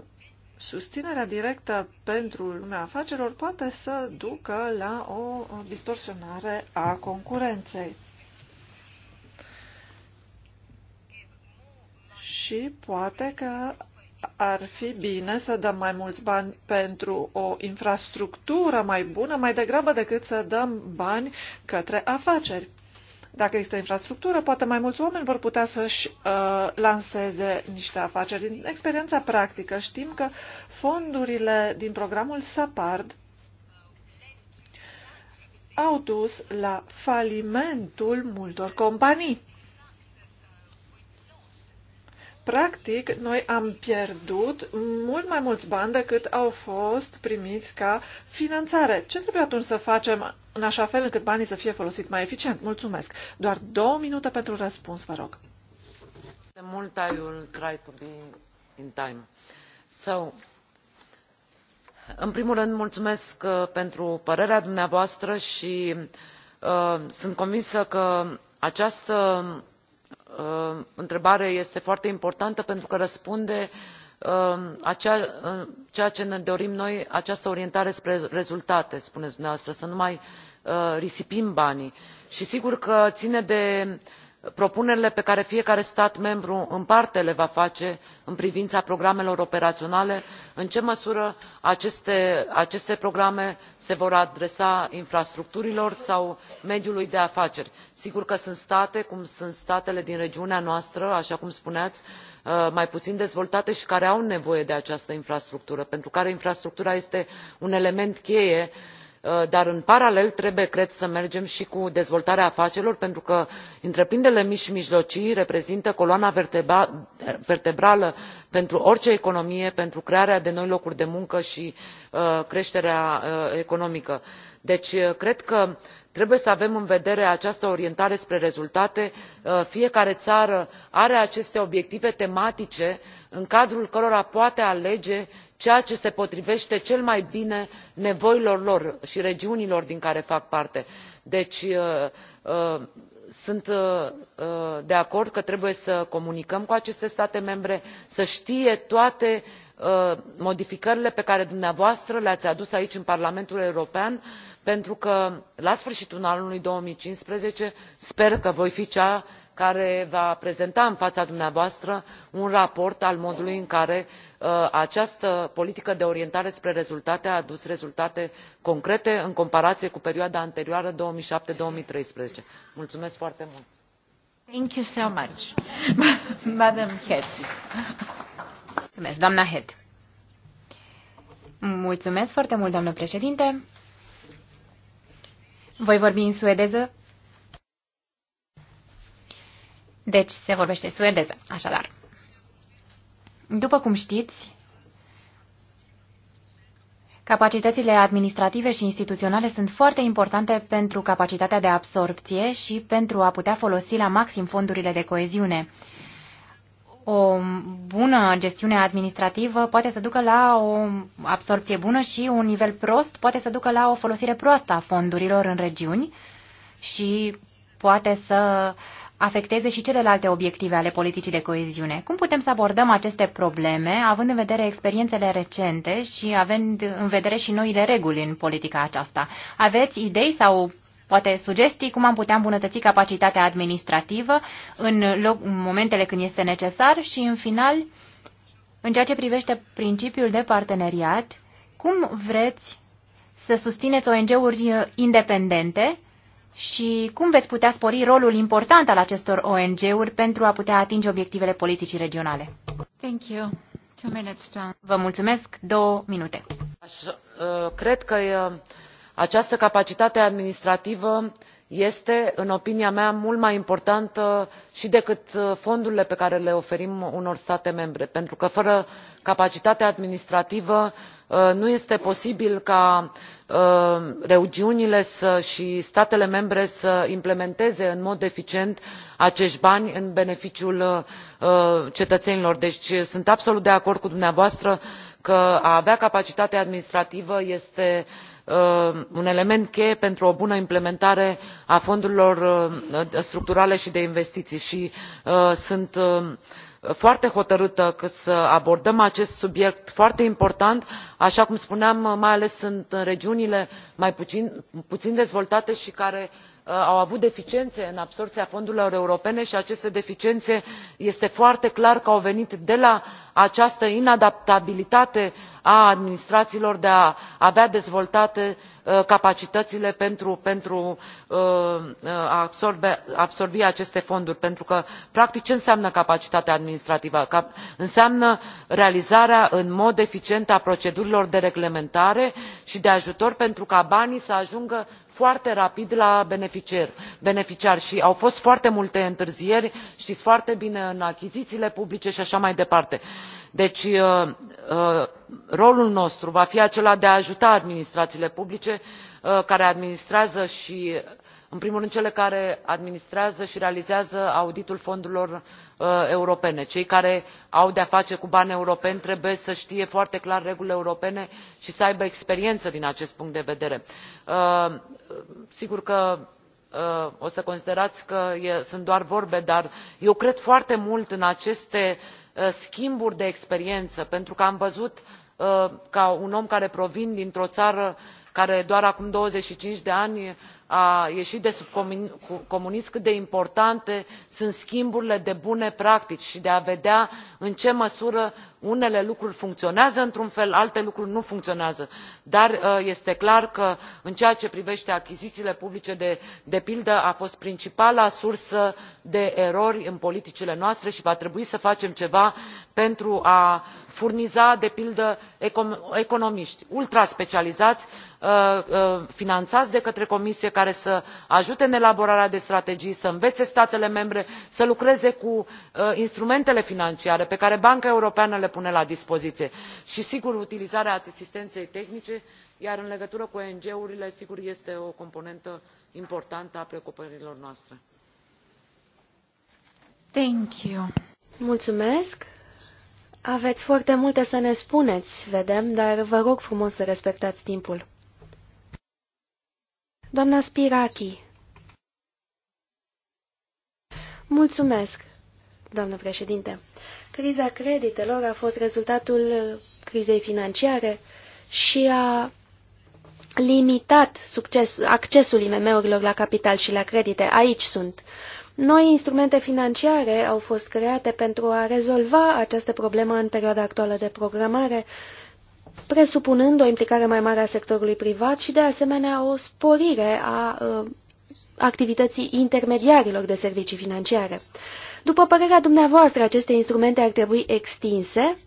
susținerea directă pentru lumea afacerilor poate să ducă la o distorsionare a concurenței. și poate că ar fi bine să dăm mai mulți bani pentru o infrastructură mai bună, mai degrabă decât să dăm bani către afaceri. Dacă există infrastructură, poate mai mulți oameni vor putea să-și uh, lanseze niște afaceri. Din experiența practică știm că fondurile din programul SAPARD au dus la falimentul multor companii Practic, noi am pierdut mult mai mulți bani decât au fost primiți ca finanțare. Ce trebuie atunci să facem în așa fel încât banii să fie folosiți mai eficient? Mulțumesc. Doar două minute pentru răspuns, vă rog. Mult I will try to be in time. So, în primul rând, mulțumesc uh, pentru părerea dumneavoastră și uh, sunt convinsă că această Uh, întrebare este foarte importantă pentru că răspunde la uh, uh, ceea ce ne dorim noi această orientare spre rezultate spuneți dumneavoastră să nu mai risipim banii și sigur că ține de propunerile pe care fiecare stat membru în parte le va face în privința programelor operaționale în ce măsură aceste, aceste programe se vor adresa infrastructurilor sau mediului de afaceri. sigur că sunt state cum sunt statele din regiunea noastră așa cum spuneați uh, mai puțin dezvoltate și care au nevoie de această infrastructură pentru care infrastructura este un element cheie în Uh, dar în paralel trebuie cred să mergem și cu dezvoltarea afacerilor pentru că întreprinderile mici și mijlocii reprezintă coloana vertebrală pentru orice economie pentru crearea de noi locuri de muncă și uh, creșterea uh, economică deci cred că trebuie să avem în vedere această orientare spre rezultate uh, fiecare țară are aceste obiective tematice în cadrul cărora poate alege ceea ce se potrivește cel mai bine nevoilor lor și regiunilor din care fac parte deci uh, uh, sunt de acord că trebuie să comunicăm cu aceste state membre să știe toate modificările pe care dumneavoastră le ați adus aici în parlamentul european și pentru că la sfârșitul anului două mii cincisprezece sper că voi fi cea care va prezenta în fața dumneavoastră un raport al modului în care uh, această politică de orientare spre rezultate a adus rezultate concrete în comparație cu perioada anterioară două mii șapte două mii treisprezece mulțumesc foarte mult! Mulțumesc, Head. Mulțumesc foarte mult, doamnă președinte. Voi vorbi în suedeză. Deci se vorbește suedeză, așadar. După cum știți, capacitățile administrative și instituționale sunt foarte importante pentru capacitatea de absorpție și pentru a putea folosi la maxim fondurile de coeziune o bună gestiune administrativă poate să ducă la o absorpție bună și un nivel prost poate să ducă la o folosire proastă a fondurilor în regiuni și poate să afecteze și celelalte obiective ale politicii de coeziune. Cum putem să abordăm aceste probleme, având în vedere experiențele recente și având în vedere și noile reguli în politica aceasta? Aveți idei sau poate sugestii cum am putea îmbunătăți capacitatea administrativă în, loc, în momentele când este necesar și, în final, în ceea ce privește principiul de parteneriat, cum vreți să susțineți ONG-uri independente și cum veți putea spori rolul important al acestor ONG-uri pentru a putea atinge obiectivele politicii regionale? Thank you. Two minutes, Vă mulțumesc. Două minute. Aș, uh, cred că uh, această capacitate administrativă este în opinia mea mult mai importantă și decât uh, fondurile pe care le oferim unor state membre pentru că fără capacitate administrativă uh, nu este posibil ca uh, regiunile și statele membre să implementeze în mod eficient acești bani în beneficiul cetățenilor. deci sunt absolut de acord cu dumneavoastră că a avea capacitate administrativă este Uh, un element cheie pentru o bună implementare a fondurilor uh, structurale și de investiții și uh, sunt foarte hotărâtă să abordăm acest subiect foarte important așa cum spuneam mai ales în regiunile mai puțin dezvoltate și care Uh, au avut deficiențe în absorbția fondurilor europene și aceste deficiențe este foarte clar că au venit de la această inadaptabilitate a administrațiilor de a avea dezvoltate uh, capacitățile pentru, pentru uh, a absorbe, absorbi aceste fonduri pentru că practic ce înseamnă capacitatea administrativă? înseamnă realizarea în mod eficient a procedurilor de reglementare și de ajutor pentru ca banii să ajungă foarte rapid la beneficiar, și au fost foarte multe întârzieri știți foarte bine în achizițiile publice și așa mai departe. deci uh, uh, rolul nostru va fi acela de a ajuta administrațiile publice uh, care administrează și în primul rând cele care administrează și realizează auditul fondurilor uh, europene cei care au de a face cu bani europeni trebuie să știe foarte clar regulile europene și să aibă experiență din acest punct de vedere. Uh, sigur că uh, o să considerați că sunt doar vorbe dar eu cred foarte mult în aceste schimburi de experiență pentru că am văzut ca un om care provine dintr o țară care doar acum douăzeci și cinci de ani a ieșit de sub comunism cât de importante sunt schimburile de bune practici și de a vedea în ce măsură unele lucruri funcționează într un fel alte lucruri nu funcționează dar uh, este clar că în ceea ce privește achizițiile publice de, pildă a fost principala sursă de erori în politicile noastre și va trebui să facem ceva pentru a furniza de pildă economiști ultraspecializați uh, uh, finanțați de către comisie care să ajute în elaborarea de strategii să învețe statele membre să lucreze cu instrumentele financiare pe care banca europeană pune la dispoziție și sigur utilizarea asistenței tehnice iar în legătură cu ong urile sigur este o componentă importantă a preocupărilor noastre. Thank you. Mulțumesc. Aveți foarte multe să ne spuneți, vedem, dar vă rog frumos să respectați timpul. Doamna Spirachi. Mulțumesc, doamnă președinte. Criza creditelor a fost rezultatul crizei financiare și a limitat succes, accesul IMM-urilor la capital și la credite. Aici sunt. Noi instrumente financiare au fost create pentru a rezolva această problemă în perioada actuală de programare, presupunând o implicare mai mare a sectorului privat și, de asemenea, o sporire a uh, activității intermediarilor de servicii financiare. După părerea dumneavoastră, aceste instrumente ar trebui extinse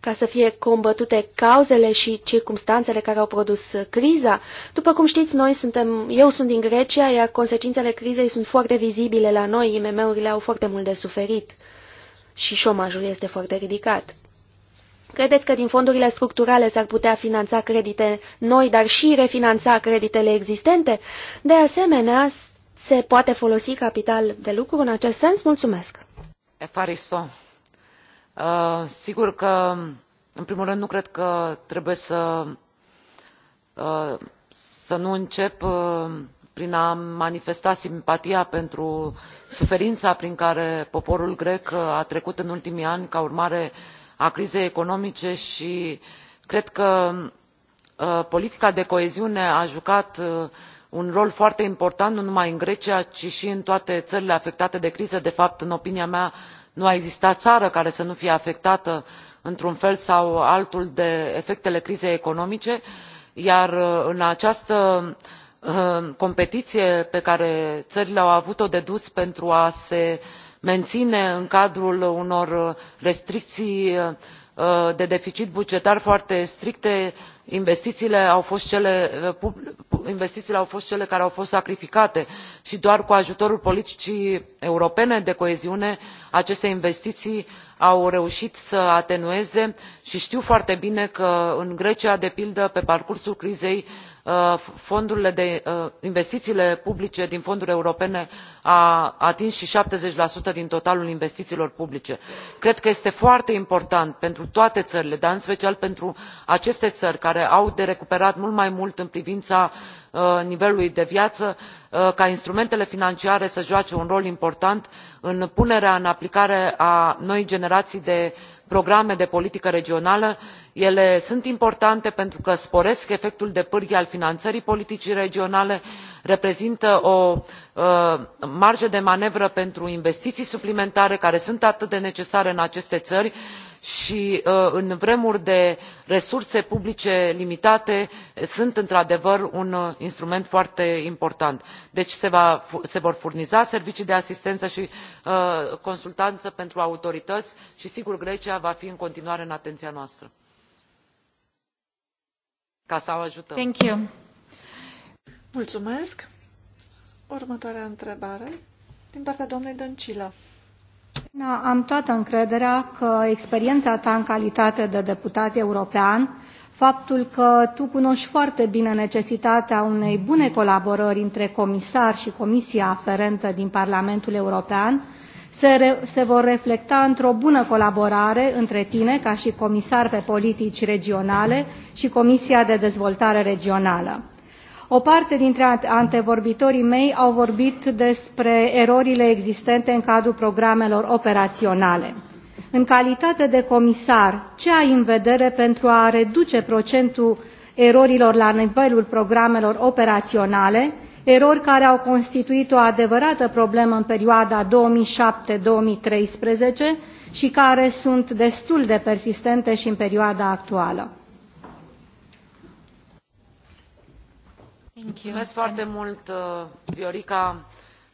ca să fie combătute cauzele și circumstanțele care au produs criza. După cum știți, noi suntem, eu sunt din Grecia, iar consecințele crizei sunt foarte vizibile la noi, IMM-urile au foarte mult de suferit și șomajul este foarte ridicat. Credeți că din fondurile structurale s-ar putea finanța credite noi, dar și refinanța creditele existente? De asemenea, se poate folosi capital de lucru în acest sens? Mulțumesc! fariso. uh, sigur că, în primul rând, nu cred că trebuie să, uh, să nu încep uh, prin a manifesta simpatia pentru suferința prin care poporul grec a trecut în ultimii ani ca urmare a crizei economice și cred că uh, politica de coeziune a jucat uh, un rol foarte important nu numai în grecia ci și în toate țările afectate de criză de fapt în opinia mea nu a existat țară care să nu fie afectată într un fel sau altul de efectele crizei economice iar uh, în această uh, competiție pe care țările au avut o de dus pentru a se menține în cadrul unor restricții uh, Uh, de deficit bugetar foarte stricte investițiile au fost cele, uh, investițiile au fost cele care au fost sacrificate și doar cu ajutorul politicii europene de coeziune aceste investiții au reușit să atenueze și știu foarte bine că în grecia de pildă pe parcursul crizei uh, fondurile de uh, investițiile publice din fonduri europene a atins și șaptezeci din totalul investițiilor publice. cred că este foarte important pentru toate țările dar în special pentru aceste țări care au de recuperat mult mai mult în privința Uh, nivelului de viață uh, ca instrumentele financiare să joace un rol important în punerea în aplicare a noii generații de programe de politică regională ele sunt importante pentru că sporesc efectul de pârghie al finanțării politicii regionale reprezintă o uh, marjă de manevră pentru investiții suplimentare care sunt atât de necesare în aceste țări și și uh, în vremuri de resurse publice limitate sunt într adevăr un uh, instrument foarte important deci se, vor furniza servicii de asistență și uh, consultanță pentru autorități și sigur grecia va fi în continuare în atenția noastră ca să o ajutăm. Thank you. Mulțumesc. Următoarea întrebare din partea doamnei Dăncilă. Da, am toată încrederea că experiența ta în calitate de deputat european, faptul că tu cunoști foarte bine necesitatea unei bune colaborări între comisar și comisia aferentă din Parlamentul European, se, re, se vor reflecta într-o bună colaborare între tine ca și comisar pe politici regionale și Comisia de Dezvoltare Regională o parte dintre antevorbitorii mei au vorbit despre erorile existente în cadrul programelor operaționale. în calitate de comisar ce ai în vedere pentru a reduce procentul erorilor la nivelul programelor operaționale erori care au constituit o adevărată problemă în perioada două mii șapte două mii treisprezece și care sunt destul de persistente și în perioada actuală? mulțumesc foarte mult uh, viorica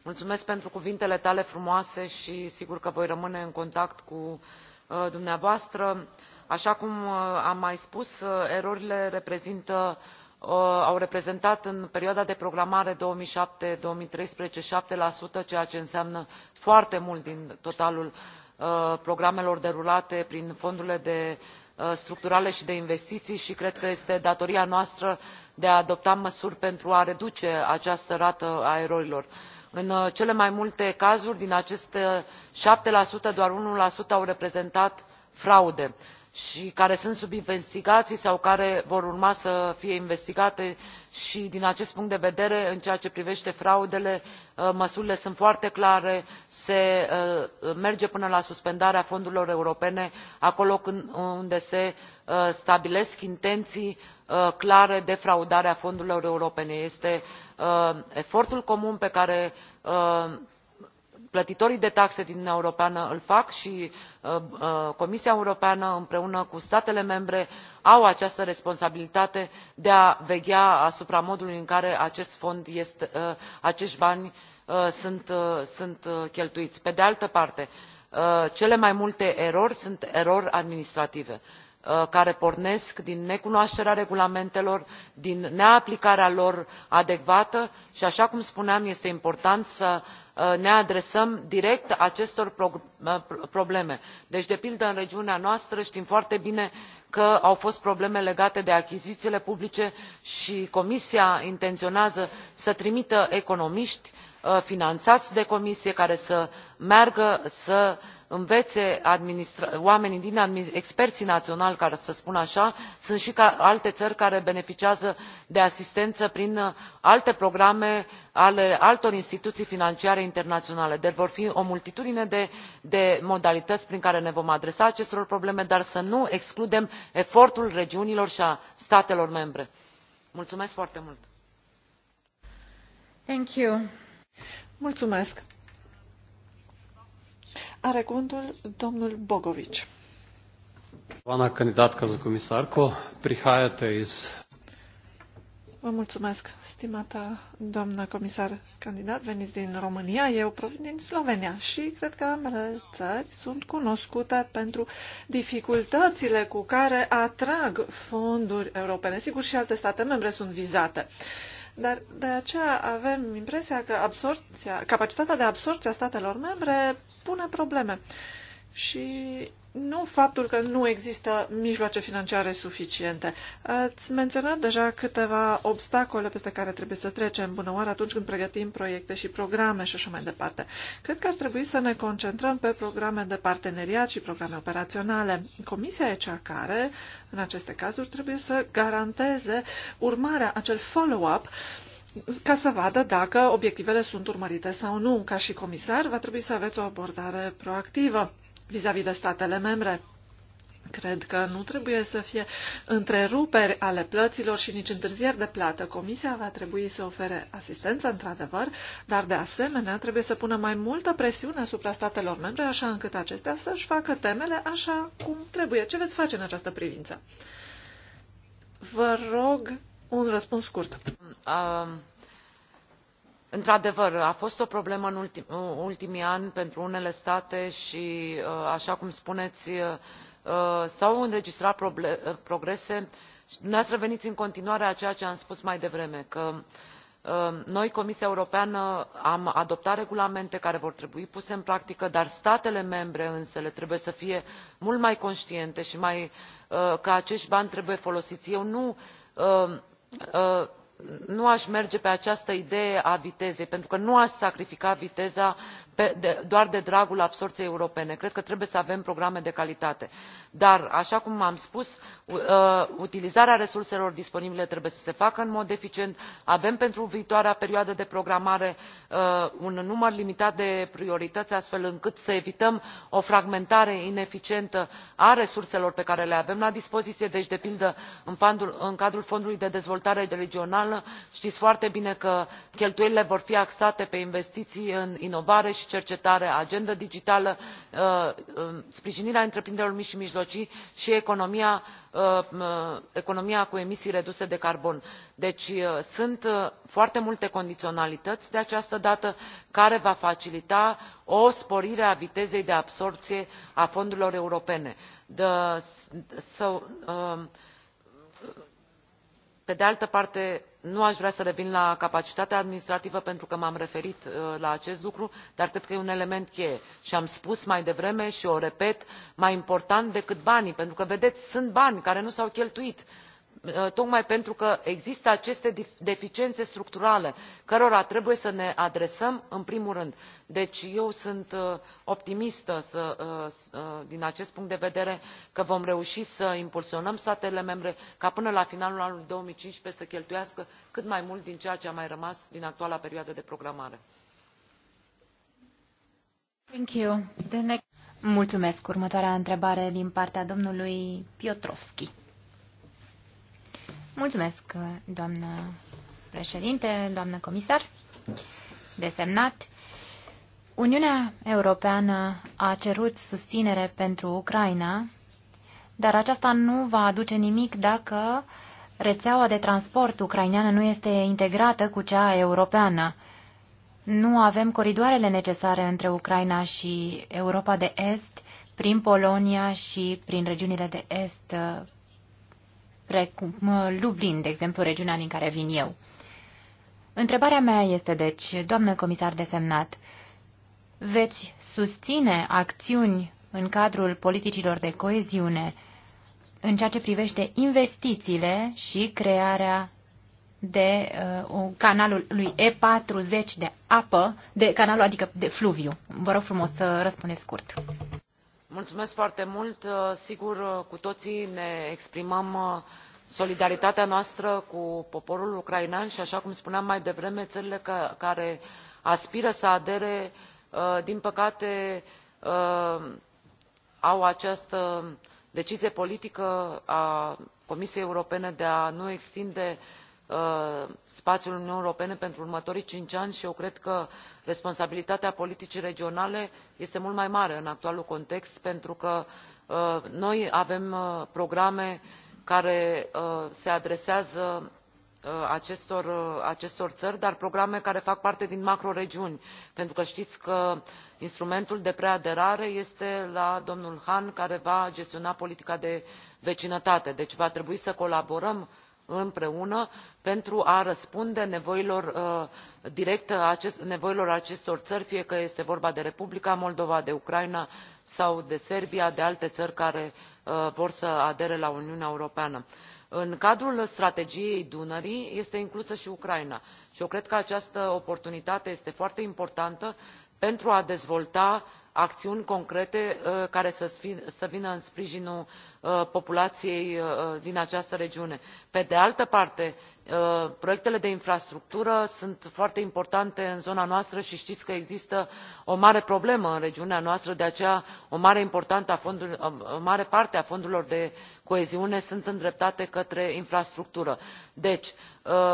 mulțumesc pentru cuvintele tale frumoase și sigur că voi rămâne în contact cu uh, dumneavoastră. așa cum uh, am mai spus erorile au reprezentat în perioada de programare două mii șapte două mii treisprezece șapte ceea ce înseamnă foarte mult din totalul programelor derulate prin fondurile structurale și de investiții și cred că este datoria noastră de a adopta măsuri pentru a reduce această rată a erorilor. în uh, cele mai multe cazuri din aceste șapte doar unu au reprezentat fraude și care sunt sub investigație sau care vor urma să fie investigate și din acest punct de vedere în ceea ce privește fraudele uh, măsurile sunt foarte clare se uh, merge până la suspendarea fondurilor europene acolo unde se uh, stabilesc intenții clare de fraudare a fondurilor europene. este efortul comun pe care plătitorii de taxe din uniunea europeană îl fac și uh, uh, comisia europeană împreună cu statele membre au această responsabilitate de a veghea asupra modului în care acest fond uh, acești bani sunt cheltuiți. pe de altă parte cele mai multe erori sunt erori administrative care pornesc din necunoașterea regulamentelor din neaplicarea lor adecvată și așa cum spuneam este important să Uh, ne adresăm direct acestor uh, probleme. deci de pildă în regiunea noastră știm foarte bine că au fost probleme legate de achizițiile publice și comisia intenționează să trimită economiști Uh, finanțați de comisie care să meargă să învețe oamenii din experții naționali ca să spun așa sunt și alte țări care beneficiază de asistență prin uh, alte programe ale altor instituții financiare internaționale deci vor fi o multitudine de, modalități prin care ne vom adresa acestor probleme dar să nu excludem efortul regiunilor și al statelor membre. mulțumesc foarte mult! Mulțumesc. Are cuvântul domnul Bogovic. Doamna candidatca za comisarco, prihajate iz... Vă mulțumesc, stimata doamna comisar candidat, veniți din România, eu provin din Slovenia și cred că ambele țări sunt cunoscute pentru dificultățile cu care atrag fonduri europene. Sigur, și alte state membre sunt vizate. Uh, dar de aceea avem impresia că absorpția, capacitatea de absorție a statelor membre pune probleme. Și nu faptul că nu există mijloace financiare suficiente. Ați menționat deja câteva obstacole peste care trebuie să trecem bună oară atunci când pregătim proiecte și programe și așa mai departe. Cred că ar trebui să ne concentrăm pe programe de parteneriat și programe operaționale. Comisia e cea care, în aceste cazuri, trebuie să garanteze urmarea, acel follow-up ca să vadă dacă obiectivele sunt urmărite sau nu. Ca și comisar, va trebui să aveți o abordare proactivă vis-a-vis -vis de statele membre. Cred că nu trebuie să fie întreruperi ale plăților și nici întârzieri de plată. Comisia va trebui să ofere asistență, într-adevăr, dar de asemenea trebuie să pună mai multă presiune asupra statelor membre, așa încât acestea să-și facă temele așa cum trebuie. Ce veți face în această privință? Vă rog un răspuns scurt. Um, într adevăr a fost o problemă în ultimii ani pentru unele state și uh, așa cum spuneți uh, s au înregistrat uh, progrese și dumneavoastră veniți în continuare la ceea ce am spus mai devreme că noi comisia europeană am adoptat regulamente care vor trebui puse în practică dar statele membre însele trebuie să fie mult mai conștiente și mai, că acești bani trebuie folosiți. eu nu nu aș merge pe această idee a vitezei pentru că nu aș sacrifica viteza pentru doar de dragul absorbției europene cred că trebuie să avem programe de calitate dar așa cum am spus uh, utilizarea resurselor disponibile trebuie să se facă în mod eficient avem pentru viitoarea perioadă de programare uh, un număr limitat de priorități astfel încât să evităm o fragmentare ineficientă a resurselor pe care le avem la dispoziție deci de pildă în, în cadrul fondului de dezvoltare regională știți foarte bine că cheltuielile vor fi axate pe investiții în inovare și cercetare agendă digitală uh, uh, sprijinirea întreprinderilor mici și mijlocii și economia, uh, economia cu emisii reduse de carbon. deci sunt foarte multe condiționalități de această dată care va facilita o sporire a vitezei de absorbție a fondurilor europene pe de altă parte nu aș vrea să revin la capacitatea administrativă pentru că m am referit uh, la acest lucru dar cred că e un element cheie și am spus mai devreme și o repet mai important decât banii pentru că vedeți sunt bani care nu s au cheltuit și Uh, tocmai pentru că există aceste deficiențe structurale cărora trebuie să ne adresăm în primul rând deci eu sunt uh, optimistă uh, din acest punct de vedere că vom reuși să impulsionăm statele membre ca până la finalul anului două mii cincisprezece să cheltuiască cât mai mult din ceea ce a mai rămas din actuala perioadă de programare. Mulțumesc. Următoarea întrebare din partea domnului Piotrowski. Mulțumesc, doamnă președinte, doamnă comisar, desemnat. Uniunea Europeană a cerut susținere pentru Ucraina, dar aceasta nu va aduce nimic dacă rețeaua de transport ucraineană nu este integrată cu cea europeană. Nu avem coridoarele necesare între Ucraina și Europa de Est, prin Polonia și prin regiunile de Est precum Lublin, de exemplu, regiunea din care vin eu. Întrebarea mea este, deci, doamnă comisar desemnat, veți susține acțiuni în cadrul politicilor de coeziune în ceea ce privește investițiile și crearea de uh, canalul lui E40 de apă, de canalul adică de fluviu. Vă rog frumos să răspundeți scurt mulțumesc foarte mult. Uh, sigur uh, cu toții ne exprimăm uh, solidaritatea noastră cu poporul ucrainean și așa cum spuneam mai devreme țările care aspiră să adere din păcate au această decizie politică a comisiei europene de a nu extinde Uh, spațiul uniunii europene pentru următorii cinci ani și eu cred că responsabilitatea politicii regionale este mult mai mare în actualul context pentru că uh, noi avem uh, programe care se adresează acestor, acestor țări dar programe care fac parte din macroregiuni pentru că știți că instrumentul de preaderare este la domnul hahn care va gestiona politica de vecinătate deci va trebui să colaborăm împreună pentru a răspunde nevoilor uh, acest, nevoilor acestor țări fie că este vorba de republica moldova de ucraina sau de serbia de alte țări care uh, vor să adere la uniunea europeană în cadrul strategiei dunării este inclusă și ucraina și eu cred că această oportunitate este foarte importantă pentru a dezvolta acțiuni concrete uh, care să vină în sprijinul Uh, populației uh, uh, din această regiune. pe de altă parte proiectele de infrastructură sunt foarte importante în zona noastră și știți că există o mare problemă în regiunea noastră de aceea o mare, parte a fondurilor de coeziune sunt îndreptate către infrastructură. deci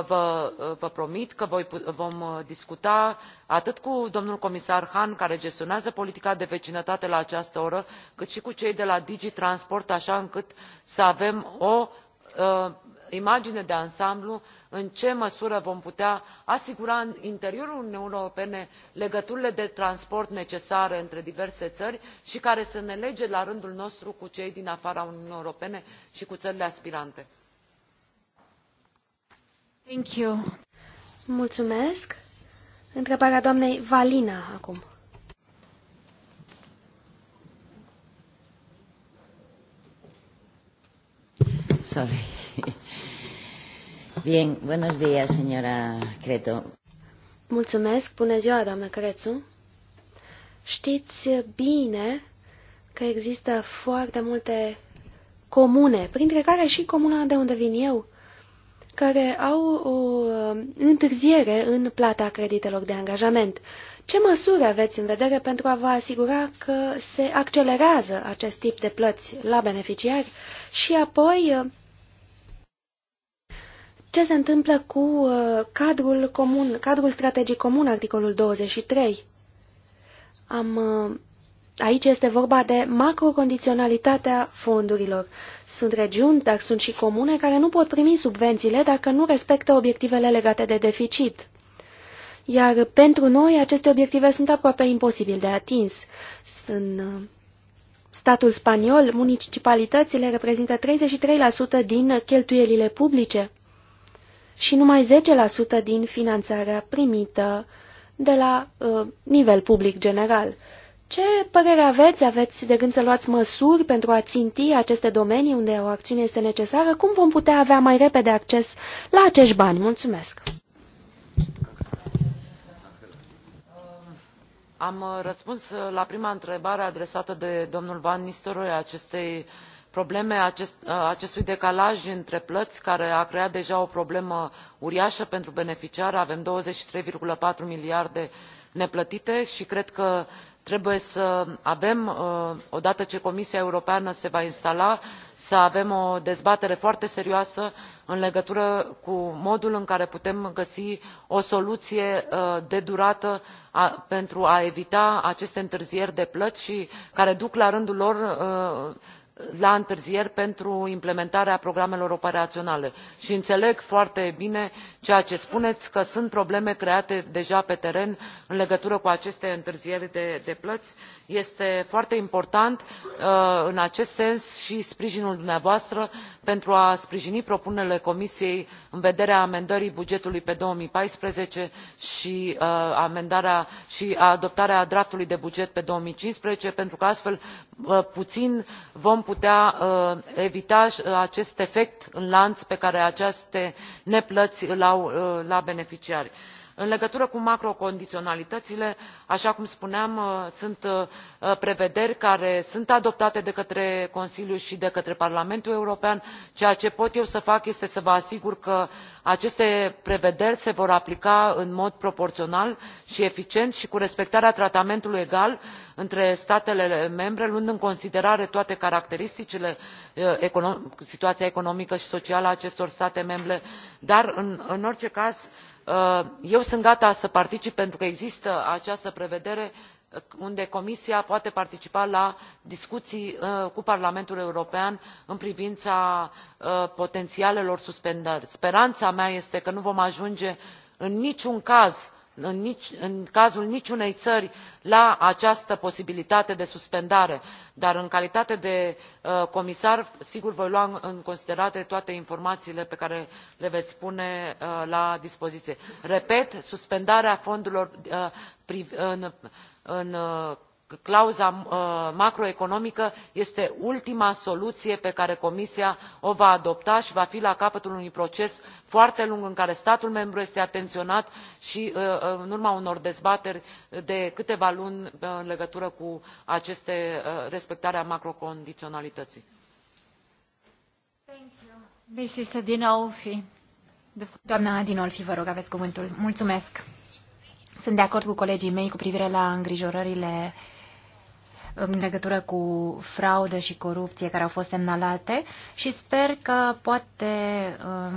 vă, promit că vom discuta atât cu domnul comisar hahn care gestionează politica de vecinătate la această oră cât și cu cei de la dg transport așa încât să avem o ă, imagine de ansamblu în ce măsură vom putea asigura în interiorul uniunii europene legăturile de transport necesare între diverse țări și care să ne lege la rândul nostru cu cei din afara uniunii europene și cu țările aspirante. Mulțumesc. Întrebarea doamnei Valina acum. Sorry. Bien, buenos días, señora Creto. Mulțumesc, bună ziua, doamnă Crețu. Știți bine că există foarte multe comune, printre care și comuna de unde vin eu, care au o uh, întârziere în plata creditelor de angajament. Ce măsuri aveți în vedere pentru a vă asigura că se accelerează acest tip de plăți la beneficiari și apoi uh, ce se întâmplă cu uh, cadrul, comun, cadrul strategic comun, articolul 23. Am, uh, aici este vorba de macrocondiționalitatea fondurilor. Sunt regiuni, dar sunt și comune care nu pot primi subvențiile dacă nu respectă obiectivele legate de deficit. Iar pentru noi aceste obiective sunt aproape imposibil de atins. Sunt uh, statul spaniol, municipalitățile reprezintă 33% din cheltuielile publice și numai 10% din finanțarea primită de la uh, nivel public general. Ce părere aveți? Aveți de gând să luați măsuri pentru a ținti aceste domenii unde o acțiune este necesară? Cum vom putea avea mai repede acces la acești bani? Mulțumesc! Am răspuns la prima întrebare adresată de domnul Van Nistoroi acestei uh, probleme acestui decalaj între plăți care a creat deja o problemă uriașă pentru beneficiari avem douăzeci și trei patru miliarde neplătite și cred că trebuie să avem odată ce comisia europeană se va instala să avem o dezbatere foarte serioasă în legătură cu modul în care putem găsi o soluție de durată pentru a evita aceste întârzieri de plăți și care duc la rândul lor la întârzieri pentru implementarea programelor operaționale și înțeleg foarte bine ceea ce spuneți că sunt probleme create deja pe teren în legătură cu aceste întârzieri de, plăți. este foarte important uh, în acest sens și sprijinul dumneavoastră pentru a sprijini propunerile comisiei în vederea amendării bugetului pe două mii paisprezece și uh, amendarea și adoptarea draftului de buget pe două mii cincisprezece pentru că astfel uh, puțin vom putea uh, evita uh, acest efect în lanț pe care aceste neplăți îl au uh, la beneficiari în legătură cu macrocondiționalitățile așa cum spuneam uh, sunt uh, prevederi care sunt adoptate de către consiliu și de către parlamentul european ceea ce pot eu să fac este să vă asigur că aceste prevederi se vor aplica în mod proporțional și eficient și cu respectarea tratamentului egal între statele membre luând în considerare toate caracteristicile uh, situația economică și socială a acestor state membre dar în orice caz Uh, eu sunt gata să particip pentru că există această prevedere unde comisia poate participa la discuții uh, cu parlamentul european în privința uh, potențialelor suspendări. speranța mea este că nu vom ajunge în niciun caz în, cazul niciunei țări la această posibilitate de suspendare dar în calitate de uh, comisar sigur voi lua în considerare toate informațiile pe care le veți pune uh, la dispoziție. repet suspendarea fondurilor uh, în clauza uh, macroeconomică este ultima soluție pe care comisia o va adopta și va fi la capătul unui proces foarte lung în care statul membru este atenționat și uh, uh, în urma unor dezbateri de câteva luni în legătură cu respectarea macrocondiționalității. mulțumesc. sunt de acord cu colegii mei cu privire la îngrijorările în legătură cu fraude și corupție care au fost semnalate și sper că poate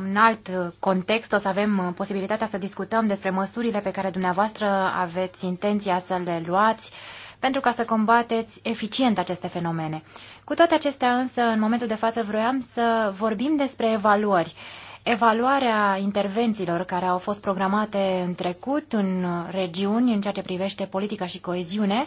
în alt context o să avem posibilitatea să discutăm despre măsurile pe care dumneavoastră aveți intenția să le luați pentru ca să combateți eficient aceste fenomene. Cu toate acestea însă, în momentul de față vroiam să vorbim despre evaluări. Evaluarea intervențiilor care au fost programate în trecut în regiuni în ceea ce privește politica și coeziune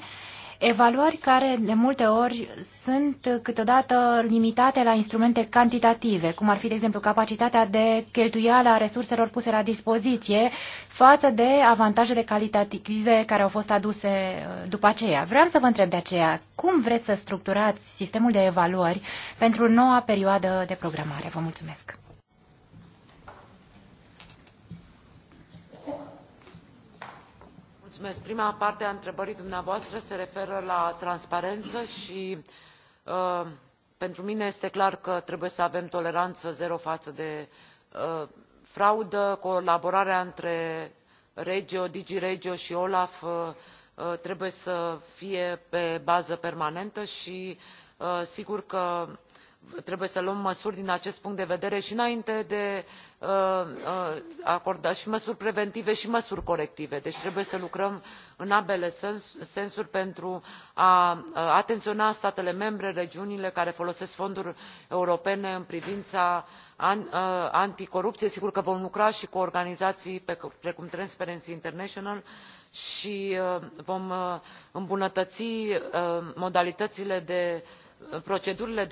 evaluări care de multe ori sunt câteodată limitate la instrumente cantitative, cum ar fi, de exemplu, capacitatea de cheltuială a resurselor puse la dispoziție față de avantajele calitative care au fost aduse uh, după aceea. Vreau să vă întreb de aceea, cum vreți să structurați sistemul de evaluări pentru noua perioadă de programare? Vă mulțumesc! prima parte a întrebării dumneavoastră se referă la transparență și uh, pentru mine este clar că trebuie să avem toleranță zero față de uh, fraudă colaborarea între regio dg regio și olaf uh, trebuie să fie pe bază permanentă și sigur că trebuie să luăm măsuri din acest punct de vedere și înainte de uh, uh, a acorda și măsuri preventive și măsuri corective deci trebuie să lucrăm în ambele sens, sensuri pentru a uh, atenționa statele membre regiunile care folosesc fonduri europene în privința anticorupție sigur că vom lucra și cu organizații precum transparency international și vom îmbunătăți modalitățile de procedurile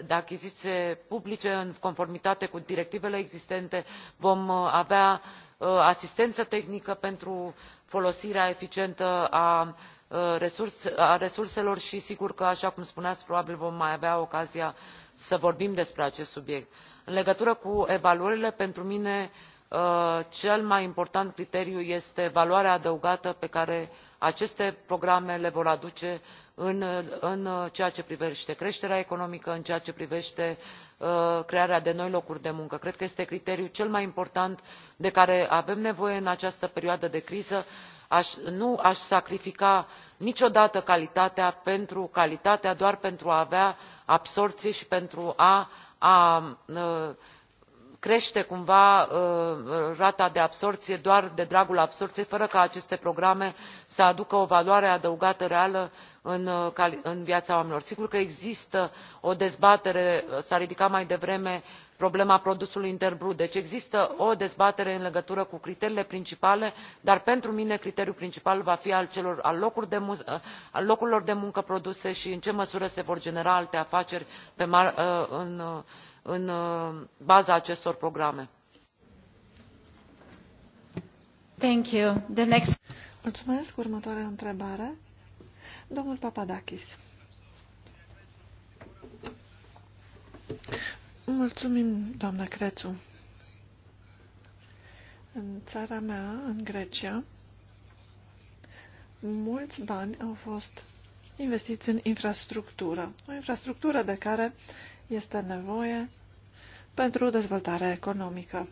de achiziții publice în conformitate cu directivele existente vom uh, avea uh, asistență tehnică pentru folosirea eficientă uh, a, resurselor și sigur că așa cum spuneați probabil vom mai avea ocazia să vorbim despre acest subiect. în legătură cu evaluările pentru mine cel mai important criteriu este valoarea adăugată pe care aceste programe le vor aduce în, în ceea ce privește creșterea economică în ceea ce privește uh, crearea de noi locuri de muncă. cred că este criteriul cel mai important de care avem nevoie în această perioadă de criză. nu aș sacrifica niciodată calitatea pentru calitatea doar pentru a avea absorbție și pentru a, uh, crește cumva uh, uh, rata de absorbție doar de dragul absorbției fără ca aceste programe să aducă o valoare adăugată reală în, uh, viața oamenilor. sigur că există o dezbatere s a ridicat mai devreme problema produsului intern brut deci există o dezbatere în legătură cu criteriile principale dar pentru mine criteriul principal va fi al, locurilor de muncă produse și în ce măsură se vor genera alte afaceri în, în uh, baza acestor programe. Thank you. The next... Mulțumesc. Următoarea întrebare. Domnul Papadakis. Mulțumim, doamna Crețu. În țara mea, în Grecia, mulți bani au fost investiți în infrastructură. O infrastructură de care este nevoie pentru dezvoltarea economică.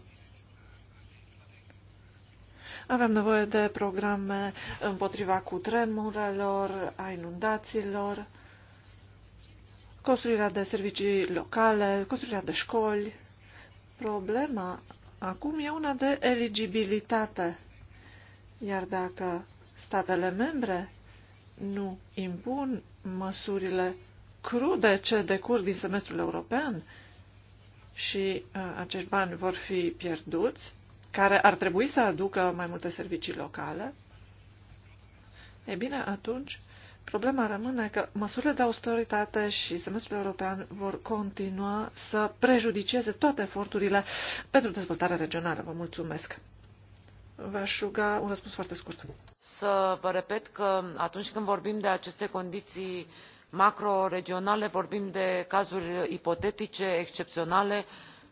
Avem nevoie de programe împotriva cutremurelor, a inundațiilor, construirea de servicii locale, construirea de școli. Problema acum e una de eligibilitate. Iar dacă statele membre nu impun măsurile crude ce decurg din semestrul european, și uh, acești bani vor fi pierduți, care ar trebui să aducă mai multe servicii locale, e bine, atunci problema rămâne că măsurile de austeritate și semestrul european vor continua să prejudiceze toate eforturile pentru dezvoltarea regională. Vă mulțumesc! V-aș ruga un răspuns foarte scurt. Să vă repet că atunci când vorbim de aceste condiții macroregionale vorbim de cazuri ipotetice excepționale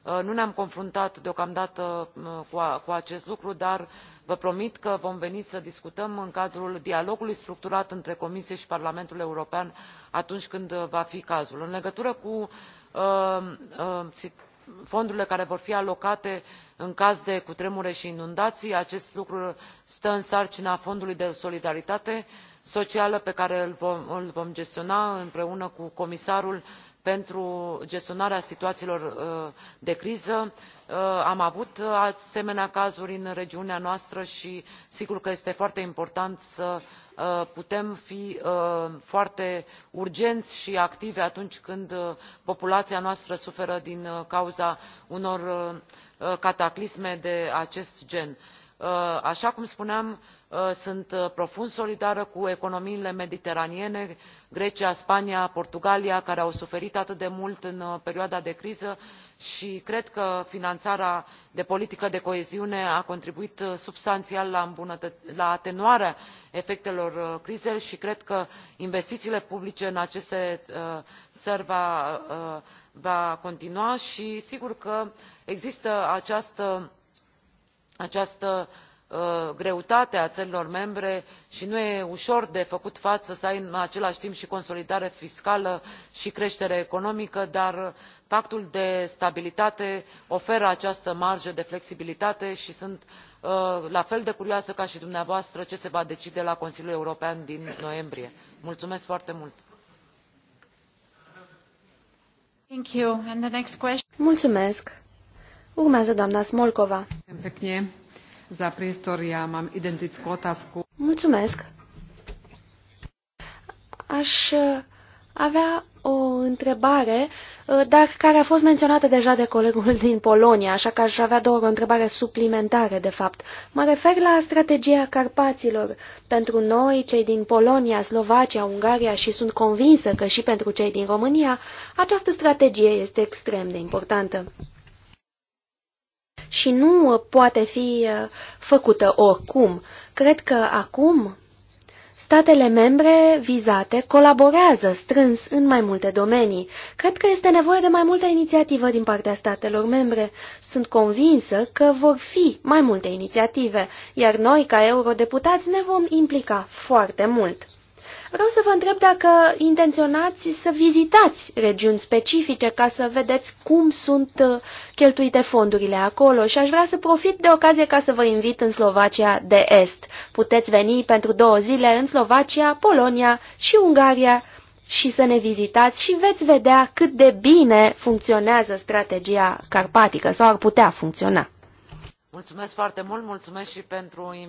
uh, nu ne am confruntat deocamdată uh, cu, cu acest lucru dar vă promit că vom veni să discutăm în cadrul dialogului structurat între comisie și parlamentul european atunci când uh, va fi cazul. în legătură cu fondurile care vor fi alocate în caz de cutremure și inundații acest lucru stă în sarcina fondului de solidaritate socială pe care îl vom gestiona împreună cu comisarul pentru pentru gestionarea situațiilor uh, de criză uh, am avut asemenea cazuri în regiunea noastră și sigur că este foarte important să uh, putem fi foarte urgenți și activi atunci când populația noastră suferă din cauza unor cataclisme de acest gen. Uh, așa cum spuneam uh, sunt uh, profund solidară cu economiile mediteraniene grecia spania portugalia care au suferit atât de mult în perioada de criză și cred că finanțarea de politică de coeziune a contribuit substanțial la, la atenuarea efectelor crizei și cred că investițiile publice în aceste țări vor continua și sigur că există această această uh, greutate a țărilor membre și nu e ușor de făcut față să ai în același timp și consolidare fiscală și creștere economică dar pactul de stabilitate oferă această marjă de flexibilitate și sunt uh, la fel de curioasă ca și dumneavoastră ce se va decide la consiliul european din noiembrie. mulțumesc foarte mult! mulțumesc! Urmează doamna Smolkova. Mulțumesc. Aș uh, avea o întrebare, uh, dar care a fost menționată deja de colegul din Polonia, așa că aș avea doar o întrebare suplimentară, de fapt. Mă refer la strategia Carpaților. Pentru noi, cei din Polonia, Slovacia, Ungaria și sunt convinsă că și pentru cei din România, această strategie este extrem de importantă și nu uh, poate fi uh, făcută oricum. Cred că acum statele membre vizate colaborează strâns în mai multe domenii. Cred că este nevoie de mai multă inițiativă din partea statelor membre. Sunt convinsă că vor fi mai multe inițiative, iar noi, ca eurodeputați, ne vom implica foarte mult. Vreau să vă întreb dacă intenționați să vizitați regiuni specifice ca să vedeți cum sunt uh, cheltuite fondurile acolo și aș vrea să profit de ocazie ca să vă invit în Slovacia de Est. Puteți veni pentru două zile în Slovacia, Polonia și Ungaria și să ne vizitați și veți vedea cât de bine funcționează strategia carpatică sau ar putea funcționa. Mulțumesc foarte mult, mulțumesc și pentru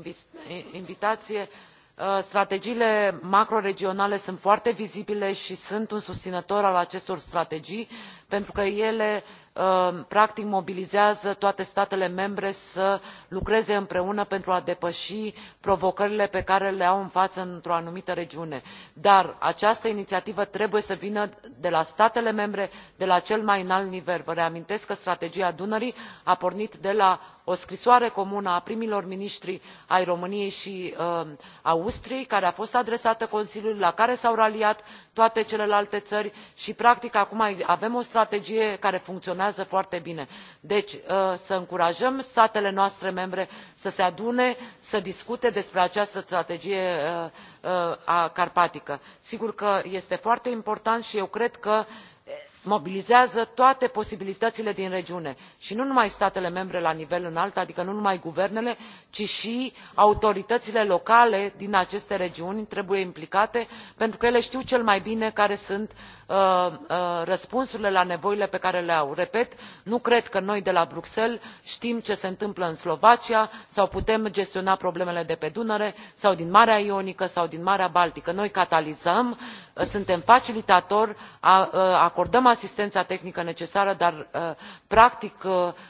invitație Uh, strategiile macroregionale sunt foarte vizibile și sunt un susținător al acestor strategii pentru că ele Um, practic mobilizează toate statele membre să lucreze împreună pentru a depăși provocările pe care le au în față într o anumită regiune dar această inițiativă trebuie să vină de la statele membre de la cel mai înalt nivel. vă reamintesc că strategia dunării a pornit de la o scrisoare comună a primilor miniștri ai româniei și um, austriei care a fost adresată consiliului la care s au raliat toate celelalte țări și practic acum avem o strategie care funcționează funcționează foarte bine deci uh, să încurajăm statele noastre membre să se adune să discute despre această strategie uh, uh, carpatică. sigur că este foarte important și eu cred că eh, mobilizează toate posibilitățile din regiune și nu numai statele membre la nivel înalt adică nu numai guvernele ci și autoritățile locale din aceste regiuni trebuie implicate pentru că ele știu cel mai bine care sunt Uh, uh, răspunsurile la nevoile pe care le au. repet nu cred că noi de la bruxelles știm ce se întâmplă în slovacia sau putem gestiona problemele de pe dunăre sau din marea ionică sau din marea baltică. noi catalizăm uh, suntem facilitatori acordăm asistența tehnică necesară dar practic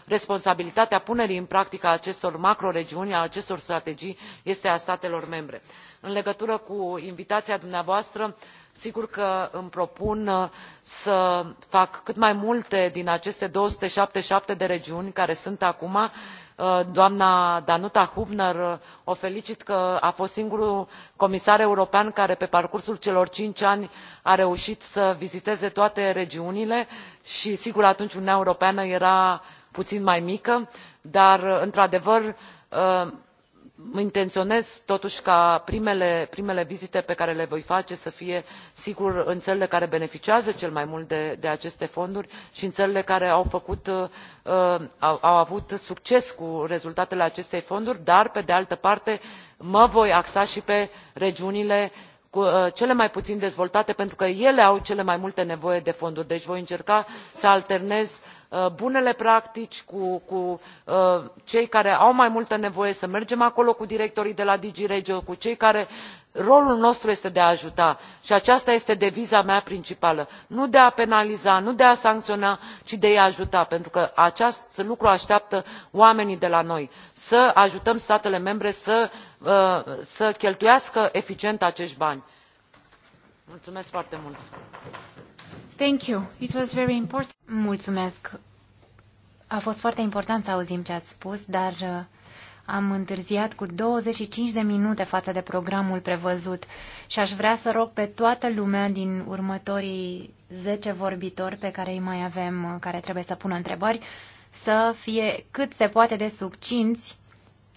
responsabilitatea punerii în practică a acestor macroregiuni a acestor strategii este a statelor membre. în legătură cu invitația dumneavoastră sigur că îmi propun uh, să fac cât mai multe din aceste două sute șaptezeci și șapte de regiuni care sunt acum uh, doamna danuta hbner uh, o felicit că a fost singurul comisar european care pe parcursul celor cinci ani a reușit să viziteze toate regiunile și sigur atunci uniunea europeană era puțin mai mică dar într adevăr intenționez totuși ca primele, primele vizite pe care le voi face să fie sigur în țările care beneficiază cel mai mult de, aceste fonduri și în țările care uh, au, au avut succes cu rezultatele acestei fonduri dar pe de altă parte mă voi axa și pe regiunile uh, cele mai puțin dezvoltate pentru că ele au cele mai multe nevoie de fonduri deci voi încerca să alternez Uh, bunele practici cu, uh, cei care au mai multă nevoie să mergem acolo cu directorii de la dg regio cu cei care rolul nostru este de a ajuta și aceasta este deviza mea principală nu de a penaliza nu de a sancționa ci de a i ajuta pentru că acest lucru așteaptă oamenii de la noi să ajutăm statele membre să, uh, să cheltuiască eficient acești bani. mulțumesc foarte mult. Thank you. It was very important. Mulțumesc. A fost foarte important să auzim ce ați spus, dar uh, am întârziat cu 25 de minute față de programul prevăzut și aș vrea să rog pe toată lumea din următorii 10 vorbitori pe care îi mai avem, uh, care trebuie să pună întrebări, să fie cât se poate de subcinți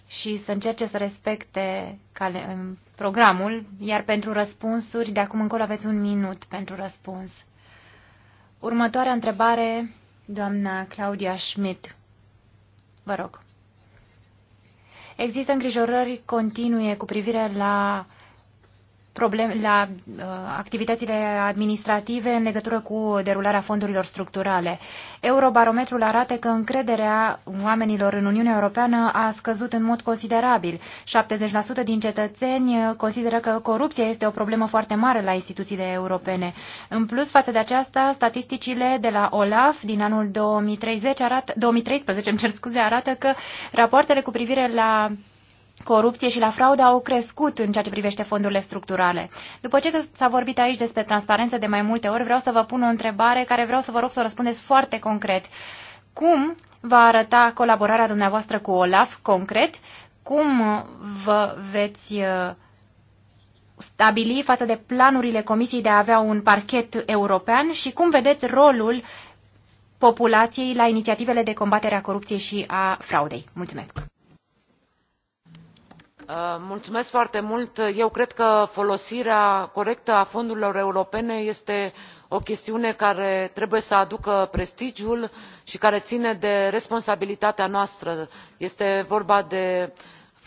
și să încerce să respecte uh, programul, iar pentru răspunsuri, de acum încolo aveți un minut pentru răspuns. Următoarea întrebare, doamna Claudia Schmidt. Vă rog. Există îngrijorări continue cu privire la probleme, la uh, activitățile administrative în legătură cu derularea fondurilor structurale. Eurobarometrul arată că încrederea oamenilor în Uniunea Europeană a scăzut în mod considerabil. 70% din cetățeni consideră că corupția este o problemă foarte mare la instituțiile europene. În plus, față de aceasta, statisticile de la OLAF din anul 2030 arată, 2013 îmi cer scuze, arată că rapoartele cu privire la corupție și la fraudă au crescut în ceea ce privește fondurile structurale. După ce s-a vorbit aici despre transparență de mai multe ori, vreau să vă pun o întrebare care vreau să vă rog să o răspundeți foarte concret. Cum va arăta colaborarea dumneavoastră cu OLAF concret? Cum vă veți uh, stabili față de planurile Comisiei de a avea un parchet european și cum vedeți rolul populației la inițiativele de combatere a corupției și a fraudei? Mulțumesc! Uh, mulțumesc foarte mult eu cred că folosirea corectă a fondurilor europene este o chestiune care trebuie să aducă prestigiul și care ține de responsabilitatea noastră este vorba de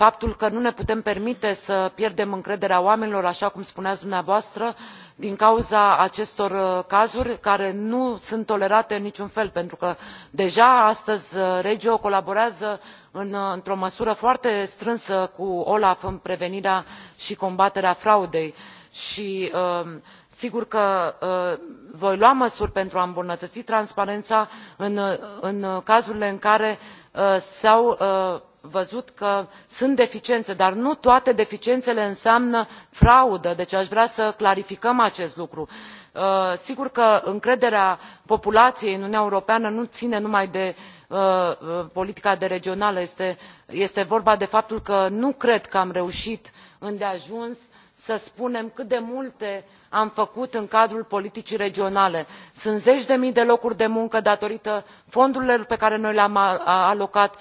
faptul că nu ne putem permite să pierdem încrederea oamenilor așa cum spuneați dumneavoastră din cauza acestor uh, cazuri care nu sunt tolerate în niciun fel pentru că deja astăzi uh, regio colaborează uh, într o măsură foarte strânsă cu olaf în prevenirea și combaterea fraudei și sigur că voi lua măsuri pentru a îmbunătăți transparența în cazurile în care Uh, s a uh, văzut că sunt deficiențe dar nu toate deficiențele înseamnă fraudă deci aș vrea să clarificăm acest lucru. Uh, sigur că încrederea populației în uniunea europeană nu ține numai de politica de regională este vorba de faptul că nu cred că am reușit îndeajuns să spunem cât de multe am făcut în cadrul politicii regionale sunt zeci de mii de locuri de muncă datorită fondurilor pe care noi le am alocat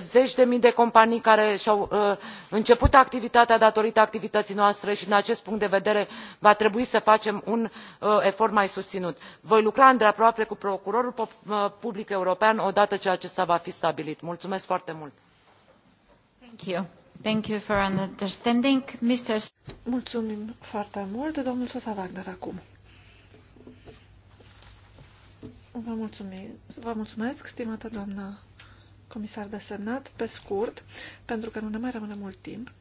zeci de mii de companii care și au uh, început activitatea datorită activității noastre și din acest punct de vedere va trebui să facem un uh, efort mai susținut. voi lucra îndeaproape cu procurorul uh, public european odată ce acesta va fi stabilit. mulțumesc foarte mult. Mulțumim foarte mult, domnul Sosa Wagner, acum. Vă, mulțumim. Vă mulțumesc, stimată doamnă comisar de semnat, pe scurt, pentru că nu ne mai rămâne mult timp.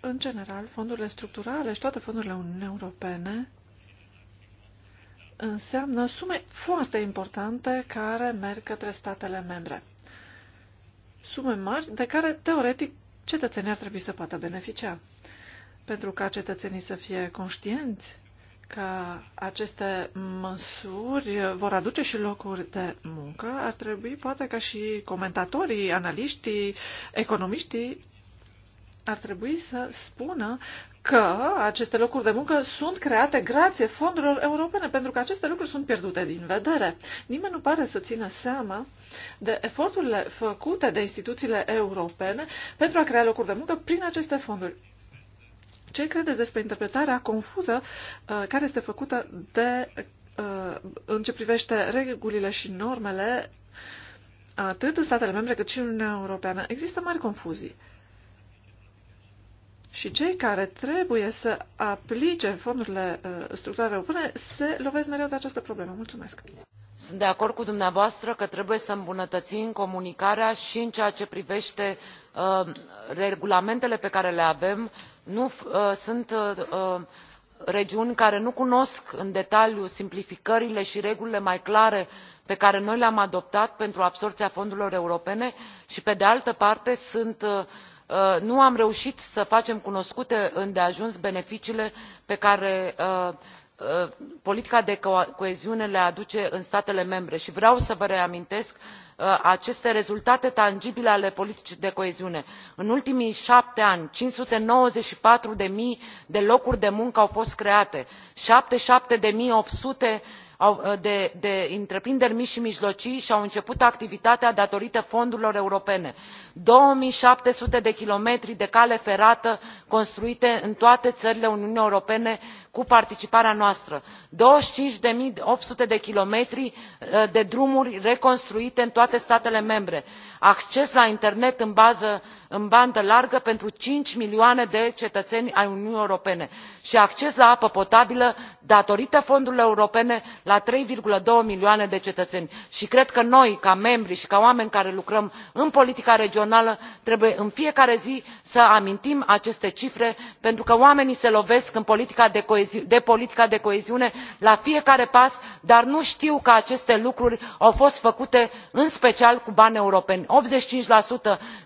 În general, fondurile structurale și toate fondurile Uniunii Europene înseamnă sume foarte importante care merg către statele membre. Sume mari de care, teoretic, cetățenii ar trebui să poată beneficia. Pentru ca cetățenii să fie conștienți că aceste măsuri vor aduce și locuri de muncă, ar trebui poate ca și comentatorii, analiștii, economiștii ar trebui să spună că aceste locuri de muncă sunt create grație fondurilor europene, pentru că aceste lucruri sunt pierdute din vedere. Nimeni nu pare să țină seama de eforturile făcute de instituțiile europene pentru a crea locuri de muncă prin aceste fonduri. Ce credeți despre interpretarea confuză uh, care este făcută de, uh, în ce privește regulile și normele atât în statele membre cât și în Uniunea Europeană? Există mari confuzii. Uh, și cei care trebuie să aplice fondurile uh, structurale europene se lovesc mereu de această problemă. Mulțumesc! Sunt de acord cu dumneavoastră că trebuie să îmbunătățim comunicarea și în ceea ce privește uh, regulamentele pe care le avem. Nu uh, sunt uh, uh regiuni care nu cunosc în detaliu simplificările și regulile mai clare pe care noi le am adoptat pentru absorbția fondurilor europene și pe de altă parte sunt uh, Uh, nu am reușit să facem cunoscute îndeajuns beneficiile pe care uh, uh, politica de coeziune le aduce în statele membre și vreau să vă reamintesc aceste rezultate tangibile ale politicii de coeziune în ultimii șapte ani cinci sute nouăzeci și patru zero de locuri de muncă au fost create șaptezeci și șapte opt sute Uh, de, întreprinderi mici și mijlocii și au început activitatea datorită fondurilor europene doi șapte sute de kilometri de cale ferată construite în toate țările uniunii europene cu participarea noastră douăzeci și cinci opt sute de kilometri uh, de drumuri reconstruite în toate statele membre acces la internet în, în bandă largă pentru cinci milioane de cetățeni ai uniunii europene și acces la apă potabilă datorită fondurilor europene la trei doi milioane de cetățeni și cred că noi ca membri și ca oameni care lucrăm în politica regională trebuie în fiecare zi să amintim aceste cifre pentru că oamenii se lovesc în politica de de politica de coeziune la fiecare pas dar nu știu că aceste lucruri au fost făcute în special cu bani europeni optzeci și cinci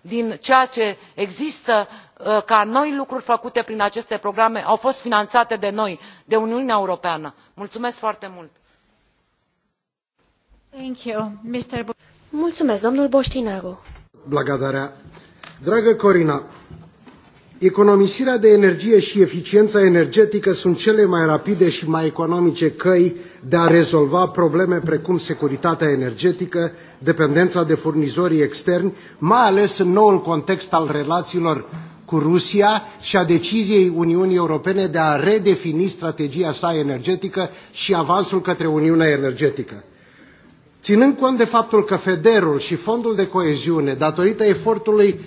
din ceea ce există ă, ca noi lucruri făcute prin aceste programe au fost finanțate de noi de uniunea europeană. mulțumesc foarte mult! Mulțumesc, domnul Dragă Corina, Economisirea de energie și eficiența energetică sunt cele mai rapide și mai economice căi de a rezolva probleme precum securitatea energetică, dependența de furnizorii externi, mai ales în noul context al relațiilor cu Rusia și a deciziei Uniunii Europene de a redefini strategia sa energetică și avansul către Uniunea Energetică. Ținând cont de faptul că Federul și Fondul de Coeziune, datorită efortului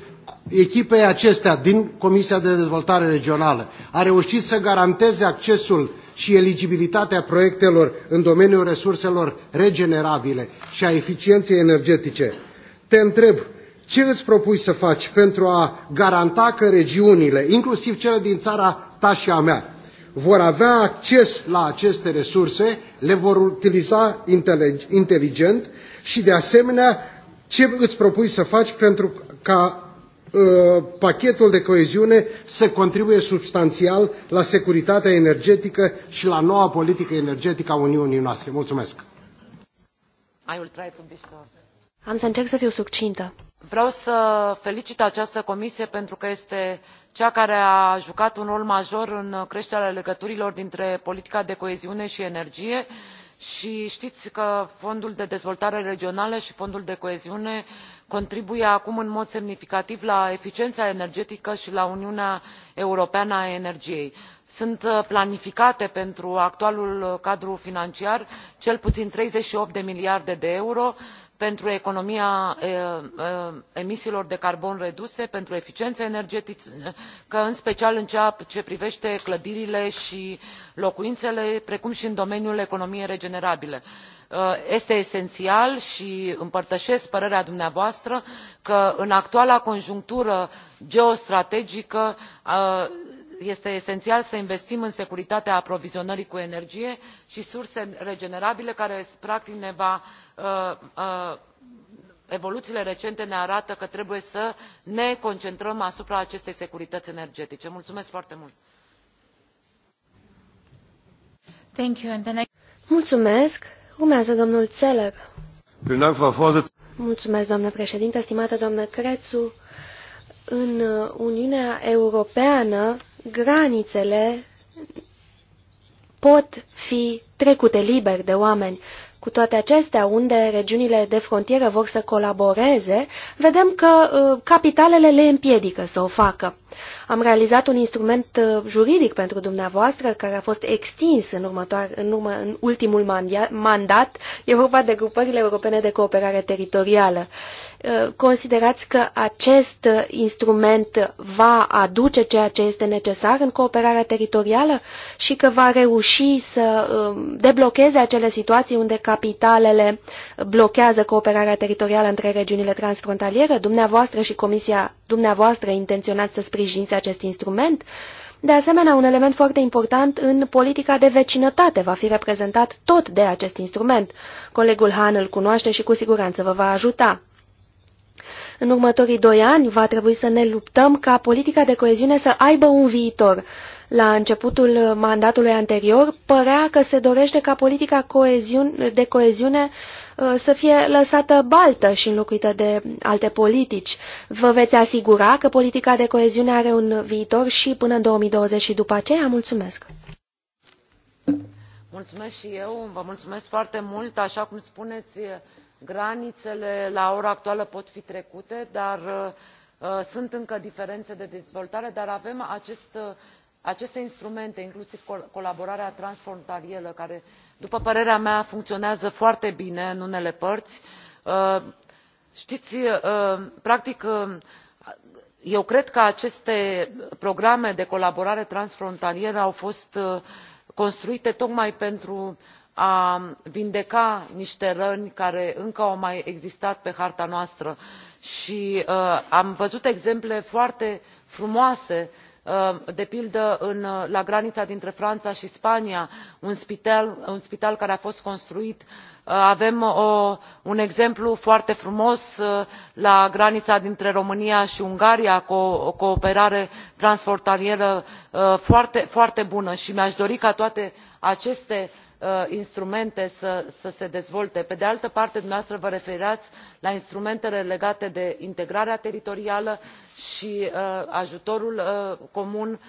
echipei acestea din Comisia de Dezvoltare Regională a reușit să garanteze accesul și eligibilitatea proiectelor în domeniul resurselor regenerabile și a eficienței energetice. Te întreb, ce îți propui să faci pentru a garanta că regiunile, inclusiv cele din țara ta și a mea, vor avea acces la aceste resurse, le vor utiliza inteligent și, de asemenea, ce îți propui să faci pentru ca Uh, pachetul de coeziune să contribuie substanțial la securitatea energetică și la noua politică energetică a Uniunii noastre. Mulțumesc! Am să încerc să fiu succintă. Vreau să felicit această comisie pentru că este cea care a jucat un rol major în creșterea legăturilor dintre politica de coeziune și energie și știți că fondul de dezvoltare regională și fondul de coeziune contribuie acum în mod semnificativ la eficiența energetică și la uniunea europeană a energiei. sunt uh, planificate pentru actualul uh, cadru financiar cel puțin treizeci și opt de miliarde de euro din pentru economia emisiilor de carbon reduse pentru eficiență energetică în special în ceea ce privește clădirile și locuințele precum și în domeniul economiei regenerabile este esențial și împărtășesc părerea dumneavoastră că în actuala conjunctură geostrategică este esențial să investim în securitatea aprovizionării cu energie și surse regenerabile care practic uh, uh, evoluțiile recente ne arată că trebuie să ne concentrăm asupra acestei securități energetice. mulțumesc foarte mult! Mulțumesc. domnul Mulțumesc, președinte, stimată doamnă Crețu în Uniunea Europeană granițele pot fi trecute liber de oameni. Cu toate acestea, unde regiunile de frontieră vor să colaboreze, vedem că uh, capitalele le împiedică să o facă. Am realizat un instrument uh, juridic pentru dumneavoastră care a fost extins în, următoar, în, urmă, în ultimul mandat. E vorba de grupările europene de cooperare teritorială. Uh, Eh, considerați că acest eh, instrument va aduce ceea ce este necesar în cooperarea teritorială și că va reuși să eh, deblocheze acele situații unde capitalele blochează cooperarea teritorială între regiunile transfrontaliere? Dumneavoastră și Comisia dumneavoastră intenționați să sprijiniți acest instrument? De asemenea, un element foarte important în politica de vecinătate va fi reprezentat tot de acest instrument. Colegul Han îl cunoaște și cu siguranță vă va ajuta. În următorii doi ani va trebui să ne luptăm ca politica de coeziune să aibă un viitor. La începutul mandatului anterior părea că se dorește ca politica de coeziune uh, să fie lăsată baltă și înlocuită de alte politici. Vă veți asigura că politica de coeziune are un viitor și până în 2020 și după aceea? Mulțumesc! Mulțumesc și eu, vă mulțumesc foarte mult. Așa cum spuneți, granițele la ora actuală pot fi trecute dar uh, uh, sunt încă diferențe de dezvoltare dar avem uh, aceste instrumente inclusiv colaborarea transfrontalieră care după părerea mea funcționează foarte bine în unele părți știți practic eu cred că aceste programe de colaborare transfrontalieră au fost construite tocmai pentru a vindeca niște răni care încă au mai existat pe harta noastră și uh, am văzut exemple foarte frumoase uh, de pildă uh, la granița dintre franța și spania un spital, un spital care a fost construit avem un exemplu foarte frumos la granița dintre românia și ungaria cu o cooperare transfrontalieră foarte, foarte bună și mi aș dori ca toate aceste Uh, instrumente să, se dezvolte. pe de altă parte dumneavoastră vă referați la instrumentele legate de integrarea teritorială și uh, ajutorul uh, comun.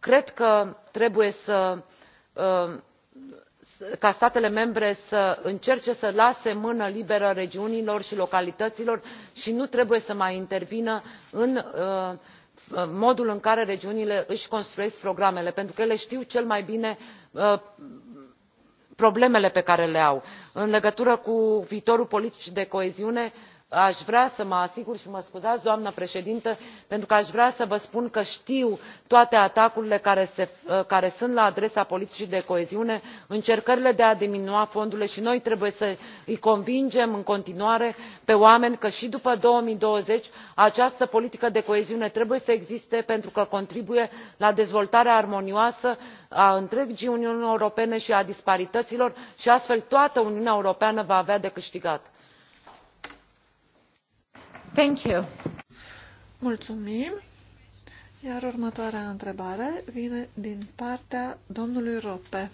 cred că trebuie să, ca statele membre să încerce să lase mână liberă regiunilor și localităților și nu trebuie să mai intervină în modul în care regiunile își construiesc programele pentru că ele știu cel mai bine problemele pe care le au în legătură cu viitorul politicii de coeziune aș vrea să mă asigur și mă scuzați doamnă președintă pentru că aș vrea să vă spun că știu toate atacurile uh, care, sunt la adresa politicii de coeziune încercările de a diminua fondurile și noi trebuie să îi convingem în continuare pe oameni că și după două mii douăzeci această politică de coeziune trebuie să existe pentru că contribuie la dezvoltarea armonioasă a întregii uniuni europene și a disparităților și astfel toată uniunea europeană va avea de câștigat. Thank you. Mulțumim. Iar următoarea întrebare vine din partea domnului Rope.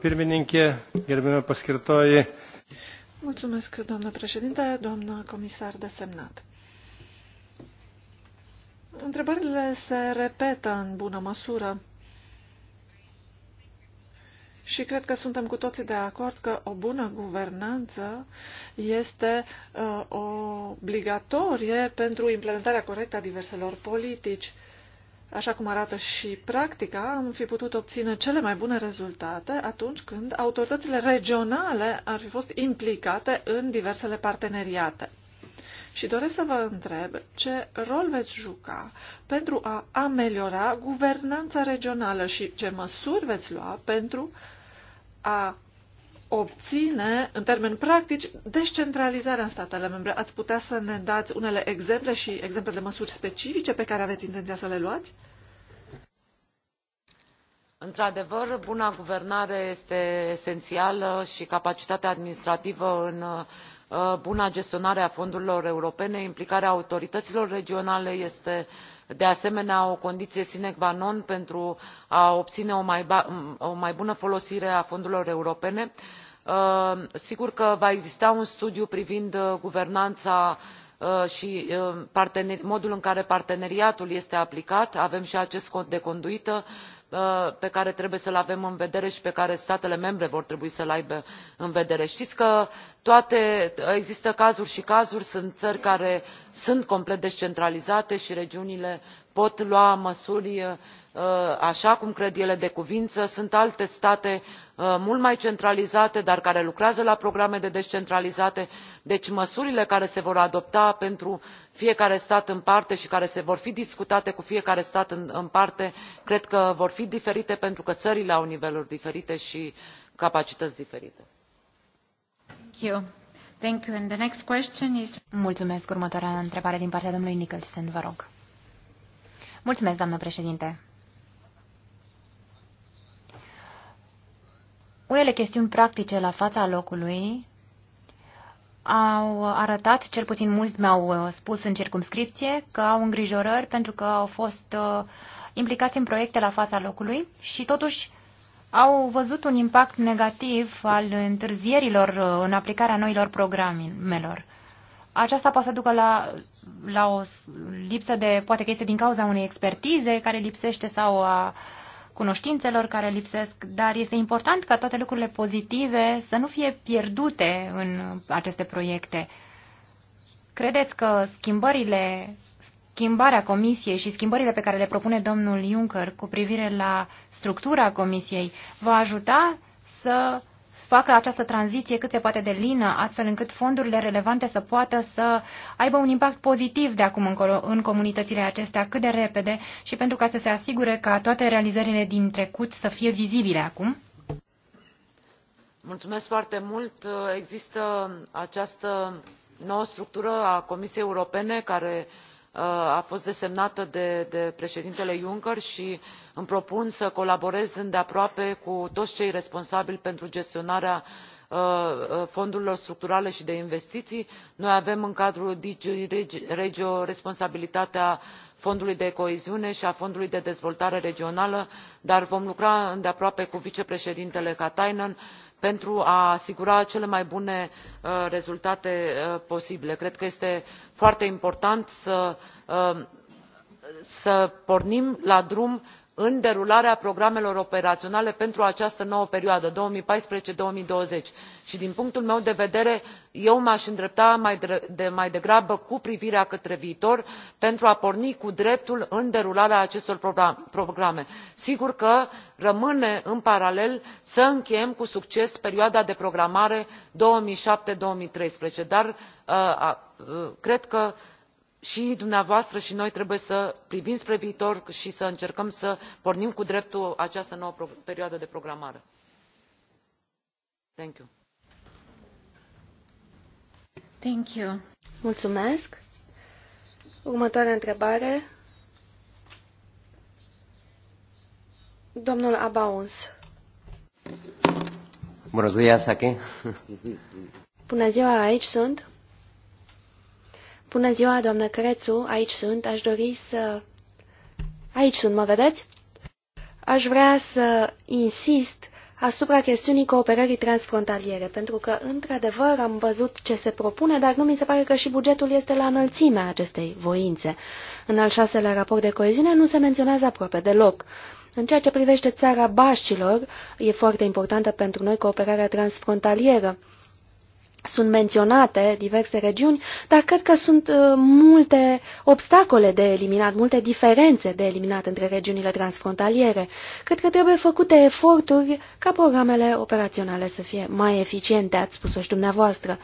Pirmininkė, gerbime paskirtoji. Mulțumesc, doamnă președinte, doamnă comisar desemnat. Întrebările se repetă în bună măsură. Și cred că suntem cu toții de acord că o bună guvernanță este uh, obligatorie pentru implementarea corectă a diverselor politici. Așa cum arată și practica, am fi putut obține cele mai bune rezultate atunci când autoritățile regionale ar fi fost implicate în diversele parteneriate. Și doresc să vă întreb ce rol veți juca pentru a ameliora guvernanța regională și ce măsuri veți lua pentru a obține, în termeni practici, descentralizarea în statele membre. Ați putea să ne dați unele exemple și exemple de măsuri specifice pe care aveți intenția să le luați? într adevăr buna guvernare este esențială și capacitatea administrativă în uh, buna gestionare a fondurilor europene implicarea autorităților regionale este de asemenea o condiție sine qua non pentru a obține o mai, bună folosire a fondurilor europene uh, sigur că va exista un studiu privind uh, guvernanța uh, și modul în care parteneriatul este aplicat avem și acest cod de conduită și Uh, pe care trebuie să l avem în vedere și pe care statele membre vor trebui să l aibă în vedere. știți că toate, există cazuri și cazuri sunt țări care sunt complet descentralizate și regiunile pot lua măsuri uh, Uh, așa cum cred ele de cuviință sunt alte state uh, mult mai centralizate dar care lucrează la programe de descentralizare deci măsurile care se vor adopta pentru fiecare stat în parte și care vor fi discutate cu fiecare stat în parte cred că vor fi diferite pentru că țările au niveluri diferite și capacități diferite. Mulțumesc. Următoarea întrebare din partea domnului Nicholson, vă rog. Mulțumesc, doamnă președinte. Unele chestiuni practice la fața locului au arătat, cel puțin mulți mi-au uh, spus în circumscripție, că au îngrijorări pentru că au fost uh, implicați în proiecte la fața locului și totuși au văzut un impact negativ al întârzierilor uh, în aplicarea noilor programelor. Aceasta poate să ducă la, la o lipsă de, poate că este din cauza unei expertize care lipsește sau a cunoștințelor care lipsesc, dar este important ca toate lucrurile pozitive să nu fie pierdute în aceste proiecte. Credeți că schimbările, schimbarea comisiei și schimbările pe care le propune domnul Juncker cu privire la structura comisiei va ajuta să facă această tranziție cât se poate de lină, astfel încât fondurile relevante să poată să aibă un impact pozitiv de acum încolo în comunitățile acestea cât de repede și pentru ca să se asigure ca toate realizările din trecut să fie vizibile acum? Mulțumesc foarte mult. Există această nouă structură a Comisiei Europene care uh, Uh, a fost desemnată de, președintele juncker și îmi propun să colaborez îndeaproape cu toți cei responsabili pentru gestionarea uh, uh, fondurilor structurale și de investiții noi avem în cadrul dg regio responsabilitatea fondului de coeziune și a fondului de dezvoltare regională dar vom lucra îndeaproape cu vicepreședintele katainen pentru a asigura cele mai bune uh, rezultate uh, posibile. cred că este foarte important să uh, pornim la drum în derularea programelor operaționale pentru această nouă perioadă două mii paisprezece două mii douăzeci și din punctul meu de vedere eu m aș îndrepta mai degrabă cu privirea către viitor pentru a porni cu dreptul în derularea acestor programe. sigur că rămâne în paralel să încheiem cu succes perioada de programare două mii șapte două mii treisprezece dar uh, uh, cred că și dumneavoastră și noi trebuie să privim spre viitor și să încercăm să pornim cu dreptul această nouă perioadă de programare. Thank you. Thank you. Mulțumesc. Următoarea întrebare. Domnul Abauns. Bună ziua, Bună ziua, aici sunt. Bună ziua, doamnă Crețu, aici sunt, aș dori să... Aici sunt, mă vedeți? Aș vrea să insist asupra chestiunii cooperării transfrontaliere, pentru că, într-adevăr, am văzut ce se propune, dar nu mi se pare că și bugetul este la înălțimea acestei voințe. În al șaselea raport de coeziune nu se menționează aproape deloc. În ceea ce privește țara Baștilor, e foarte importantă pentru noi cooperarea transfrontalieră sunt menționate diverse regiuni, dar cred că sunt uh, multe obstacole de eliminat, multe diferențe de eliminat între regiunile transfrontaliere. Cred că trebuie făcute eforturi ca programele operaționale să fie mai eficiente, ați spus-o și dumneavoastră.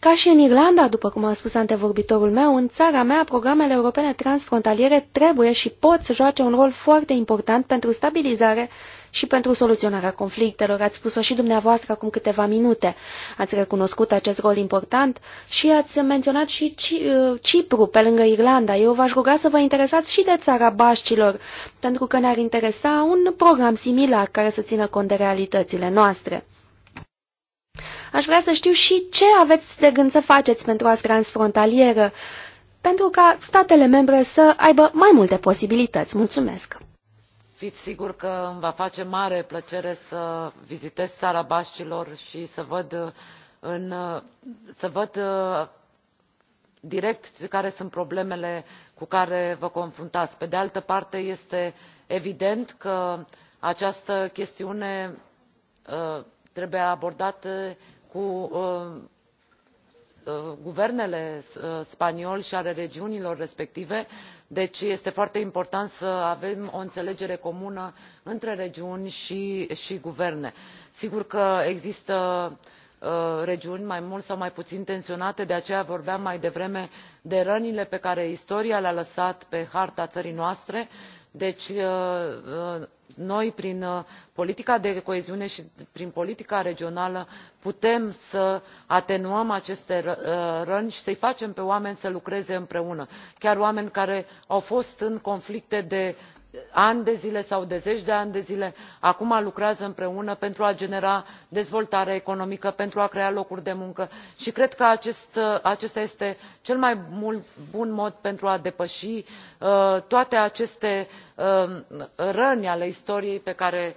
Ca și în Irlanda, după cum a spus antevorbitorul meu, în țara mea programele europene transfrontaliere trebuie și pot să joace un rol foarte important pentru stabilizare și pentru soluționarea conflictelor. Ați spus-o și dumneavoastră acum câteva minute. Ați recunoscut acest rol important și ați menționat și uh, Cipru, pe lângă Irlanda. Eu v-aș ruga să vă interesați și de țara Baștilor, pentru că ne-ar interesa un program similar care să țină cont de realitățile noastre. Aș vrea să știu și ce aveți de gând să faceți pentru a transfrontalieră, pentru ca statele membre să aibă mai multe posibilități. Mulțumesc! fiți sigur că îmi va face mare plăcere să vizitez țara baștilor și să văd, uh, în, uh, să văd uh, direct care sunt problemele cu care vă confruntați. pe de altă parte este evident că această chestiune trebuie abordată cu Uh, guvernele uh, spaniol și ale regiunilor respective deci este foarte important să avem o înțelegere comună între regiuni și, și guverne. sigur că există uh, regiuni mai mult sau mai puțin tensionate de aceea vorbeam mai devreme de rănile pe care istoria le a lăsat pe harta țării noastre și deci uh, uh, noi prin uh, politica de coeziune și prin politica regională putem să atenuăm aceste răni și să i facem pe oameni să lucreze împreună chiar oameni care au fost în conflicte de ani de zile sau de zeci de ani de zile acum lucrează împreună pentru a genera dezvoltare economică pentru a crea locuri de muncă și cred că acesta este cel mai bun mod pentru a depăși uh, toate aceste uh, răni ale istoriei pe care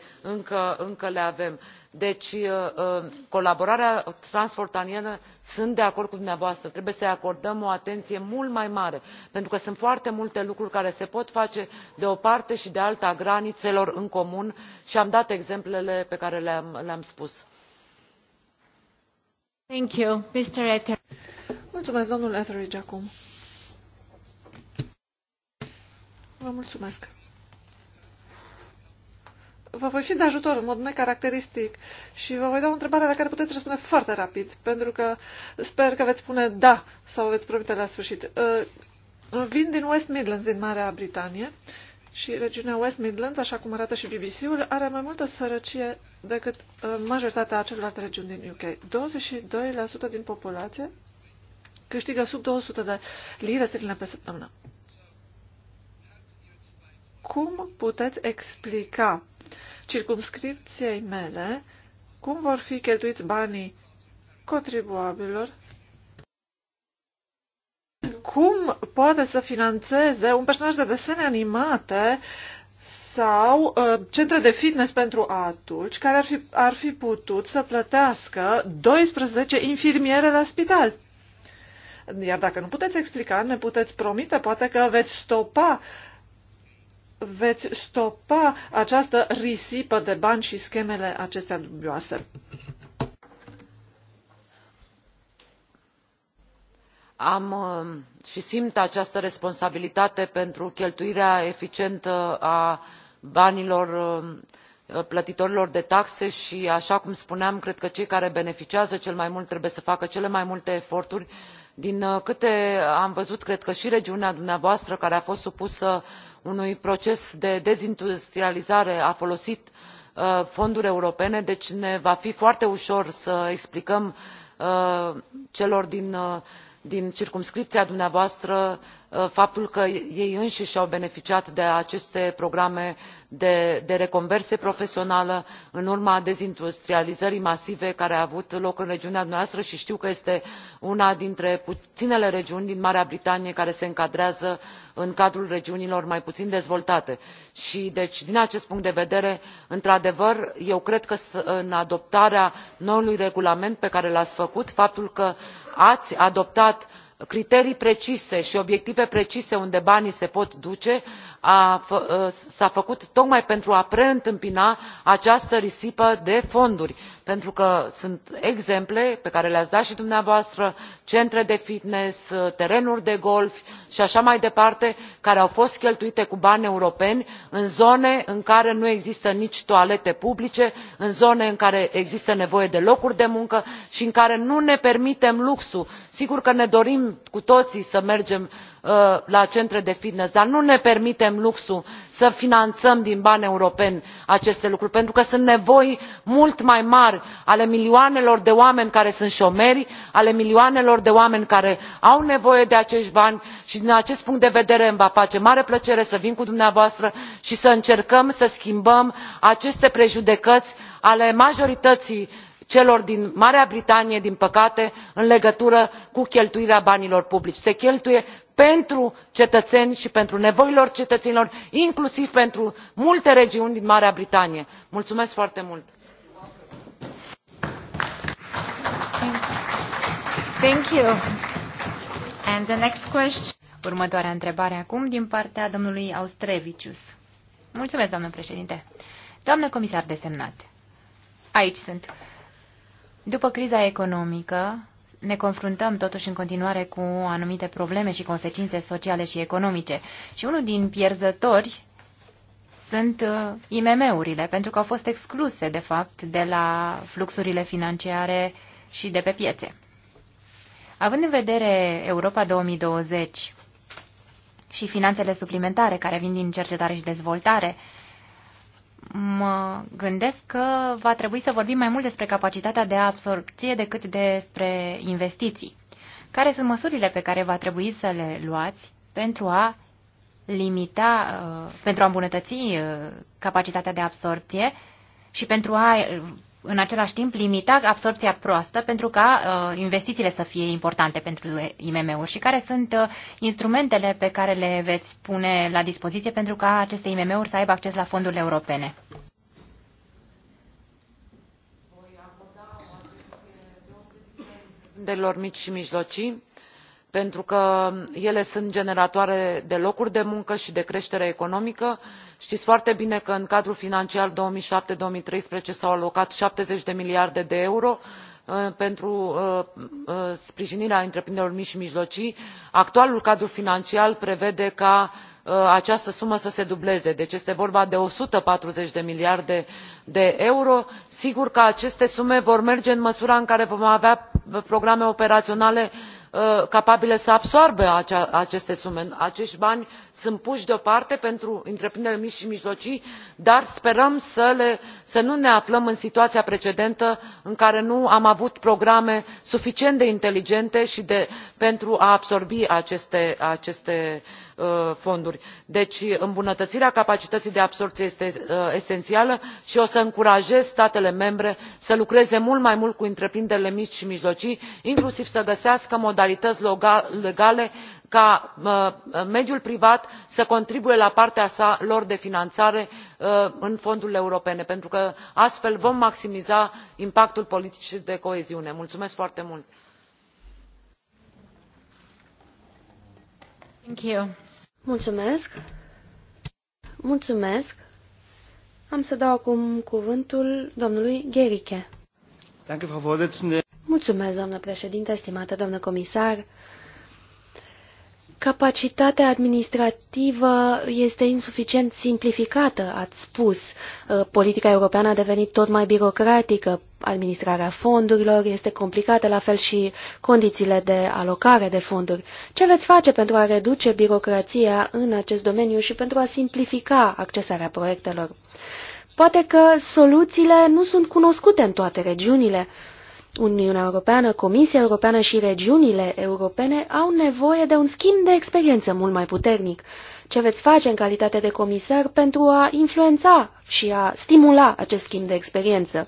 încă le avem deci uh, uh, colaborarea transfrontalieră sunt de acord cu dumneavoastră trebuie să i acordăm o atenție mult mai mare pentru că sunt foarte multe lucruri care se pot face de o parte și de alta a granițelor în comun și am dat exemplele pe care le am, spus. Mulțumesc, domnule Etheridge, acum. Vă mulțumesc vă voi fi de ajutor în mod necaracteristic și vă voi da o întrebare la care puteți răspunde foarte rapid, pentru că sper că veți spune da sau veți promite la sfârșit. Uh, vin din West Midlands, din Marea Britanie, și regiunea West Midlands, așa cum arată și BBC-ul, are mai multă sărăcie decât uh, majoritatea celorlalte regiuni din UK. 22% din populație câștigă sub 200 de lire sterline pe săptămână. Cum puteți explica circumscripției mele cum vor fi cheltuiți banii contribuabilor, cum poate să financeze un personaj de desene animate sau uh, centre de fitness pentru adulți care ar fi, ar fi putut să plătească 12 infirmiere la spital. Iar dacă nu puteți explica, ne puteți promite poate că veți stopa veți stopa această risipă de bani și schemele acestea dubioase. am uh, și simt această responsabilitate pentru cheltuirea eficientă a banilor uh, plătitorilor de taxe și așa cum spuneam cred că cei care beneficiază cel mai mult trebuie să facă cele mai multe eforturi din uh, câte am văzut cred că și regiunea dumneavoastră care a fost supusă uh, unui proces de dezindustrializare a folosit uh, fonduri europene deci ne va fi foarte ușor să explicăm uh, celor din uh, din circumscripția dumneavoastră uh, faptul că ei înșiși au beneficiat de aceste programe de, reconversie profesională în urma dezindustrializării masive care a avut loc în regiunea dumneavoastră și știu că este una dintre puținele regiuni din marea britanie care se încadrează în cadrul regiunilor mai puțin dezvoltate și deci din acest punct de vedere într adevăr eu cred că în adoptarea noului regulament pe care l ați făcut faptul că ați adoptat stat criterii precise și obiective precise unde banii se pot duce s a ă, făcut tocmai pentru a preîntâmpina această risipă de fonduri pentru că sunt exemple pe care le ați dat și dumneavoastră centre de fitness terenuri de golf și așa mai departe care au fost cheltuite cu bani europeni în zone în care nu există nici toalete publice în zone în care există nevoie de locuri de muncă și în care nu ne permitem luxul. sigur că ne dorim cu toții să mergem uh, la centre de fitness dar nu ne permitem luxul să finanțăm din bani europeni aceste lucruri pentru că sunt nevoi mult mai mari ale milioanelor de oameni care sunt șomeri ale milioanelor de oameni care au nevoie de acești bani și din acest punct de vedere îmi va face mare plăcere să vin cu dumneavoastră și să încercăm să schimbăm aceste prejudecăți ale majorității celor din marea britanie din păcate în legătură cu cheltuirea banilor publici. se cheltuie pentru cetățeni și pentru nevoile cetățenilor inclusiv pentru multe regiuni din marea britanie. mulțumesc foarte mult! Următoarea întrebare acum din partea domnului Austrevicius. Mulțumesc, doamnă președinte. Doamnă comisar desemnat. Aici sunt. După criza economică, ne confruntăm totuși în continuare cu anumite probleme și consecințe sociale și economice. Și unul din pierzători sunt uh, IMM-urile, pentru că au fost excluse, de fapt, de la fluxurile financiare și de pe piețe. Având în vedere Europa 2020 și finanțele suplimentare care vin din cercetare și dezvoltare, mă gândesc că va trebui să vorbim mai mult despre capacitatea de absorpție decât despre investiții. Care sunt măsurile pe care va trebui să le luați pentru a limita, uh, pentru a îmbunătăți uh, capacitatea de absorpție și pentru a în același timp limita absorpția proastă pentru ca uh, investițiile să fie importante pentru IMM-uri și care sunt uh, instrumentele pe care le veți pune la dispoziție pentru ca aceste IMM-uri să aibă acces la fondurile europene. de mici și mijlocii pentru că ele sunt generatoare de locuri de muncă și de creștere economică știți foarte bine că în cadrul financiar două mii șapte două mii treisprezece s au alocat șaptezeci de miliarde de euro uh, pentru uh, uh, sprijinirea întreprinderilor mici și mijlocii actualul cadru financiar prevede ca această sumă să se dubleze deci este vorba de o sută patruzeci de miliarde de euro. sigur că aceste sume vor merge în măsura în care vom avea programe operaționale Uh, capabile să absoarbă aceste sume. acești bani sunt puși deoparte pentru întreprinderile mici și mijlocii dar sperăm să, le, să nu ne aflăm în situația precedentă în care nu am avut programe suficient de inteligente de, pentru a absorbi aceste, aceste Uh, fonduri. deci îmbunătățirea capacității de absorbție este uh, esențială și o să încurajez statele membre să lucreze mult mai mult cu întreprinderile mici și mijlocii inclusiv să găsească modalități legale ca uh, mediul privat să contribuie la partea sa lor de finanțare în fondurile europene pentru că astfel vom maximiza impactul politicii de coeziune. mulțumesc foarte mult. Mulțumesc. Mulțumesc. Am să dau acum cuvântul domnului Gheriche. Mulțumesc, doamnă președinte, estimată doamnă comisar. Capacitatea administrativă este insuficient simplificată, ați spus. Uh, politica europeană a devenit tot mai birocratică, administrarea fondurilor este complicată, la fel și condițiile de alocare de fonduri. Ce veți face pentru a reduce birocrația în acest domeniu și pentru a simplifica accesarea proiectelor? Poate că soluțiile nu sunt cunoscute în toate regiunile. Uniunea Europeană, Comisia Europeană și regiunile europene au nevoie de un schimb de experiență mult mai puternic. Ce veți face în calitate de comisar pentru a influența și a stimula acest schimb de experiență?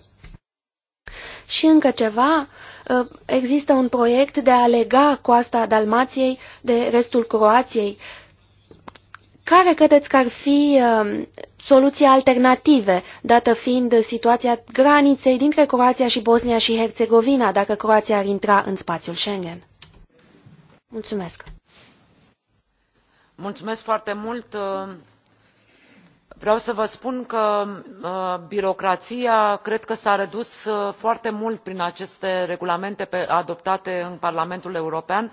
Și încă ceva, ă, există un proiect de a lega coasta Dalmației de restul Croației care credeți că ar fi um, soluții alternative, dată fiind situația graniței dintre Croația și Bosnia și Herțegovina, dacă Croația ar intra în spațiul Schengen? Mulțumesc! Mulțumesc foarte mult! Vreau să vă spun că uh, birocrația cred că s-a redus uh, foarte mult prin aceste regulamente adoptate în Parlamentul European.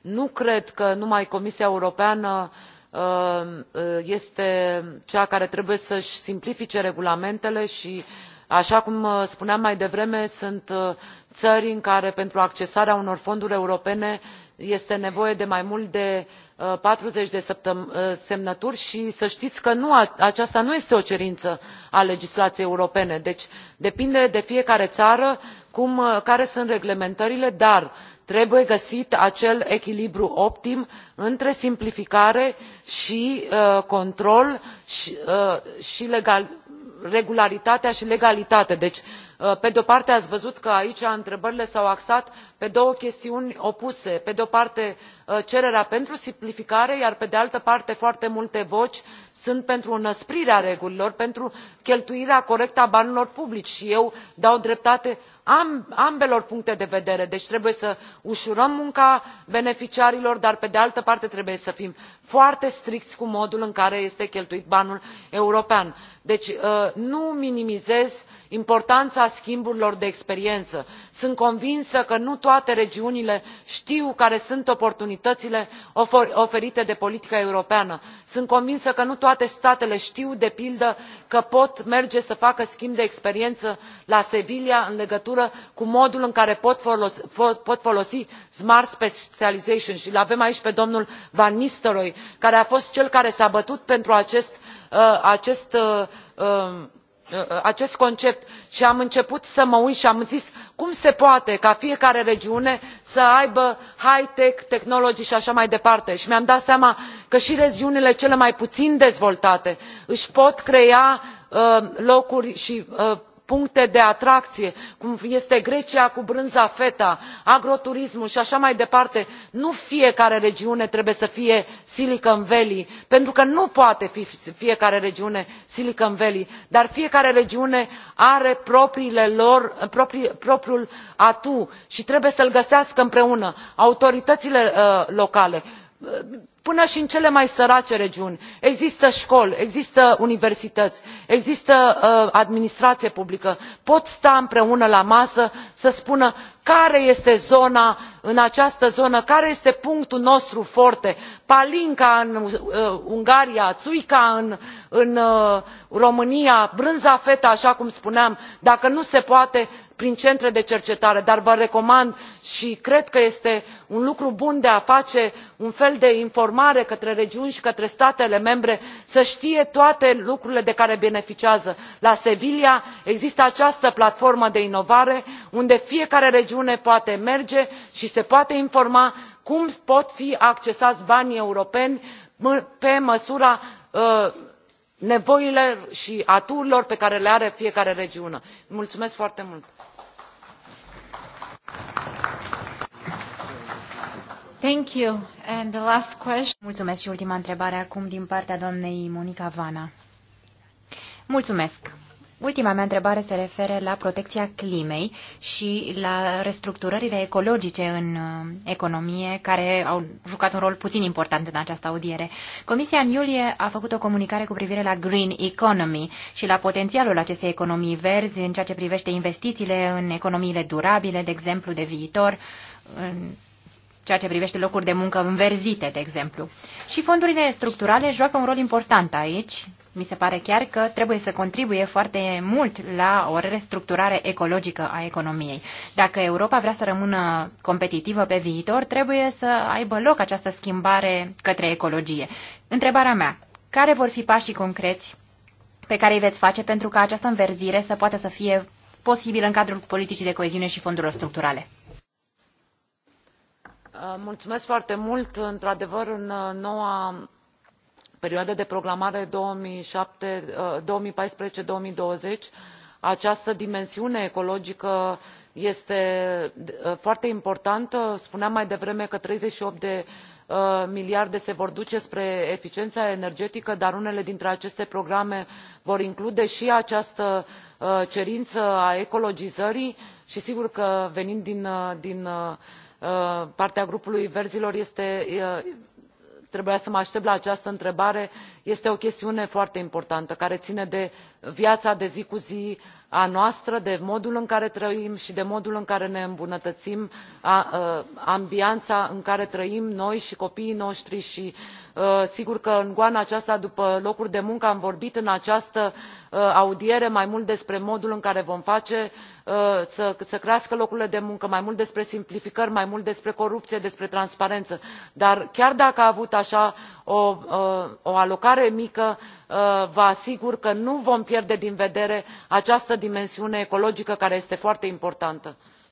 Nu cred că numai Comisia Europeană uh, Um, uh, este cea care trebuie să și simplifice regulamentele și așa cum uh, spuneam mai devreme sunt uh, țări în care pentru accesarea unor fonduri europene este nevoie de mai mult de patruzeci de semnături și să știți că nu, aceasta nu este o cerință a legislației europene deci depinde de fiecare țară cum, care sunt reglementările dar trebuie găsit acel echilibru optim între simplificare și uh, control și, uh, regularitate și legalitate deci uh, pe de o parte ați văzut că aici întrebările s au axat pe două chestiuni opuse pe de o parte cererea pentru simplificare iar pe de altă parte foarte multe voci sunt pentru înăsprirea regulilor pentru cheltuirea corectă a banilor publici și eu dau dreptate ambelor puncte de vedere deci trebuie să ușurăm munca beneficiarilor dar pe de altă parte trebuie să fim foarte stricți cu modul în care este cheltuit banul european. deci uh, nu minimizez importanța schimburilor de experiență sunt convinsă că nu toate regiunile știu care sunt oportunitățile oferite de politica europeană sunt convinsă că nu toate statele știu de pildă că pot merge să facă schimb de experiență la sevilla în legătură legătură cu modul în care pot folosi smart specialisation și îl avem aici pe domnul van nistelrooij care a fost cel care s a bătut pentru uh, uh, uh, acest concept și am început să mă uit și am zis cum se poate ca fiecare regiune să aibă high tech technology și așa mai departe și mi am dat seama că și regiunile cele mai puțin dezvoltate își pot crea locuri și puncte de atracție cum este grecia cu brânza feta agroturismul și așa mai departe nu fiecare regiune trebuie să fie silicon valley pentru că nu poate fi fiecare regiune silicon valley dar fiecare regiune are lor, propriul atu și trebuie să l găsească împreună autoritățile uh, locale până și în cele mai sărace regiuni există școli există universități există ă, administrație publică pot sta împreună la masă să spună care este zona în această zonă care este punctul nostru forte palinka în ă, ungaria țuica în, în ă, românia brânza feta așa cum spuneam dacă nu se poate prin centre de cercetare dar vă recomand și cred că este un lucru bun de a face un fel de informare către regiuni și către statele membre să știe toate lucrurile de care beneficiază. la sevilla există această platformă de inovare unde fiecare regiune poate merge și se poate informa cum pot fi accesați banii europeni pe măsura ă, nevoilor și a aturilor pe care le are fiecare regiune. mulțumesc foarte mult! Thank you. And the last question. Mulțumesc și ultima întrebare acum din partea doamnei Monica Vana. Mulțumesc. Ultima mea întrebare se referă la protecția climei și la restructurările ecologice în uh, economie, care au jucat un rol puțin important în această audiere. Comisia în iulie a făcut o comunicare cu privire la Green Economy și la potențialul acestei economii verzi în ceea ce privește investițiile în economiile durabile, de exemplu, de viitor, în ceea ce privește locuri de muncă înverzite, de exemplu. Și fondurile structurale joacă un rol important aici. Mi se pare chiar că trebuie să contribuie foarte mult la o restructurare ecologică a economiei. Dacă Europa vrea să rămână competitivă pe viitor, trebuie să aibă loc această schimbare către ecologie. Întrebarea mea, care vor fi pașii concreți pe care îi veți face pentru ca această înverzire să poată să fie posibilă în cadrul politicii de coeziune și fondurilor structurale? Uh, mulțumesc foarte mult într adevăr în uh, noua perioadă de programare uh, două mii paisprezece două mii douăzeci această dimensiune ecologică este foarte importantă spuneam mai devreme că treizeci și opt de miliarde se vor duce spre eficiența energetică dar unele dintre aceste programe vor include și această cerință a ecologizării și sigur că venind din Uh, partea grupului verzilor este, uh, trebuia să mă aștept la această întrebare este o chestiune foarte importantă care ține de viața de zi cu zi a noastră de modul în care trăim și de modul în care ne îmbunătățim ambianța în care trăim noi și copiii noștri și sigur că în goana aceasta după locuri de muncă am vorbit în această audiere mai mult despre modul în care vom face să, crească locurile de muncă mai mult despre simplificări mai mult despre corupție despre transparență dar chiar dacă a avut așa o, o alocare modificare mică uh, vă asigur că nu vom pierde din vedere această dimensiune ecologică care este foarte importantă.